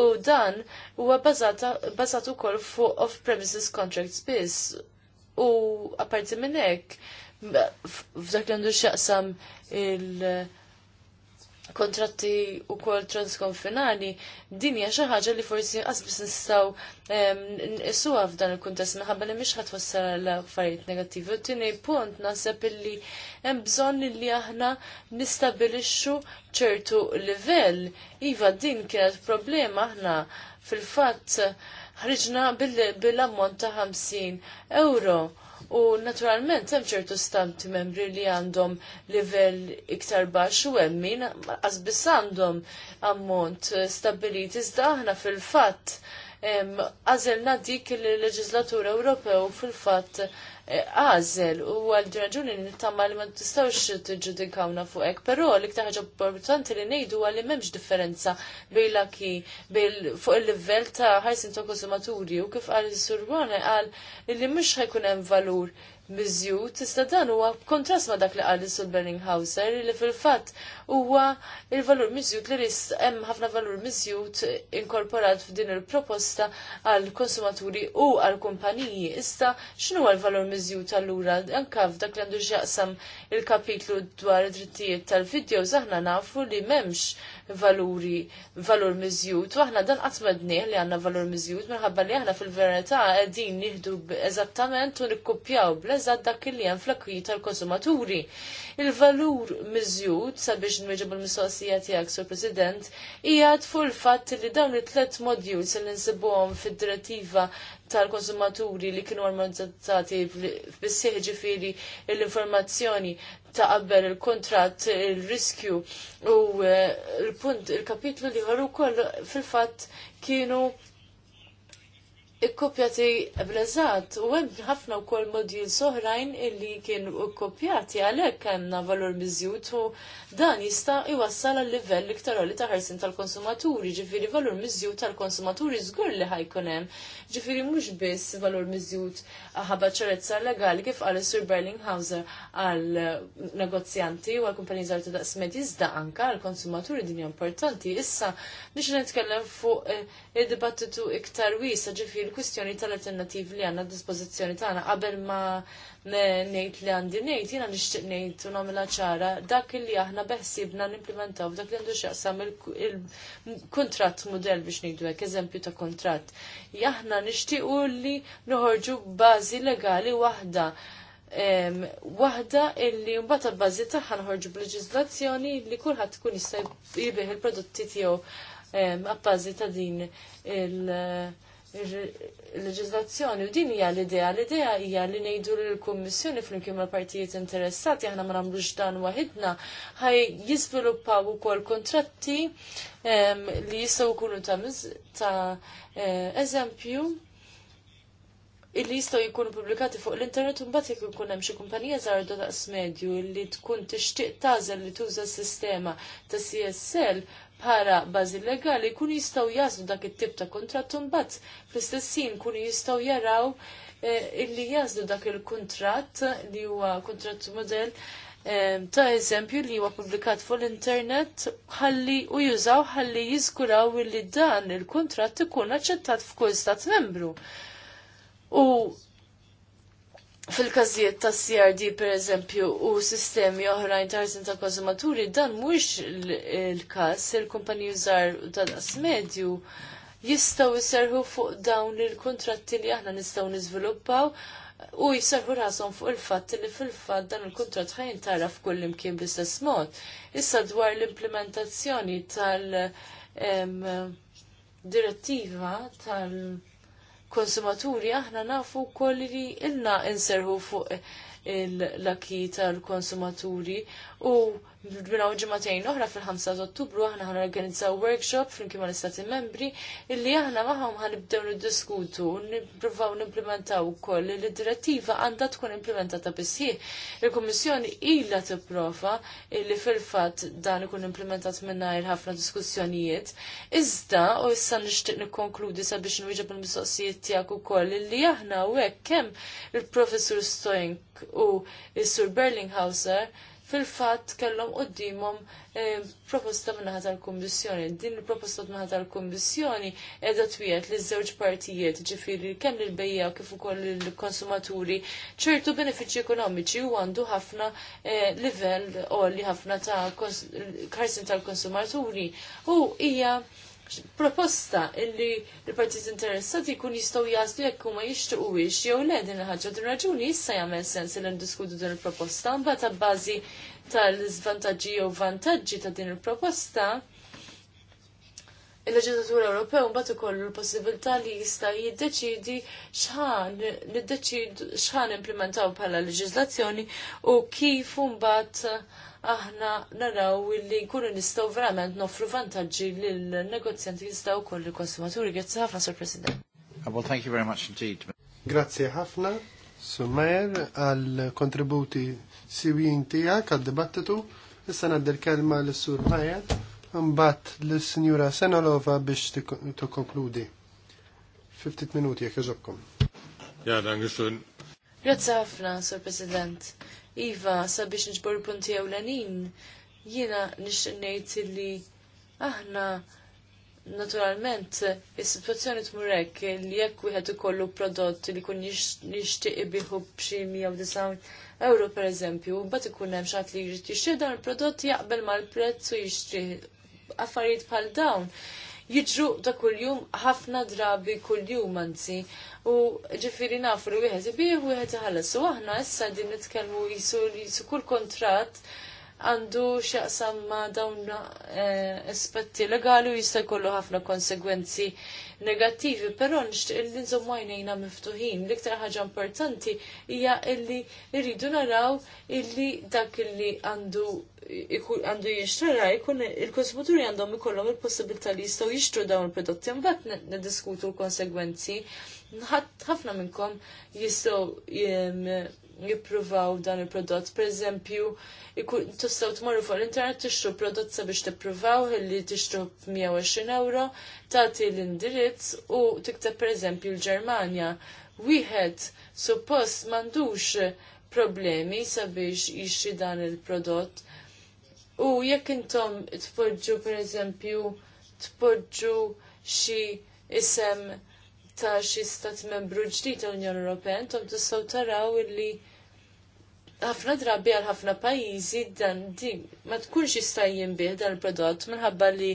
u dan huwa bażat ukoll fuq off-premises contracts biss u apparti minn hekk f'dak li għandu x'jaqsam il-kontratti u kol transkonfinali, din hija xi ħaġa li forsi qasbis nistgħu ehm, nqisuha f'dan il-kuntest minħabba li mhix ħatwassal l affarijiet negattivi. U tieni punt naħseb illi hemm bżonn li aħna nistabilixxu ċertu livell. Iva din kienet problema aħna fil-fatt ħriġna bil-ammont ta' 50 euro. U naturalment hemm ċertu stanti membri li għandhom livell iktar baxx u hemm min qasbis għandhom ammont stabbilit iżda aħna fil-fatt għażilna dik il-leġislatura Ewropew fil-fatt għazel u għal din raġuni nittama li ma t-istawx t fuq hekk, però l-iktar ħaġa importanti li ngħidu għalli li m'hemmx differenza bejn laki fuq il-livell ta' ħajsin ta' konsumaturi u kif qal surwane għal qal li mhux ħajkun hemm valur mizzju, tista' dan huwa kontrast ma' dak li qal sul sur Bellinghauser li fil-fatt huwa il-valur miżjud li ris hemm ħafna valur miżjud inkorporat f'din il-proposta għal konsumaturi u għal kumpaniji. Issa x'inhu l-valur miżjud allura anke f'dak li għandu x'jaqsam il-kapitlu dwar id-drittijiet tal-video aħna nafu li m'hemmx valuri valur miżjud u aħna dan qatt li għandna valur miżjud minħabba li aħna fil-verità qegħdin nieħdu eżattament u nikkupjaw bl-eżatt dak li hemm fl-akwijiet tal-konsumaturi il-valur miżjud sabiex nweġibu il mistoqsija tiegħek sur President hija tfu l fatt li dawn it-tlet modules li nsibuhom fid-direttiva tal-konsumaturi li kienu armonizzati f-bissieħ ġifieri l-informazzjoni ta' qabel il-kontrat, il-riskju u eh, il-punt, il-kapitlu li għarru koll fil-fatt kienu ikkopjati ebreżat u hemm ħafna wkoll modi soħrajn illi kienu ikkopjati għalhekk għandna valur miżjud u dan jista' iwassal għal livell iktar li ta' ħarsin tal-konsumaturi, ġifiri valur miżjud tal-konsumaturi żgur li ħajkun hemm. mux mhux biss valur miżjud ħabba ċerezza legali kif qal Sir sur Berlinghauser għal negozjanti u għal kumpaniji żgħar ta' daqs medji iżda anke għal konsumaturi dinja importanti. Issa biex nitkellem fuq eh, id-dibattitu iktar wiesa ġifiri il-kwistjoni tal alternativ li għanna dispozizjoni tagħna qabel ma ngħid li għandi ngħid jiena nixtieq ngħid u nagħmilha ċara dak li aħna beħsibna nimplementaw dak li għandu x'jaqsam il-kuntratt mudell biex ngħidu hekk eżempju ta' kuntratt. Aħna nixtiequ li noħorġu bażi legali waħda waħda illi mbagħad bażi tagħha nħorġu b'leġiżlazzjoni li kulħadd tkun jista' jibih il-prodotti tiegħu appażi ta' din il- il-leġizlazzjoni u din hija l-idea. L-idea hija li ngħidu lill-Kummissjoni flimkien mal-partijiet interessati aħna ma nagħmlux dan waħidna ħaj jiżviluppaw ukoll kontratti li jistgħu jkunu ta' eh, eżempju illi jistgħu jkunu pubblikati fuq l-internet u mbagħad jekk ikun hemm xi kumpanija żgħar daqs medju li tkun tixtieq tażel li tuża s-sistema ta' CSL para bażi legali kun jistgħu jazdu dak it-tip ta' kontratt un mbagħad fl-istessin kun jistgħu jaraw eh, illi jazdu dak il-kuntratt li huwa kontratt model eh, ta' eżempju li huwa pubblikat fuq l-internet ħalli u jużaw ħalli jiżguraw illi dan il-kuntratt ikun aċċettat f'kull stat membru. U fil-każijiet ta' CRD per eżempju u sistemi oħrajn ta' ħarsin ta' konsumaturi dan mhux il-każ il-kumpaniji żgħar ta' qas medju jistgħu jserħu fuq dawn il-kuntratti li aħna nistgħu niżviluppaw u jserħu rashom fuq il-fatt li fil-fatt dan il-kuntratt ħajn tara f'kull imkien bl-istess mod. Issa dwar l-implementazzjoni tal- direttiva tal- konsumaturi aħna nafu wkoll li ilna inserħu fuq l-akki tal-konsumaturi u ġbinaw ġimatejn oħra fil-5 ottubru aħna ħan organizzaw workshop fl-imkien mal-istati membri illi aħna maħom ħan nibdew niddiskutu u nippruvaw implementaw ukoll li direttiva għandha tkun implementata bisħieħ. Il-Kummissjoni ilha tipprova illi fil-fatt dan ikun implementat mingħajr ħafna diskussjonijiet. Iżda u issa nixtieq nikkonkludi sabiex nwieġeb il-mistoqsijiet tiegħek ukoll illi aħna u hekk kemm il-Professur Stoink u s-Sur Berlinghauser fil-fatt kellhom qudiemhom eh, proposta minnaħa tal-Kummissjoni. Din il-proposta minnaħa tal-Kummissjoni qiegħda twijet li żewġ partijiet, ġifiri kem l bejja kif ukoll il-konsumaturi ċertu benefiċċji ekonomiċi u għandu ħafna eh, livell għolli ħafna ta' karsin tal-konsumaturi u ija proposta illi l-partijiet interessati jkun jistgħu jazdu jekk huma u wix jew le din il-ħaġa din raġuni issa jagħmel sens li ndiskutu din il-proposta mbagħad ta' bażi tal-iżvantaġġi jew vantaġġi ta' din il-proposta il leġislatura Ewropew mbagħad ikollu l-possibilità li jista' jiddeċidi x'ħan niddeċidu x'ħan implementaw bħala leġiżlazzjoni u kif mbagħad aħna naraw li nkunu nistgħu verament nofru vantaġġi lil negozjanti jistgħu wkoll il-konsumaturi. Grazzi ħafna, Sur President. Uh, well, thank you very much indeed. Grazzi ħafna, Sumer, għal kontributi siwin tiegħek għad-dibattitu. Issa nadder kelma l-Sur Majer Mbatt lis-Sinjura Senalova biex t-konkludi. 50 minuti jekk iżobkom. Ja, dan għisun. Grazzi ħafna, Sur President. Iva, sabiex nġbor punti għawlanin, jiena nixtieq ngħid li aħna naturalment is-sitwazzjoni tmur hekk li jekk wieħed ikollu prodott li kun nixtieq ibiħu b'xi 190 euro per eżempju, mbagħad ikun hemm xi li jrid jixtri dan il-prodott jaqbel mal-prezz u jixtrih affarijiet bħal dawn jiġru ta' kuljum ħafna drabi kuljum anzi u ġifiri nafu wieħed ibih u wieħed iħallas. U aħna issa din nitkellmu jisu jisu kull kontratt għandu xaqsam ma dawn eh, aspetti legali u jista' jkollu ħafna konsegwenzi negattivi, però nixtieq illi nżommu għajnejna miftuħin. L-iktar ħaġa importanti hija illi rridu naraw illi dak illi għandu għandu jinxtara jkun il-konsumaturi għandhom ikollhom il-possibilità li jistgħu jixtru dawn il-prodotti, mbagħad niddiskutu l-konsegwenzi. Ħafna minnkom jistgħu ehm, jippruvaw dan il-prodott. Per eżempju, tistaw tmorru fuq l-internet tixtru prodott sabiex tippruvaw li tixtru 120 euro, tagħti l-indirizz u tikteb per eżempju l-Ġermanja. Wieħed suppost m'għandux problemi sabiex jixtri dan il-prodott. U jekk intom tpoġġu per eżempju tpoġġu xi isem ta' xi stat membru ġdid tal-Unjoni Ewropea, intom tistgħu taraw illi ħafna drabi għal ħafna pajjiżi dan din ma tkunx jista' jinbih dan il-prodott minħabba li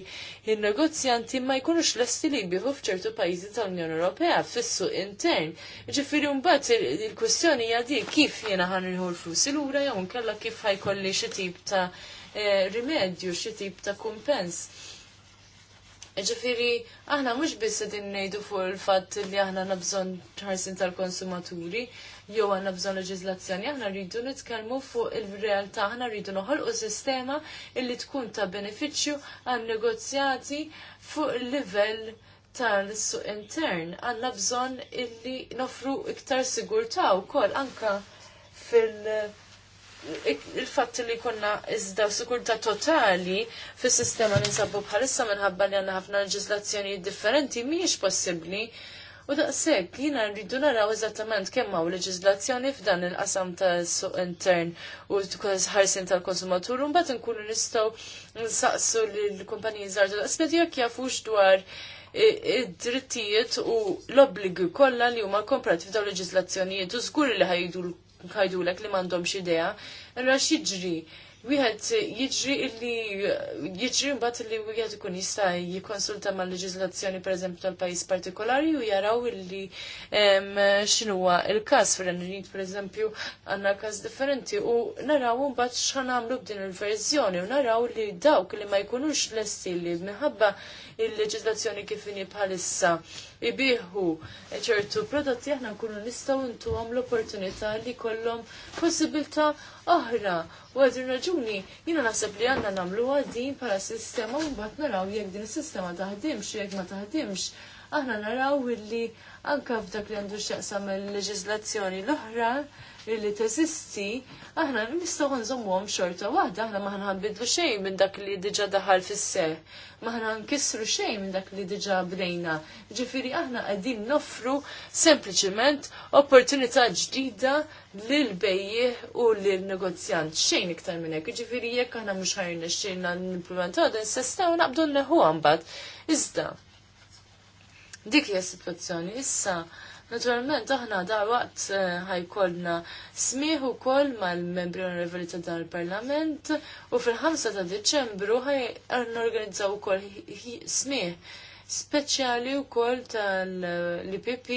n-negozjanti ma jkunux lesti li jbieħu f'ċertu pajjiżi tal-Unjoni Ewropea fis-suq intern. Ġifieri mbagħad il-kwestjoni hija di kif jiena ħanilħu l-flus ilura jew nkella kif ħajkolli xi tip ta' eh, rimedju, xi tip ta' kumpens. Ġifiri, aħna mhux biss qegħdin ngħidu fuq il-fatt li aħna nabżon ħarsin tal-konsumaturi, jew għandna bżonn leġizlazzjoni, aħna rridu nitkellmu fuq il-realtà, aħna rridu noħolqu sistema illi tkun ta' benefiċċju għan negozjati fuq il-livell tal-suq intern. Għandna bżonn illi nofru iktar sigurtà wkoll anka fil- il-fatt li konna iżda sikurta totali fis sistema li nsabu bħalissa minħabba li għanna ħafna leġislazzjoni differenti miex possibli. U daqshekk jiena rridu naraw eżattament kemm hawn leġislazzjoni f'dan il-qasam tas-suq intern u ħarsin tal-konsumatur un mbagħad nkunu nistgħu nsaqsu lill-kumpaniji żgħar daqsmet jekk jafux dwar id-drittijiet u l-obbligi kollha li huma komprati f'daw leġislazzjonijiet u żgur li ħajdu ngħidulek li m'għandhomx idea. rra x'jiġri? Wieħed jiġri illi jiġri mbagħad li wieħed ikun jista' jikkonsulta mal-leġiżlazzjoni pereżempju tal-pajjiż partikolari u jaraw illi x'inhuwa il-każ fir-Renjunit pereżempju għandna każ differenti u naraw mbagħad x'għan nagħmlu b'din il-verżjoni u naraw li dawk li ma jkunux lesti li minħabba il-leġislazzjoni kif inhi bħalissa ibiħu ċertu prodotti aħna nkunu nistgħu ntuhom l-opportunità li kollhom possibilità oħra. U għad raġuni jiena naħseb li għandna nagħmluha din bħala sistema u mbagħad naraw jekk din is-sistema taħdimx jekk ma taħdimx aħna naraw illi anka f'dak li għandu x'jaqsam il-leġislazzjoni l-oħra li teżisti, aħna nistgħu nżommuhom xorta waħda, aħna maħna ħanbidlu xejn minn dak li diġà daħal fis-seħ. Ma nkissru xejn minn dak li diġà bdejna. Ġifieri aħna qegħdin noffru sempliċement opportunità ġdida lil bejjieħ u lil negozjant xejn iktar minn hekk. Ġifieri jekk aħna mhux ħajrna xejna nimplementaw din sistema naqbdu nneħuha mbagħad. Iżda, dik hija situazzjoni. Issa Naturalment, aħna da waqt eh, ħajkolna smieħ ukoll mal-membri onorevoli ta' dan il-Parlament u fil-5 ta' Deċembru ħaj organizzaw ukoll smiħ speċjali wkoll tal-IPP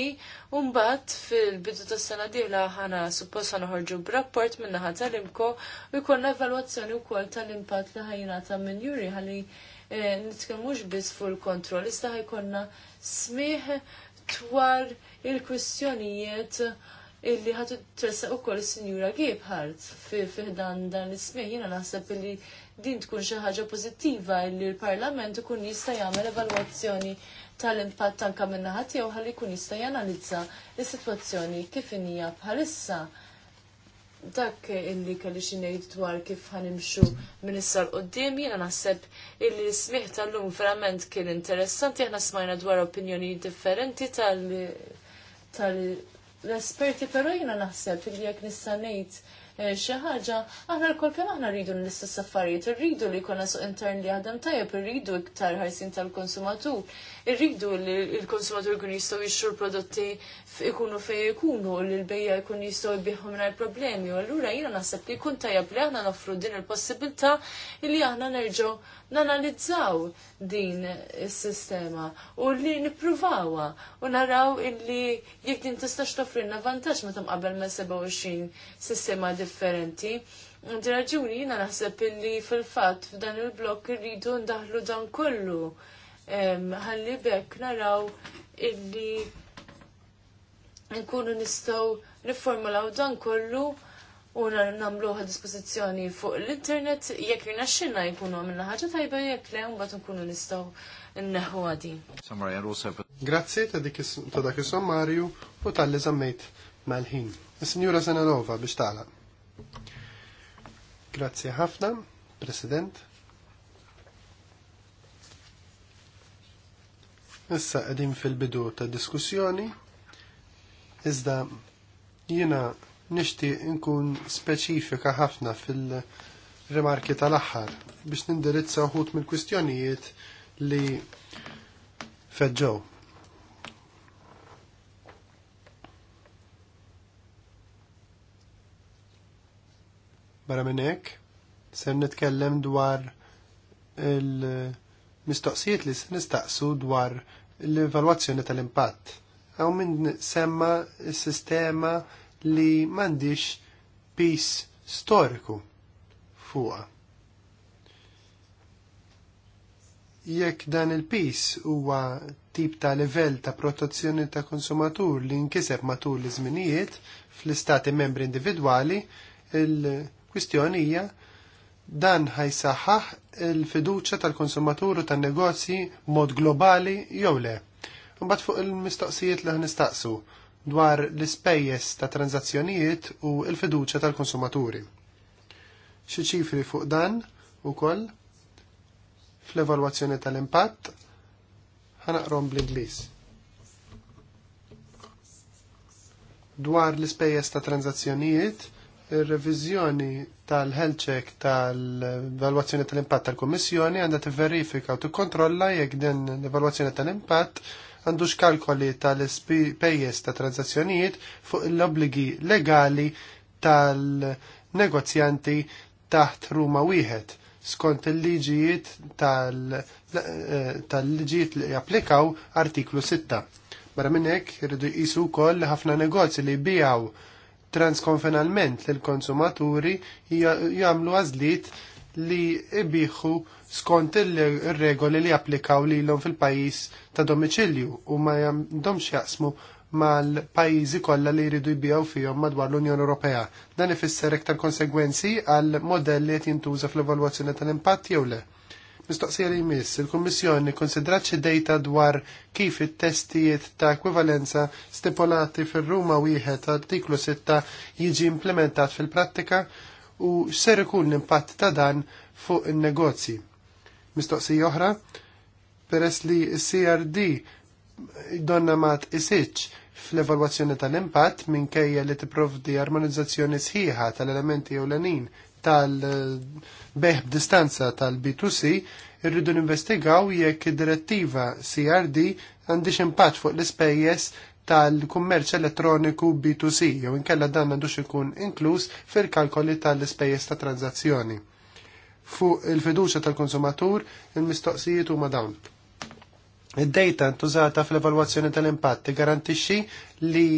u mbagħad fil-bidu tas sena dieħla ħana suppost ħanoħorġu b'rapport min-naħa tal-imko u jkollna evalwazzjoni wkoll tal-impatt li ta' minn juri ħalli eh, nitkellmux biss fuq il-kontroll, issa ħajkonna smieħ dwar il-kwistjonijiet illi ħat tressa u koll sinjura Gebhardt fiħdan dan l-ismej, jina naħseb illi din tkun xi ħaġa pożittiva illi l-Parlament ikun jista' jagħmel evalwazzjoni tal-impatt tanka minn naħa tiegħu ħalli jkun jista' janalizza is-sitwazzjoni kif inija bħalissa. Dak illi kelli xi ngħid dwar kif ħanimxu minn issa l qoddim jiena naħseb illi l-ismieħ tal-lum verament kien interessanti aħna smajna dwar opinjoni differenti tal- tal-esperti, pero jina naħseb li jek nistanejt eh, xi ħaġa, aħna l-kol kem aħna rridu l-istess affarijiet, irridu li jkollna suq intern li għadem tajjeb, irridu iktar ħarsin tal-konsumatur, irridu li l-konsumatur jkun jistgħu l prodotti ikunu fejn ikunu li l-bejja jkun jistgħu jbieħu mingħajr problemi. U allura jiena naħseb li jkun tajjeb li aħna noffru din il-possibilità li aħna nerġgħu nanalizzaw din is-sistema u li nippruvawha u naraw illi jekk din tistax toffrilna vantaġġ meta mqabel ma' 27 sistema differenti. Għandi raġuni jiena naħseb illi fil-fatt f'dan il-blok irridu ndaħlu dan kollu ħalli bekk naraw illi nkunu nistaw niformulaw dan kollu u ħad dispozizjoni fuq l-internet jekk rina xinna jkunu għamilna ħaġa tajba jekk le mbagħad nkunu nistgħu nneħħu għadi. Grazzi ta' dik ta' dak is-sommarju u tal-li żammejt mal-ħin. Is-Sinjura biex tagħlaq. Grazzi ħafna, President. Issa qegħdin fil-bidu ta' diskussjoni, iżda jiena nixtieq nkun speċifika ħafna fil-rimarki tal-aħħar biex nindirizza uħut mill-kwistjonijiet li feġġew. Barra minn hekk, se nitkellem dwar il- mistoqsijiet li se nistaqsu dwar l-evalwazzjoni tal-impatt. Għaw minn semma s-sistema li mandiċ pis storiku fuqa. Jekk dan il-pis huwa tip ta' livell ta' protezzjoni ta' konsumatur li nkiseb matul l żminijiet fl-istati membri individwali, il-kwistjoni hija Dan ħajsaħħaħ il-fiduċa tal-konsumaturu tan-negozji mod globali jew le. Mbagħad fuq il-mistoqsijiet li nistaqsu dwar l-ispejjeż ta' tranzazzjonijiet u l-fiduċa tal-konsumaturi. Xi ċifri fuq dan ukoll fl-evalwazzjoni tal-impatt ħanaqrom bl-Ingliż. Dwar l-ispejjeż ta' tranzazzjonijiet Ir-reviżjoni tal-health check tal-evalwazzjoni tal-impatt tal-Kummissjoni għandha tivverifika u tikkontrolla jekk din l-evalwazzjoni tal-impatt għandux kalkoli tal-pejjeż ta' tranzazzjonijiet fuq l-obligi legali tal-negozjanti taħt ruma wieħed skont il-liġijiet tal-liġijiet li japplikaw artiklu 6. Barra minnek irridu jqisu wkoll ħafna negozji li jbijaw transkonfenalment lill konsumaturi jagħmlu għażliet li ibiħu skont il-regoli li applikaw lilhom fil-pajjiż ta' domiċilju u ma jagħmdomx jaqsmu mal-pajjiżi kollha li jridu jbijaw fihom madwar l-Unjoni Ewropea. Dan ifisser iktar konsegwenzi għal modelli qed jintuża fl-evalwazzjoni tal-impatt jew le. Mistoqsija li jmiss, il-Kommissjoni konsidrat xi dejta dwar kif it-testijiet ta' ekwivalenza stipulati fir-Ruma wieħed artiklu 6 jiġi implementat fil-prattika u x'ser ikun l-impatt ta' dan fuq in-negozji. Mistoqsija oħra, peress li CRD donna mat isiċ fl-evalwazzjoni tal-impatt minkejja li tipprovdi armonizzazzjoni sħiħa tal-elementi ewlenin tal-beħ b'distanza tal-B2C irridu ninvestigaw jekk id-direttiva CRD għandix impatt fuq l-ispejjeż tal-kummerċ elettroniku B2C jew inkella dan għandux ikun inkluż fil-kalkoli tal-ispejjeż ta' tranzazzjoni. Fuq il-fiduċa tal-konsumatur, il-mistoqsijiet huma dawn. Id-data ntużata fl-evalwazzjoni tal-impatti garantixxi li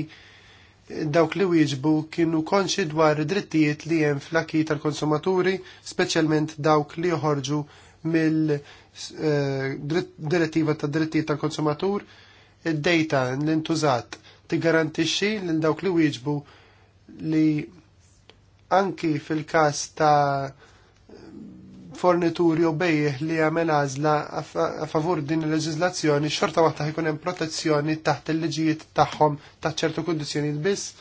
dawk li wieġbu kienu konxi dwar drittijiet li hemm fl-akki tal-konsumaturi, speċjalment dawk li joħorġu mill-direttiva eh, ta' drittijiet tal-konsumatur, id-dejta l-intużat tigarantixxi lil dawk li wieġbu li anki fil-każ ta' fornituri u bejjeħ li għamel għażla favur din il-leġiżlazzjoni xorta waħda ħikun hemm protezzjoni taħt il-liġijiet tagħhom taħt ċertu kundizzjonijiet biss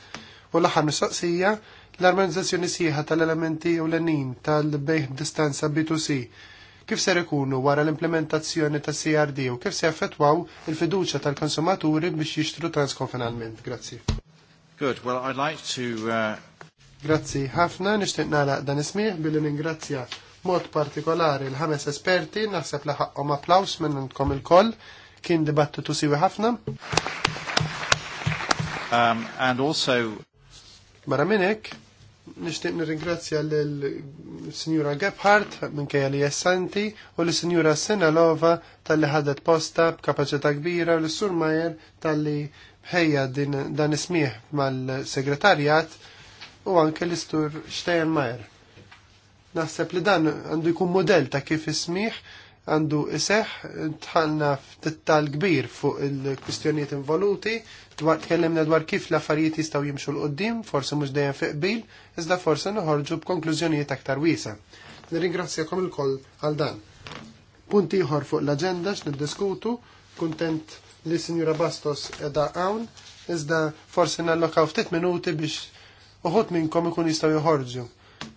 u l-aħħar mistoqsija l-armonizzazzjoni sieħa tal-elementi u l nin tal-bejħ distanza B2C. Kif ser ikunu wara l-implementazzjoni ta' CRD u kif se jaffetwaw il-fiduċa tal-konsumaturi biex jixtru transkonfinalment? Grazzi. Good, well I'd like to uh... Grazzi ħafna, nixtieq nagħlaq dan ismih billi ningrazzja mod partikolari l-ħames esperti naħseb li applaus minn minnkom il-koll kien dibattitu siwi ħafna. Um, and also Barra minnek, nishtiq nirringrazzja l-Sinjura Gebhardt minkejja li jessanti u l-Sinjura Senalova tal-li ħadet posta b'kapaċità kbira u l-Sur Majer tal-li ħejja dan ismiħ mal-segretarjat u anke l-Istur Steinmeier. Naħseb li dan għandu jkun model ta' kif ismiħ għandu iseħ tħalna tittal kbir fuq il-kwistjonijiet involuti, dwar tkellimna dwar kif l-affarijiet jistgħu jimxu l-qoddim, forsi mhux dejjem fi qbil, iżda forsi noħorġu b'konklużjonijiet aktar wiesa. Nirringrazzjakom il-koll għal dan. Punt ieħor fuq l-aġenda x'niddiskutu, kuntent li Sinjura Bastos edha hawn, iżda forsi nallokaw ftit minuti biex uħut minnkom ikun jistgħu joħorġu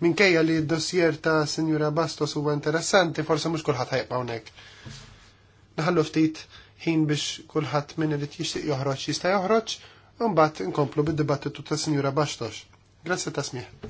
minkejja li d-dossier ta' Sinjura Bastos huwa interessanti, forse mhux kulħadd ħajbqa' hawnhekk. Naħallu ftit ħin biex kulħadd min irid jixtieq joħroġ jista' joħroġ, u mbagħad inkomplu bid-dibattitu ta' senjura Bastos. Grazzi ta' smieħ.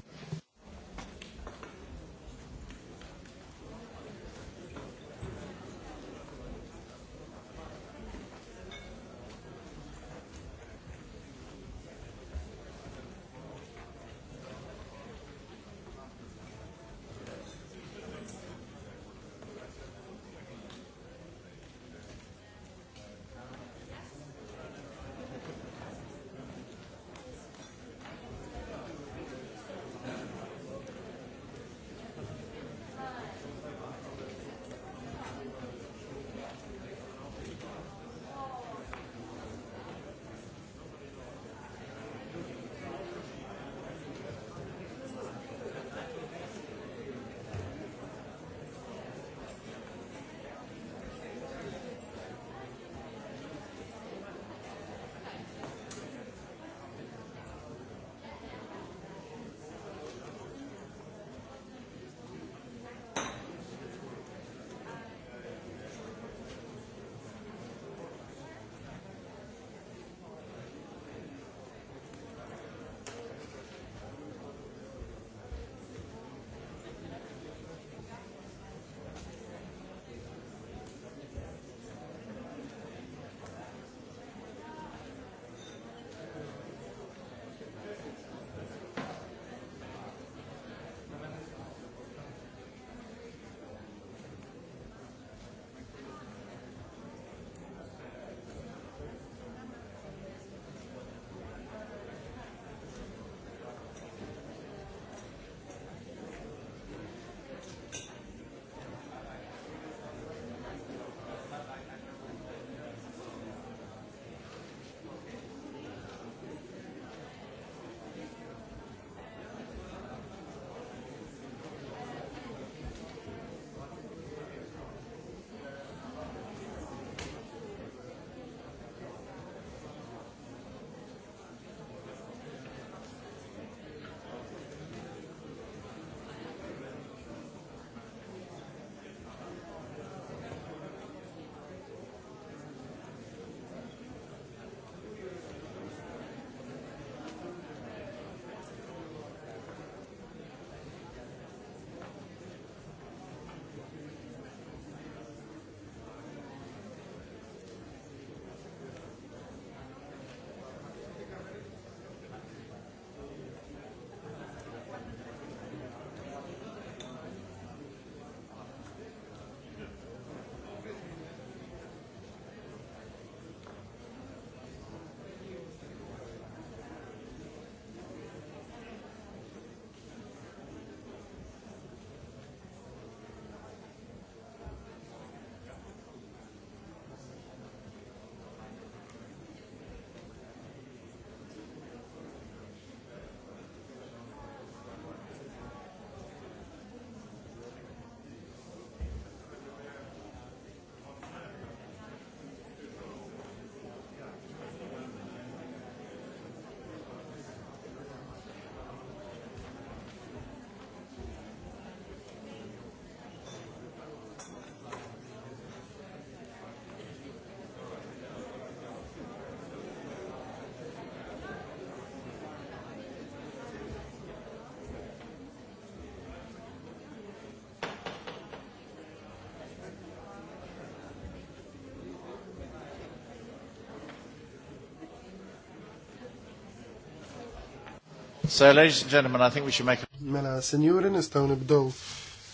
So, ladies and gentlemen, I think we should make a... Mela, senjuri, nistaw nibdow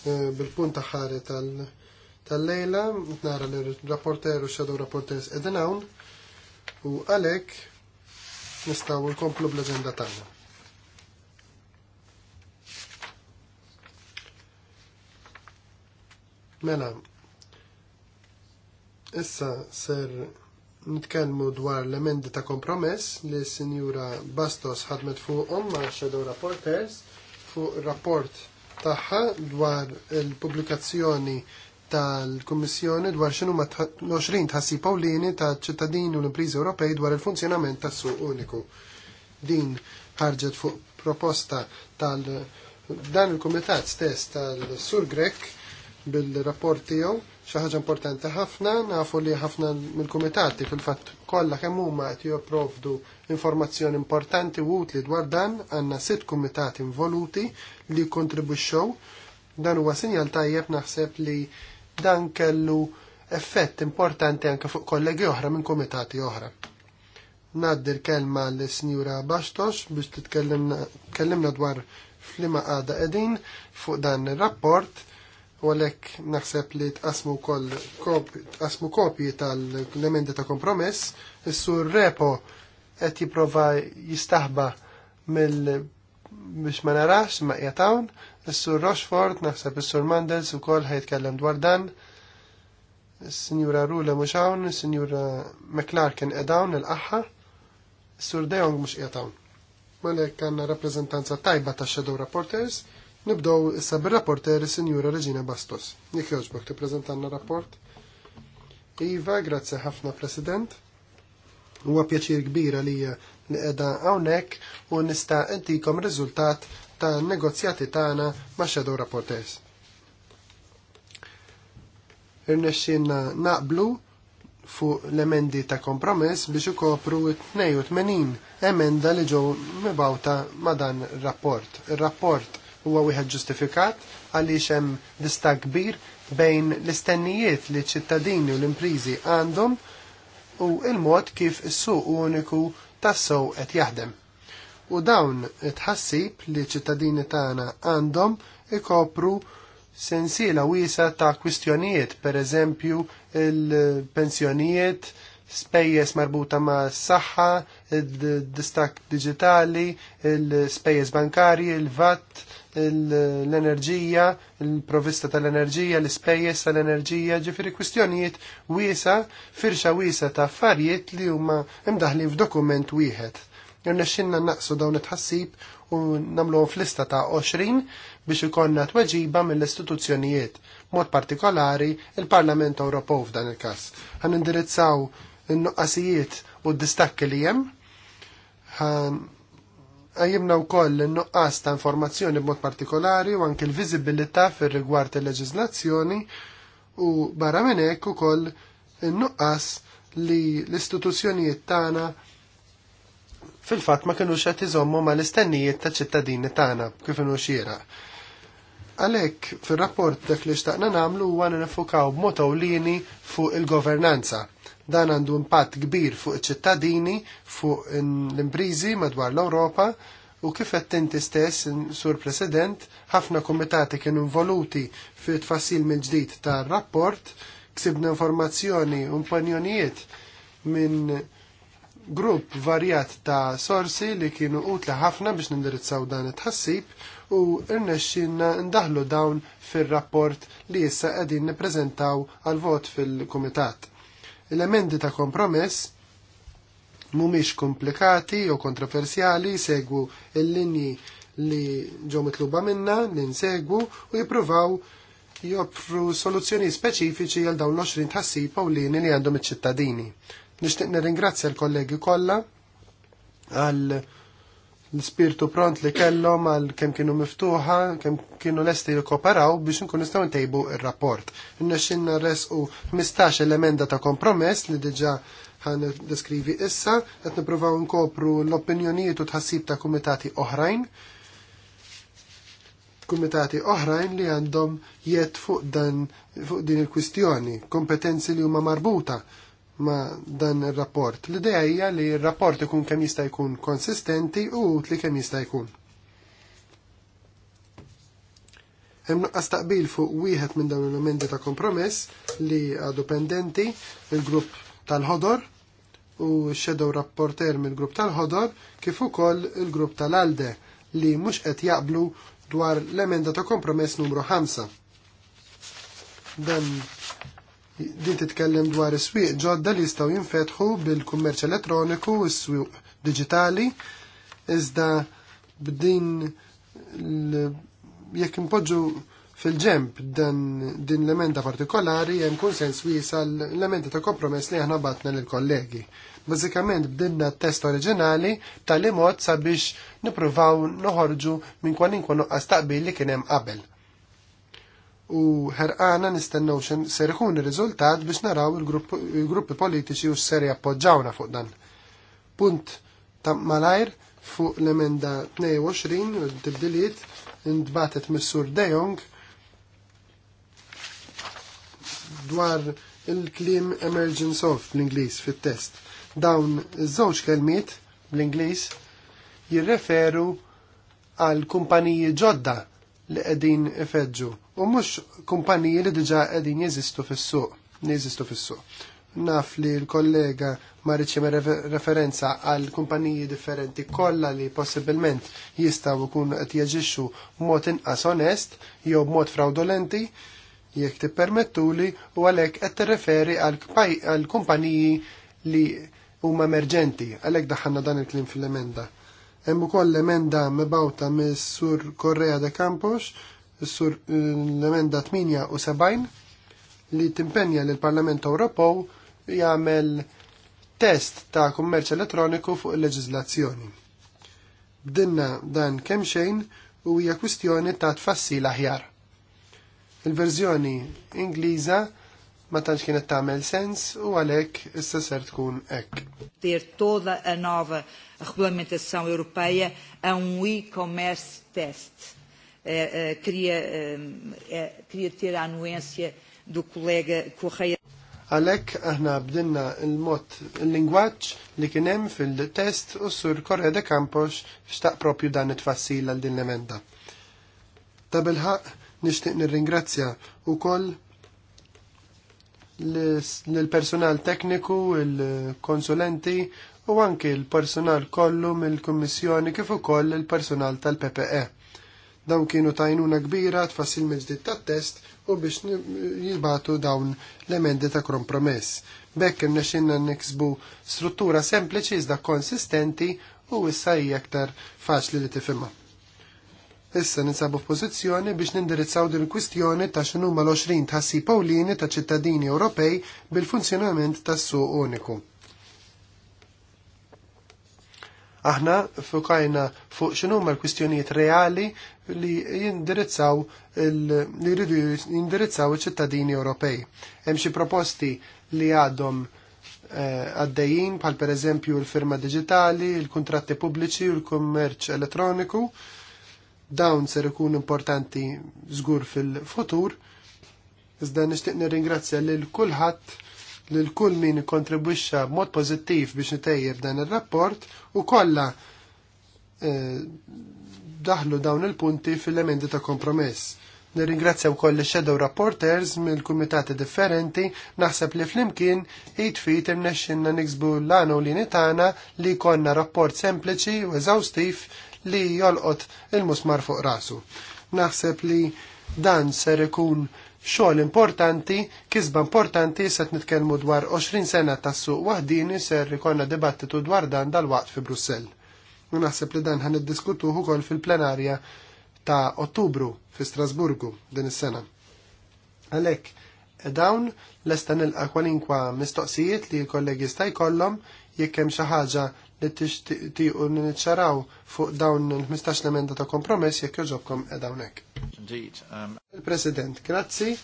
eh, bil-punt ħari tal-lejla, nara l rapporter u shadow rapporters ed hawn, u għalek nistaw nkomplu bl-agenda tagħna. Mela, issa ser nitkellmu dwar l-emendi ta' kompromess li s-Sinjura Bastos ħadmet fuqhom ma' Shadow Rapporters fuq rapport tagħha dwar il-pubblikazzjoni tal-Kummissjoni dwar x'inhu ma 20 tħassi Pawlini ta' ċittadini u l-imprizi Ewropej dwar il-funzjonament tas suq uniku. Din ħarġet fuq proposta tal- dan il-Kumitat stess tal-Sur Grek bil-rapport tiegħu xi ħaġa importanti ħafna, nafu li ħafna mill-kumitati fil-fatt kollha kemm huma qed provdu informazzjoni importanti u utli dwar dan għandna sitt kumitati involuti li kontribwixxew. Dan huwa sinjal tajjeb naħseb li dan kellu effett importanti anke fuq kollegi oħra minn kumitati oħra. Naddi l-kelma l-Sinjura Bastos biex titkellimna dwar flima għada edin fuq dan il-rapport u għalhekk naħseb li tqasmu wkoll tqasmu kopji tal-emendi ta' kompromess, is-sur repo qed jipprova jistaħba mill biex ma narax ma jatawn, is-sur Rochford, naħseb is-sur Mandels ukoll ħajtkellem dwar dan, s sinjura Rula mux għawn, is-sinjura McClarkin qedawn il aħħa is-sur Deong mhux qiegħed hawn. Malek għandna rappreżentanza tajba ta' Shadow Reporters, Nibdow issa bil rapporter Sinjura Regina Bastos. joġbok ti prezentanna rapport. Iva, grazzi ħafna President. Huwa pjaċir kbira li li qiegħda hawnhekk u nista' intikom riżultat ta' negozjati tagħna ma' Shadow Rapporters. Irnexxinna naqblu fuq l-emendi ta' kompromess biex ikopru 82 emenda li ġew mibawta ma' dan rapport. Ir-rapport huwa wieħed ġustifikat għaliex hemm dista kbir bejn l-istennijiet li ċittadini u l-imprizi għandhom u il-mod kif is-suq uniku tassew qed jaħdem. U dawn tħassib li ċittadini tagħna għandhom ikopru sensiela wiesa ta' kwistjonijiet, per eżempju il-pensjonijiet, spejjeż marbuta ma' s-saħħa, il-distak digitali, il-spejjeż bankarji, il-VAT, l-enerġija, l-provista tal-enerġija, l-ispejjeż tal-enerġija, ġifiri kwistjonijiet wiesa, firxa wiesa ta' affarijiet li huma imdaħli f'dokument wieħed. Irnexxinna naqsu dawn it-ħassib u fl f'lista ta' 20 biex ikonna tweġiba mill-istituzzjonijiet, mod partikolari il-Parlament Ewropew f'dan il-każ. Għan indirizzaw in-nuqqasijiet u d-distakki li hemm għajibna u koll nuqqas ta' informazzjoni b'mod partikolari u anke l-vizibilità fir rigward il-leġizlazzjoni u barra minn hekk ukoll nuqqas li l-istituzzjonijiet tagħna fil-fatt ma kinux qed ma mal-istennijiet ta' ċittadini tagħna kif inhu xieraq. Għalhekk fir-rapport dak li xtaqna nagħmlu huwa nifukaw b'mod ewlieni fuq il-governanza Dan għandu impatt kbir fuq iċ-ċittadini, fuq l-imprizi madwar l-Ewropa u kif qed inti stess, Sur President, ħafna kumitati kienu involuti fi tfassil mill-ġdid tar-rapport, ksibna informazzjoni u opinjonijiet minn grupp varjat ta' sorsi li kienu utli ħafna biex nindirizzaw dan it-ħassib u irnexxinna ndaħlu dawn fir-rapport li issa qegħdin nippreżentaw għal vot fil-kumitat l emendi ta' kompromess mumiex komplikati u kontroversjali segwu il-linji li ġew mitluba minna li nsegwu u jippruvaw joffru soluzzjoni speċifiċi għal dawn l-20 tħassib u lini li għandhom iċ-ċittadini. Nixtieq nirringrazzja l-kollegi kollha għal l-spirtu pront li kellhom għal kemm kienu miftuħa, kemm kienu lesti jikkoperaw biex nkun nistgħu ntejbu ir-rapport. res resqu 15 elementa ta' kompromess li diġà ħan deskrivi issa, qed nippruvaw nkopru l-opinjonijiet u tħassib ta' kumitati oħrajn. Kumitati oħrajn li għandhom jiet fuq dan fuq din il-kwistjoni, kompetenzi li huma marbuta ma' dan ir-rapport. L-idea hija li r-rapport ikun kemm jista' jkun konsistenti u utli kemm jista' jkun. Hemm nuqqas taqbil fuq wieħed minn dawn l-emendi ta' kompromess li għadu pendenti il-grupp tal-ħodor u shadow rapporter mill-grupp tal-ħodor kif ukoll il-grupp tal-Alde li mhux qed jaqblu dwar l-emenda ta' kompromess numru 5. Dan din titkellem dwar is-swieq ġodda li jistgħu jinfetħu bil-kummerċ elettroniku u s-swieq diġitali iżda b'din jekk impoġġu fil-ġemp dan din l-emenda partikolari hemm kunsens wiesa l-emenda ta' kompromess li aħna batna lill-kollegi. Bażikament bdinna t-test oriġinali tal mod sabiex nippruvaw noħorġu minn kwalinkwa nuqqas taqbil li kien hemm qabel u ħerqana nistennew ser serħun ir-riżultat biex naraw il-gruppi politiċi u s-ser jappoġġawna fuq dan. Punt ta' malajr fuq l-emenda 22 u l-tibdiliet intbatet mis-sur Dejong dwar il-klim emergence of l inglis fit-test. Dawn iż-żewġ kelmiet bl-Inglis jirreferu għal kumpaniji ġodda li qegħdin ifeġġu u mhux kumpaniji li diġà qegħdin jeżistu fis-suq jeżistu fis-suq. Naf li l-kollega ma riċeme referenza għal kumpaniji differenti kollha li possibilment jistgħu jkunu qed jaġixxu b'mod inqas onest jew b'mod fraudolenti jekk tippermettuli u għalhekk qed tirreferi għal kumpaniji li huma emerġenti għalhekk daħanna dan il-klim fil-emenda Hemm ukoll l-emenda mibgħuta mis-Sur Correa de Campos, sur eh, l-emenda 78 li timpenja lill parlament Ewropew jagħmel test ta' kummerċ elettroniku fuq il-leġiżlazzjoni. Bdinna dan kemm xejn u hija kwistjoni ta' tfassil aħjar. Il-verżjoni Ingliża ma tantx kienet tagħmel sens u għalhekk issa ser tkun hekk. Dir toda a nova regolamentação europeia a um e-commerce test. Uh, queria, uh, queria ter a anuência do colega Correia. Għalek aħna bdinna il mot il-lingwaġġ li kienem fil-test u sur Korre de Campos xtaq propju dan it-tfassil għal din l-emenda. Ta' bilħaq nixtieq nirringrazzja ukoll l-personal tekniku, il-konsulenti u anki l-personal kollu mill-Kummissjoni kif ukoll il-personal tal-PPE. Dawn kienu tajnuna kbira tfassil meġdiet tat-test u biex jibatu dawn l-emendi ta' kompromess. Bekk n niksbu struttura sempliċi iżda konsistenti u issa hija aktar faċli li tifimma issa ninsabu f'pożizzjoni biex nindirizzaw din il-kwistjoni ta' x'inhu l-20 tħassi Pawlini ta' ċittadini Ewropej bil-funzjonament tas-suq uniku. Aħna fukajna fuq x'inhu l-kwistjonijiet reali li jindirizzaw li jridu jindirizzaw iċ-ċittadini Ewropej. Hemm xi proposti li għadhom eh, għaddejjin bħal pereżempju l-firma diġitali, il-kuntratti pubbliċi u l-kummerċ elettroniku Dawn ser ikun importanti żgur fil-futur, iżda nixtieq nirringrazzja lil kulħadd lil kull min kontribwixxa b'mod pożittiv biex nitejjeb dan ir-rapport u kollha eh, daħlu dawn il-punti fil-emendi ta' kompromess. Nirringrazzja wkoll ix-shadow rapporters mill-kumitati differenti, naħseb li flimkien id fit imnexxinna niksbu l-għanu li nitana li konna rapport sempliċi u eżawstiv li jolqot il-musmar fuq rasu. Naħseb li dan ser ikun xogħol importanti, kisba importanti set nitkellmu dwar 20 sena tas-suq waħdini ser ikonna dibattitu dwar dan dal-waqt fi Brussell. U naħseb li dan ħan ukoll fil-plenarja ta' Ottubru fi Strasburgu din is-sena. Għalhekk, e dawn lesta nilqa kwalinkwa mistoqsijiet li l-kollegi jista' jkollhom jekk hemm xi ħaġa li t-tiju n niċċaraw fuq dawn il-15 emenda ta' kompromess jekk joġobkom dawnek. Um, Il-President, grazzi.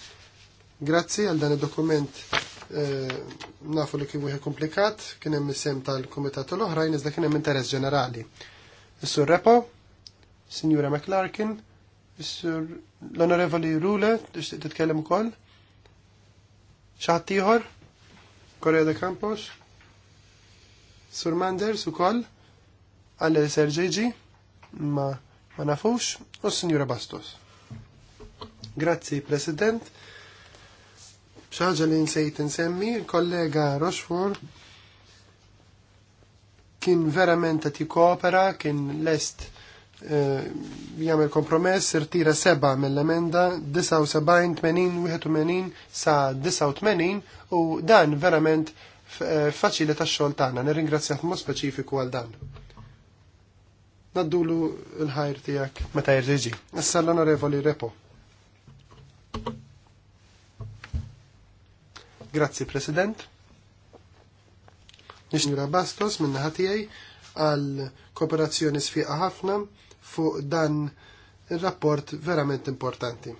Grazzi għal dan il-dokument eh, nafu li kien wieħed komplikat, kien hemm isem tal-kumitat l-oħrajn iżda kien hemm interess ġenerali. Is-Sur Repo, Signora McLarkin, is-Sur l-Onorevoli Rule, tixtieq titkellem ukoll? Xi ieħor? Korea de Campos? Sur Manders ukoll għalli Serġeġi ma ma nafux u Sinjura Bastos. Grazzi President. Xaġa li nsejt nsemmi, kollega Rochefort kien verament ti koopera, kien lest eh, jgħamil kompromess irtira seba mill-emenda 79, 80, 81 sa 89 u dan verament Eh, faċili tax xogħol tagħna. Nirringrazzjak mod speċifiku għal dan. Naddulu l-ħajr tiegħek meta jirriġi. Issa l-Onorevoli Repo. Grazzi President. Nixnira Bastos minna ħatijaj għal kooperazzjoni sfiqa ħafna fuq dan il-rapport verament importanti.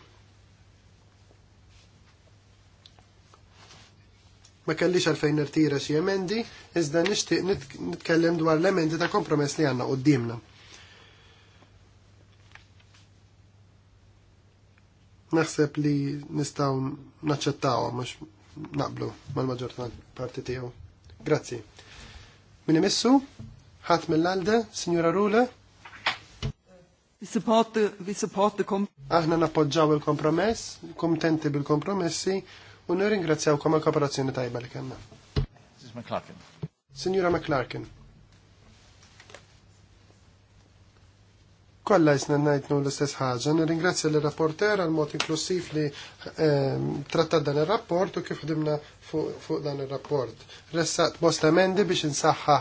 ma kellix għalfejn nirtira xi emendi, iżda nixtieq nitkellem dwar l-emendi ta' kompromess li għandna dimna Naħseb li nistgħu naċċettawha mhux naqblu mal-maġġor parti tiegħu. Grazzi. Min imissu? Ħadd mill-Alde, Signora Rula? Aħna nappoġġaw il-kompromess, kontenti bil-kompromessi u nirringrazzjawkom għal kooperazzjoni tajba li kellna. Signora McClarkin. kolla jisna najtnu l-istess ħagġa. Nirringrazzja l-rapporter għal-mod inklusiv li ehm, trattat dan il-rapport u kif ħdimna fuq dan il-rapport. Ressat bost amendi biex nsaxħa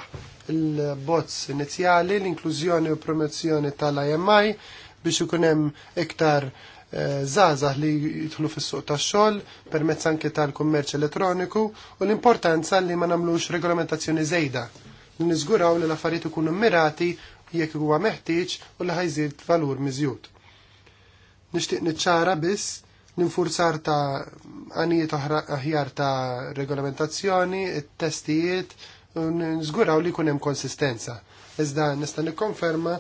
il bots inizjali, l-inklużjoni u promozzjoni tal-IMI biex ukunem iktar żgħażagħ li jidħlu fis-suq tax-xogħol permezz anke tal-kummerċ elettroniku u l-importanza li ma nagħmlux regolamentazzjoni żejda. Niżguraw li l-affarijiet ikunu mirati jekk huwa meħtieġ u li ħajżid valur miżjud. Nixtieq niċċara biss l-infurzar ta' għanijiet aħjar ta' regolamentazzjoni, testijiet, nżguraw li kunem konsistenza. Iżda nista' nikkonferma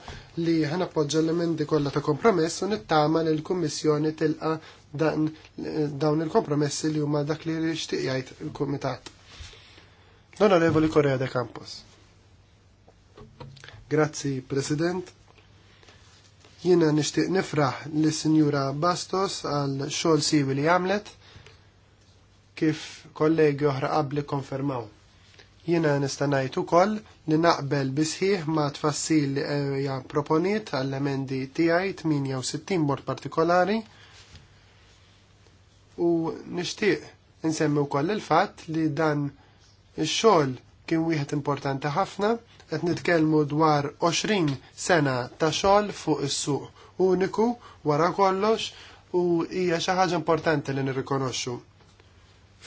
li ħan appoġġa l-emendi kollha ta' kompromess u nittama li l-Kummissjoni tilqa dawn il-kompromessi li huma dak li jixtieq jgħid il-Kumitat. L-Onorevoli Korea de Campos. Grazzi, President. Jiena nixtieq nifraħ li sinjura Bastos għal xogħol siwi li għamlet kif kollegi oħra qabli konfermaw. Jiena nista' ngħid ukoll li naqbel bisħiħ ma tfassil li hija proponiet għall-emendi tiegħi 68 bord partikolari u nixtieq insemmi wkoll il-fatt li dan il xogħol kien wieħed importanti ħafna, qed nitkellmu dwar 20 sena ta' xogħol fuq is-suq uniku wara kollox u hija xi ħaġa importanti li nirrikonoxxu.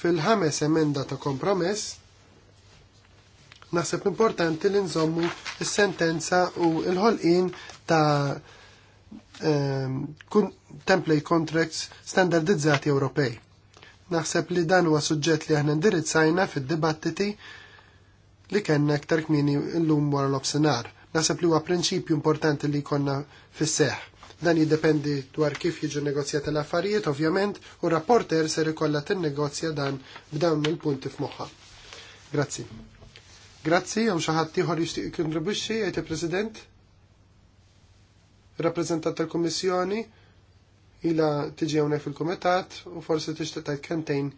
Fil-ħames emenda ta' kompromess Naħseb importanti li nżommu s-sentenza u l-ħolqin ta' ehm, template contracts standardizzati Ewropej. Naħseb li dan huwa suġġett li aħna ndirizzajna fid-dibattiti li kellna aktar kmini llum wara l-obsenar. Naħseb li huwa prinċipju importanti li jkollna fis-seħħ. Dan jiddependi dwar kif jiġu negozjati l-affarijiet, ovvjament, u rapporter ser ikollha tinnegozja dan b'dawn il-punti f'moħħa. Grazzi. Grazzi, għam xaħat tiħor jishtiq kontribuċi, għajte President, rappresentant tal-Komissjoni, ila tiġi għonek fil-Komitat u forse tixtiq tajt kentejn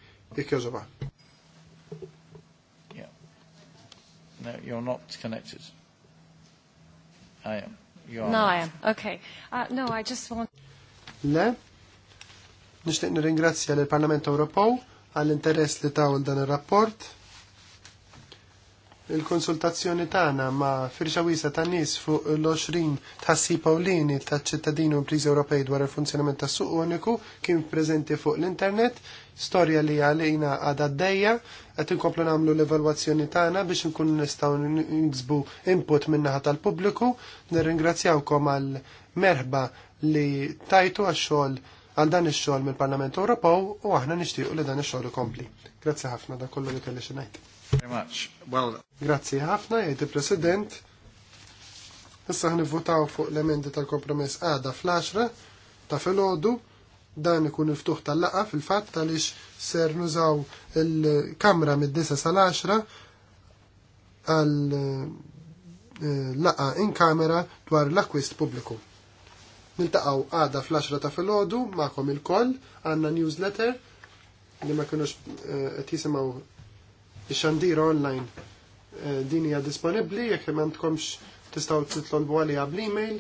jek joġoba. No, you're not connected. I am. You are no, not. I am. Okay. Uh, no, I just want... Le, nishtiq nirringrazzja l-Parlament Ewropew għall-interess li tawl dan il rapport il-konsultazzjoni tagħna ma' firxa wiesa ta' nies fuq l-20 tassi Pawlini ta' ċittadini u impriżi Ewropej dwar il-funzjonament tas suq uniku kien preżenti fuq l-internet, storja li għalina għadha għaddejja, dejja qed inkomplu nagħmlu l-evalwazzjoni tagħna biex nkun nistgħu niksbu input min-naħa tal-pubbliku. Nirringrazzjawkom għal merħba li tajtu għax-xogħol għal dan ix-xogħol mill-Parlament Ewropew u aħna nixtiequ li dan ix-xogħol ikompli. Grazzi ħafna da kollu li kelli ngħid. Well... Grazzi ħafna, jgħid il-President. Issa ħnivvotaw fuq l-emendi tal-kompromess għada fl-10 ta' filgħodu dan ikun il-ftuħ tal-laqa fil-fatt għaliex ser nużaw il-kamra mid-9 sal-10 għal eh, laqa in kamera dwar l-akwist pubbliku. Niltaqgħu għada fl-10 ta' filgħodu magħkom il-koll għandna newsletter li ma kienux eh, qed jisimgħu ix-xandira online eh, din hija disponibbli jekk m'għandkomx tistgħu titolbu għaliha bl-email.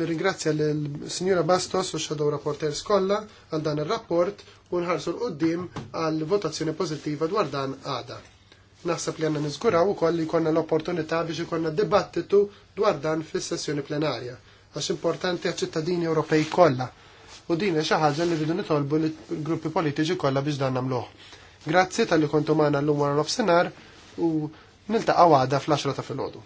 Nirringrazzja l-Sinjura Bastos u Shadow Rapporter Skolla għal dan ir-rapport u nħarsu l-qoddim għal votazzjoni pożittiva dwar dan għada. Naħseb li għanna nizguraw u koll li konna l-opportunità biex ikonna dibattitu dwar dan fis sessjoni plenarja, għax importanti għal ċittadini Ewropej kollha. U din xi ħaġa li rridu nitolbu l-gruppi politiċi kollha biex dan nagħmluh. Grazzi tal-li kontu maħna l-lum l-obsenar u niltaqqa għada fl axrata ta' fil-ħodu.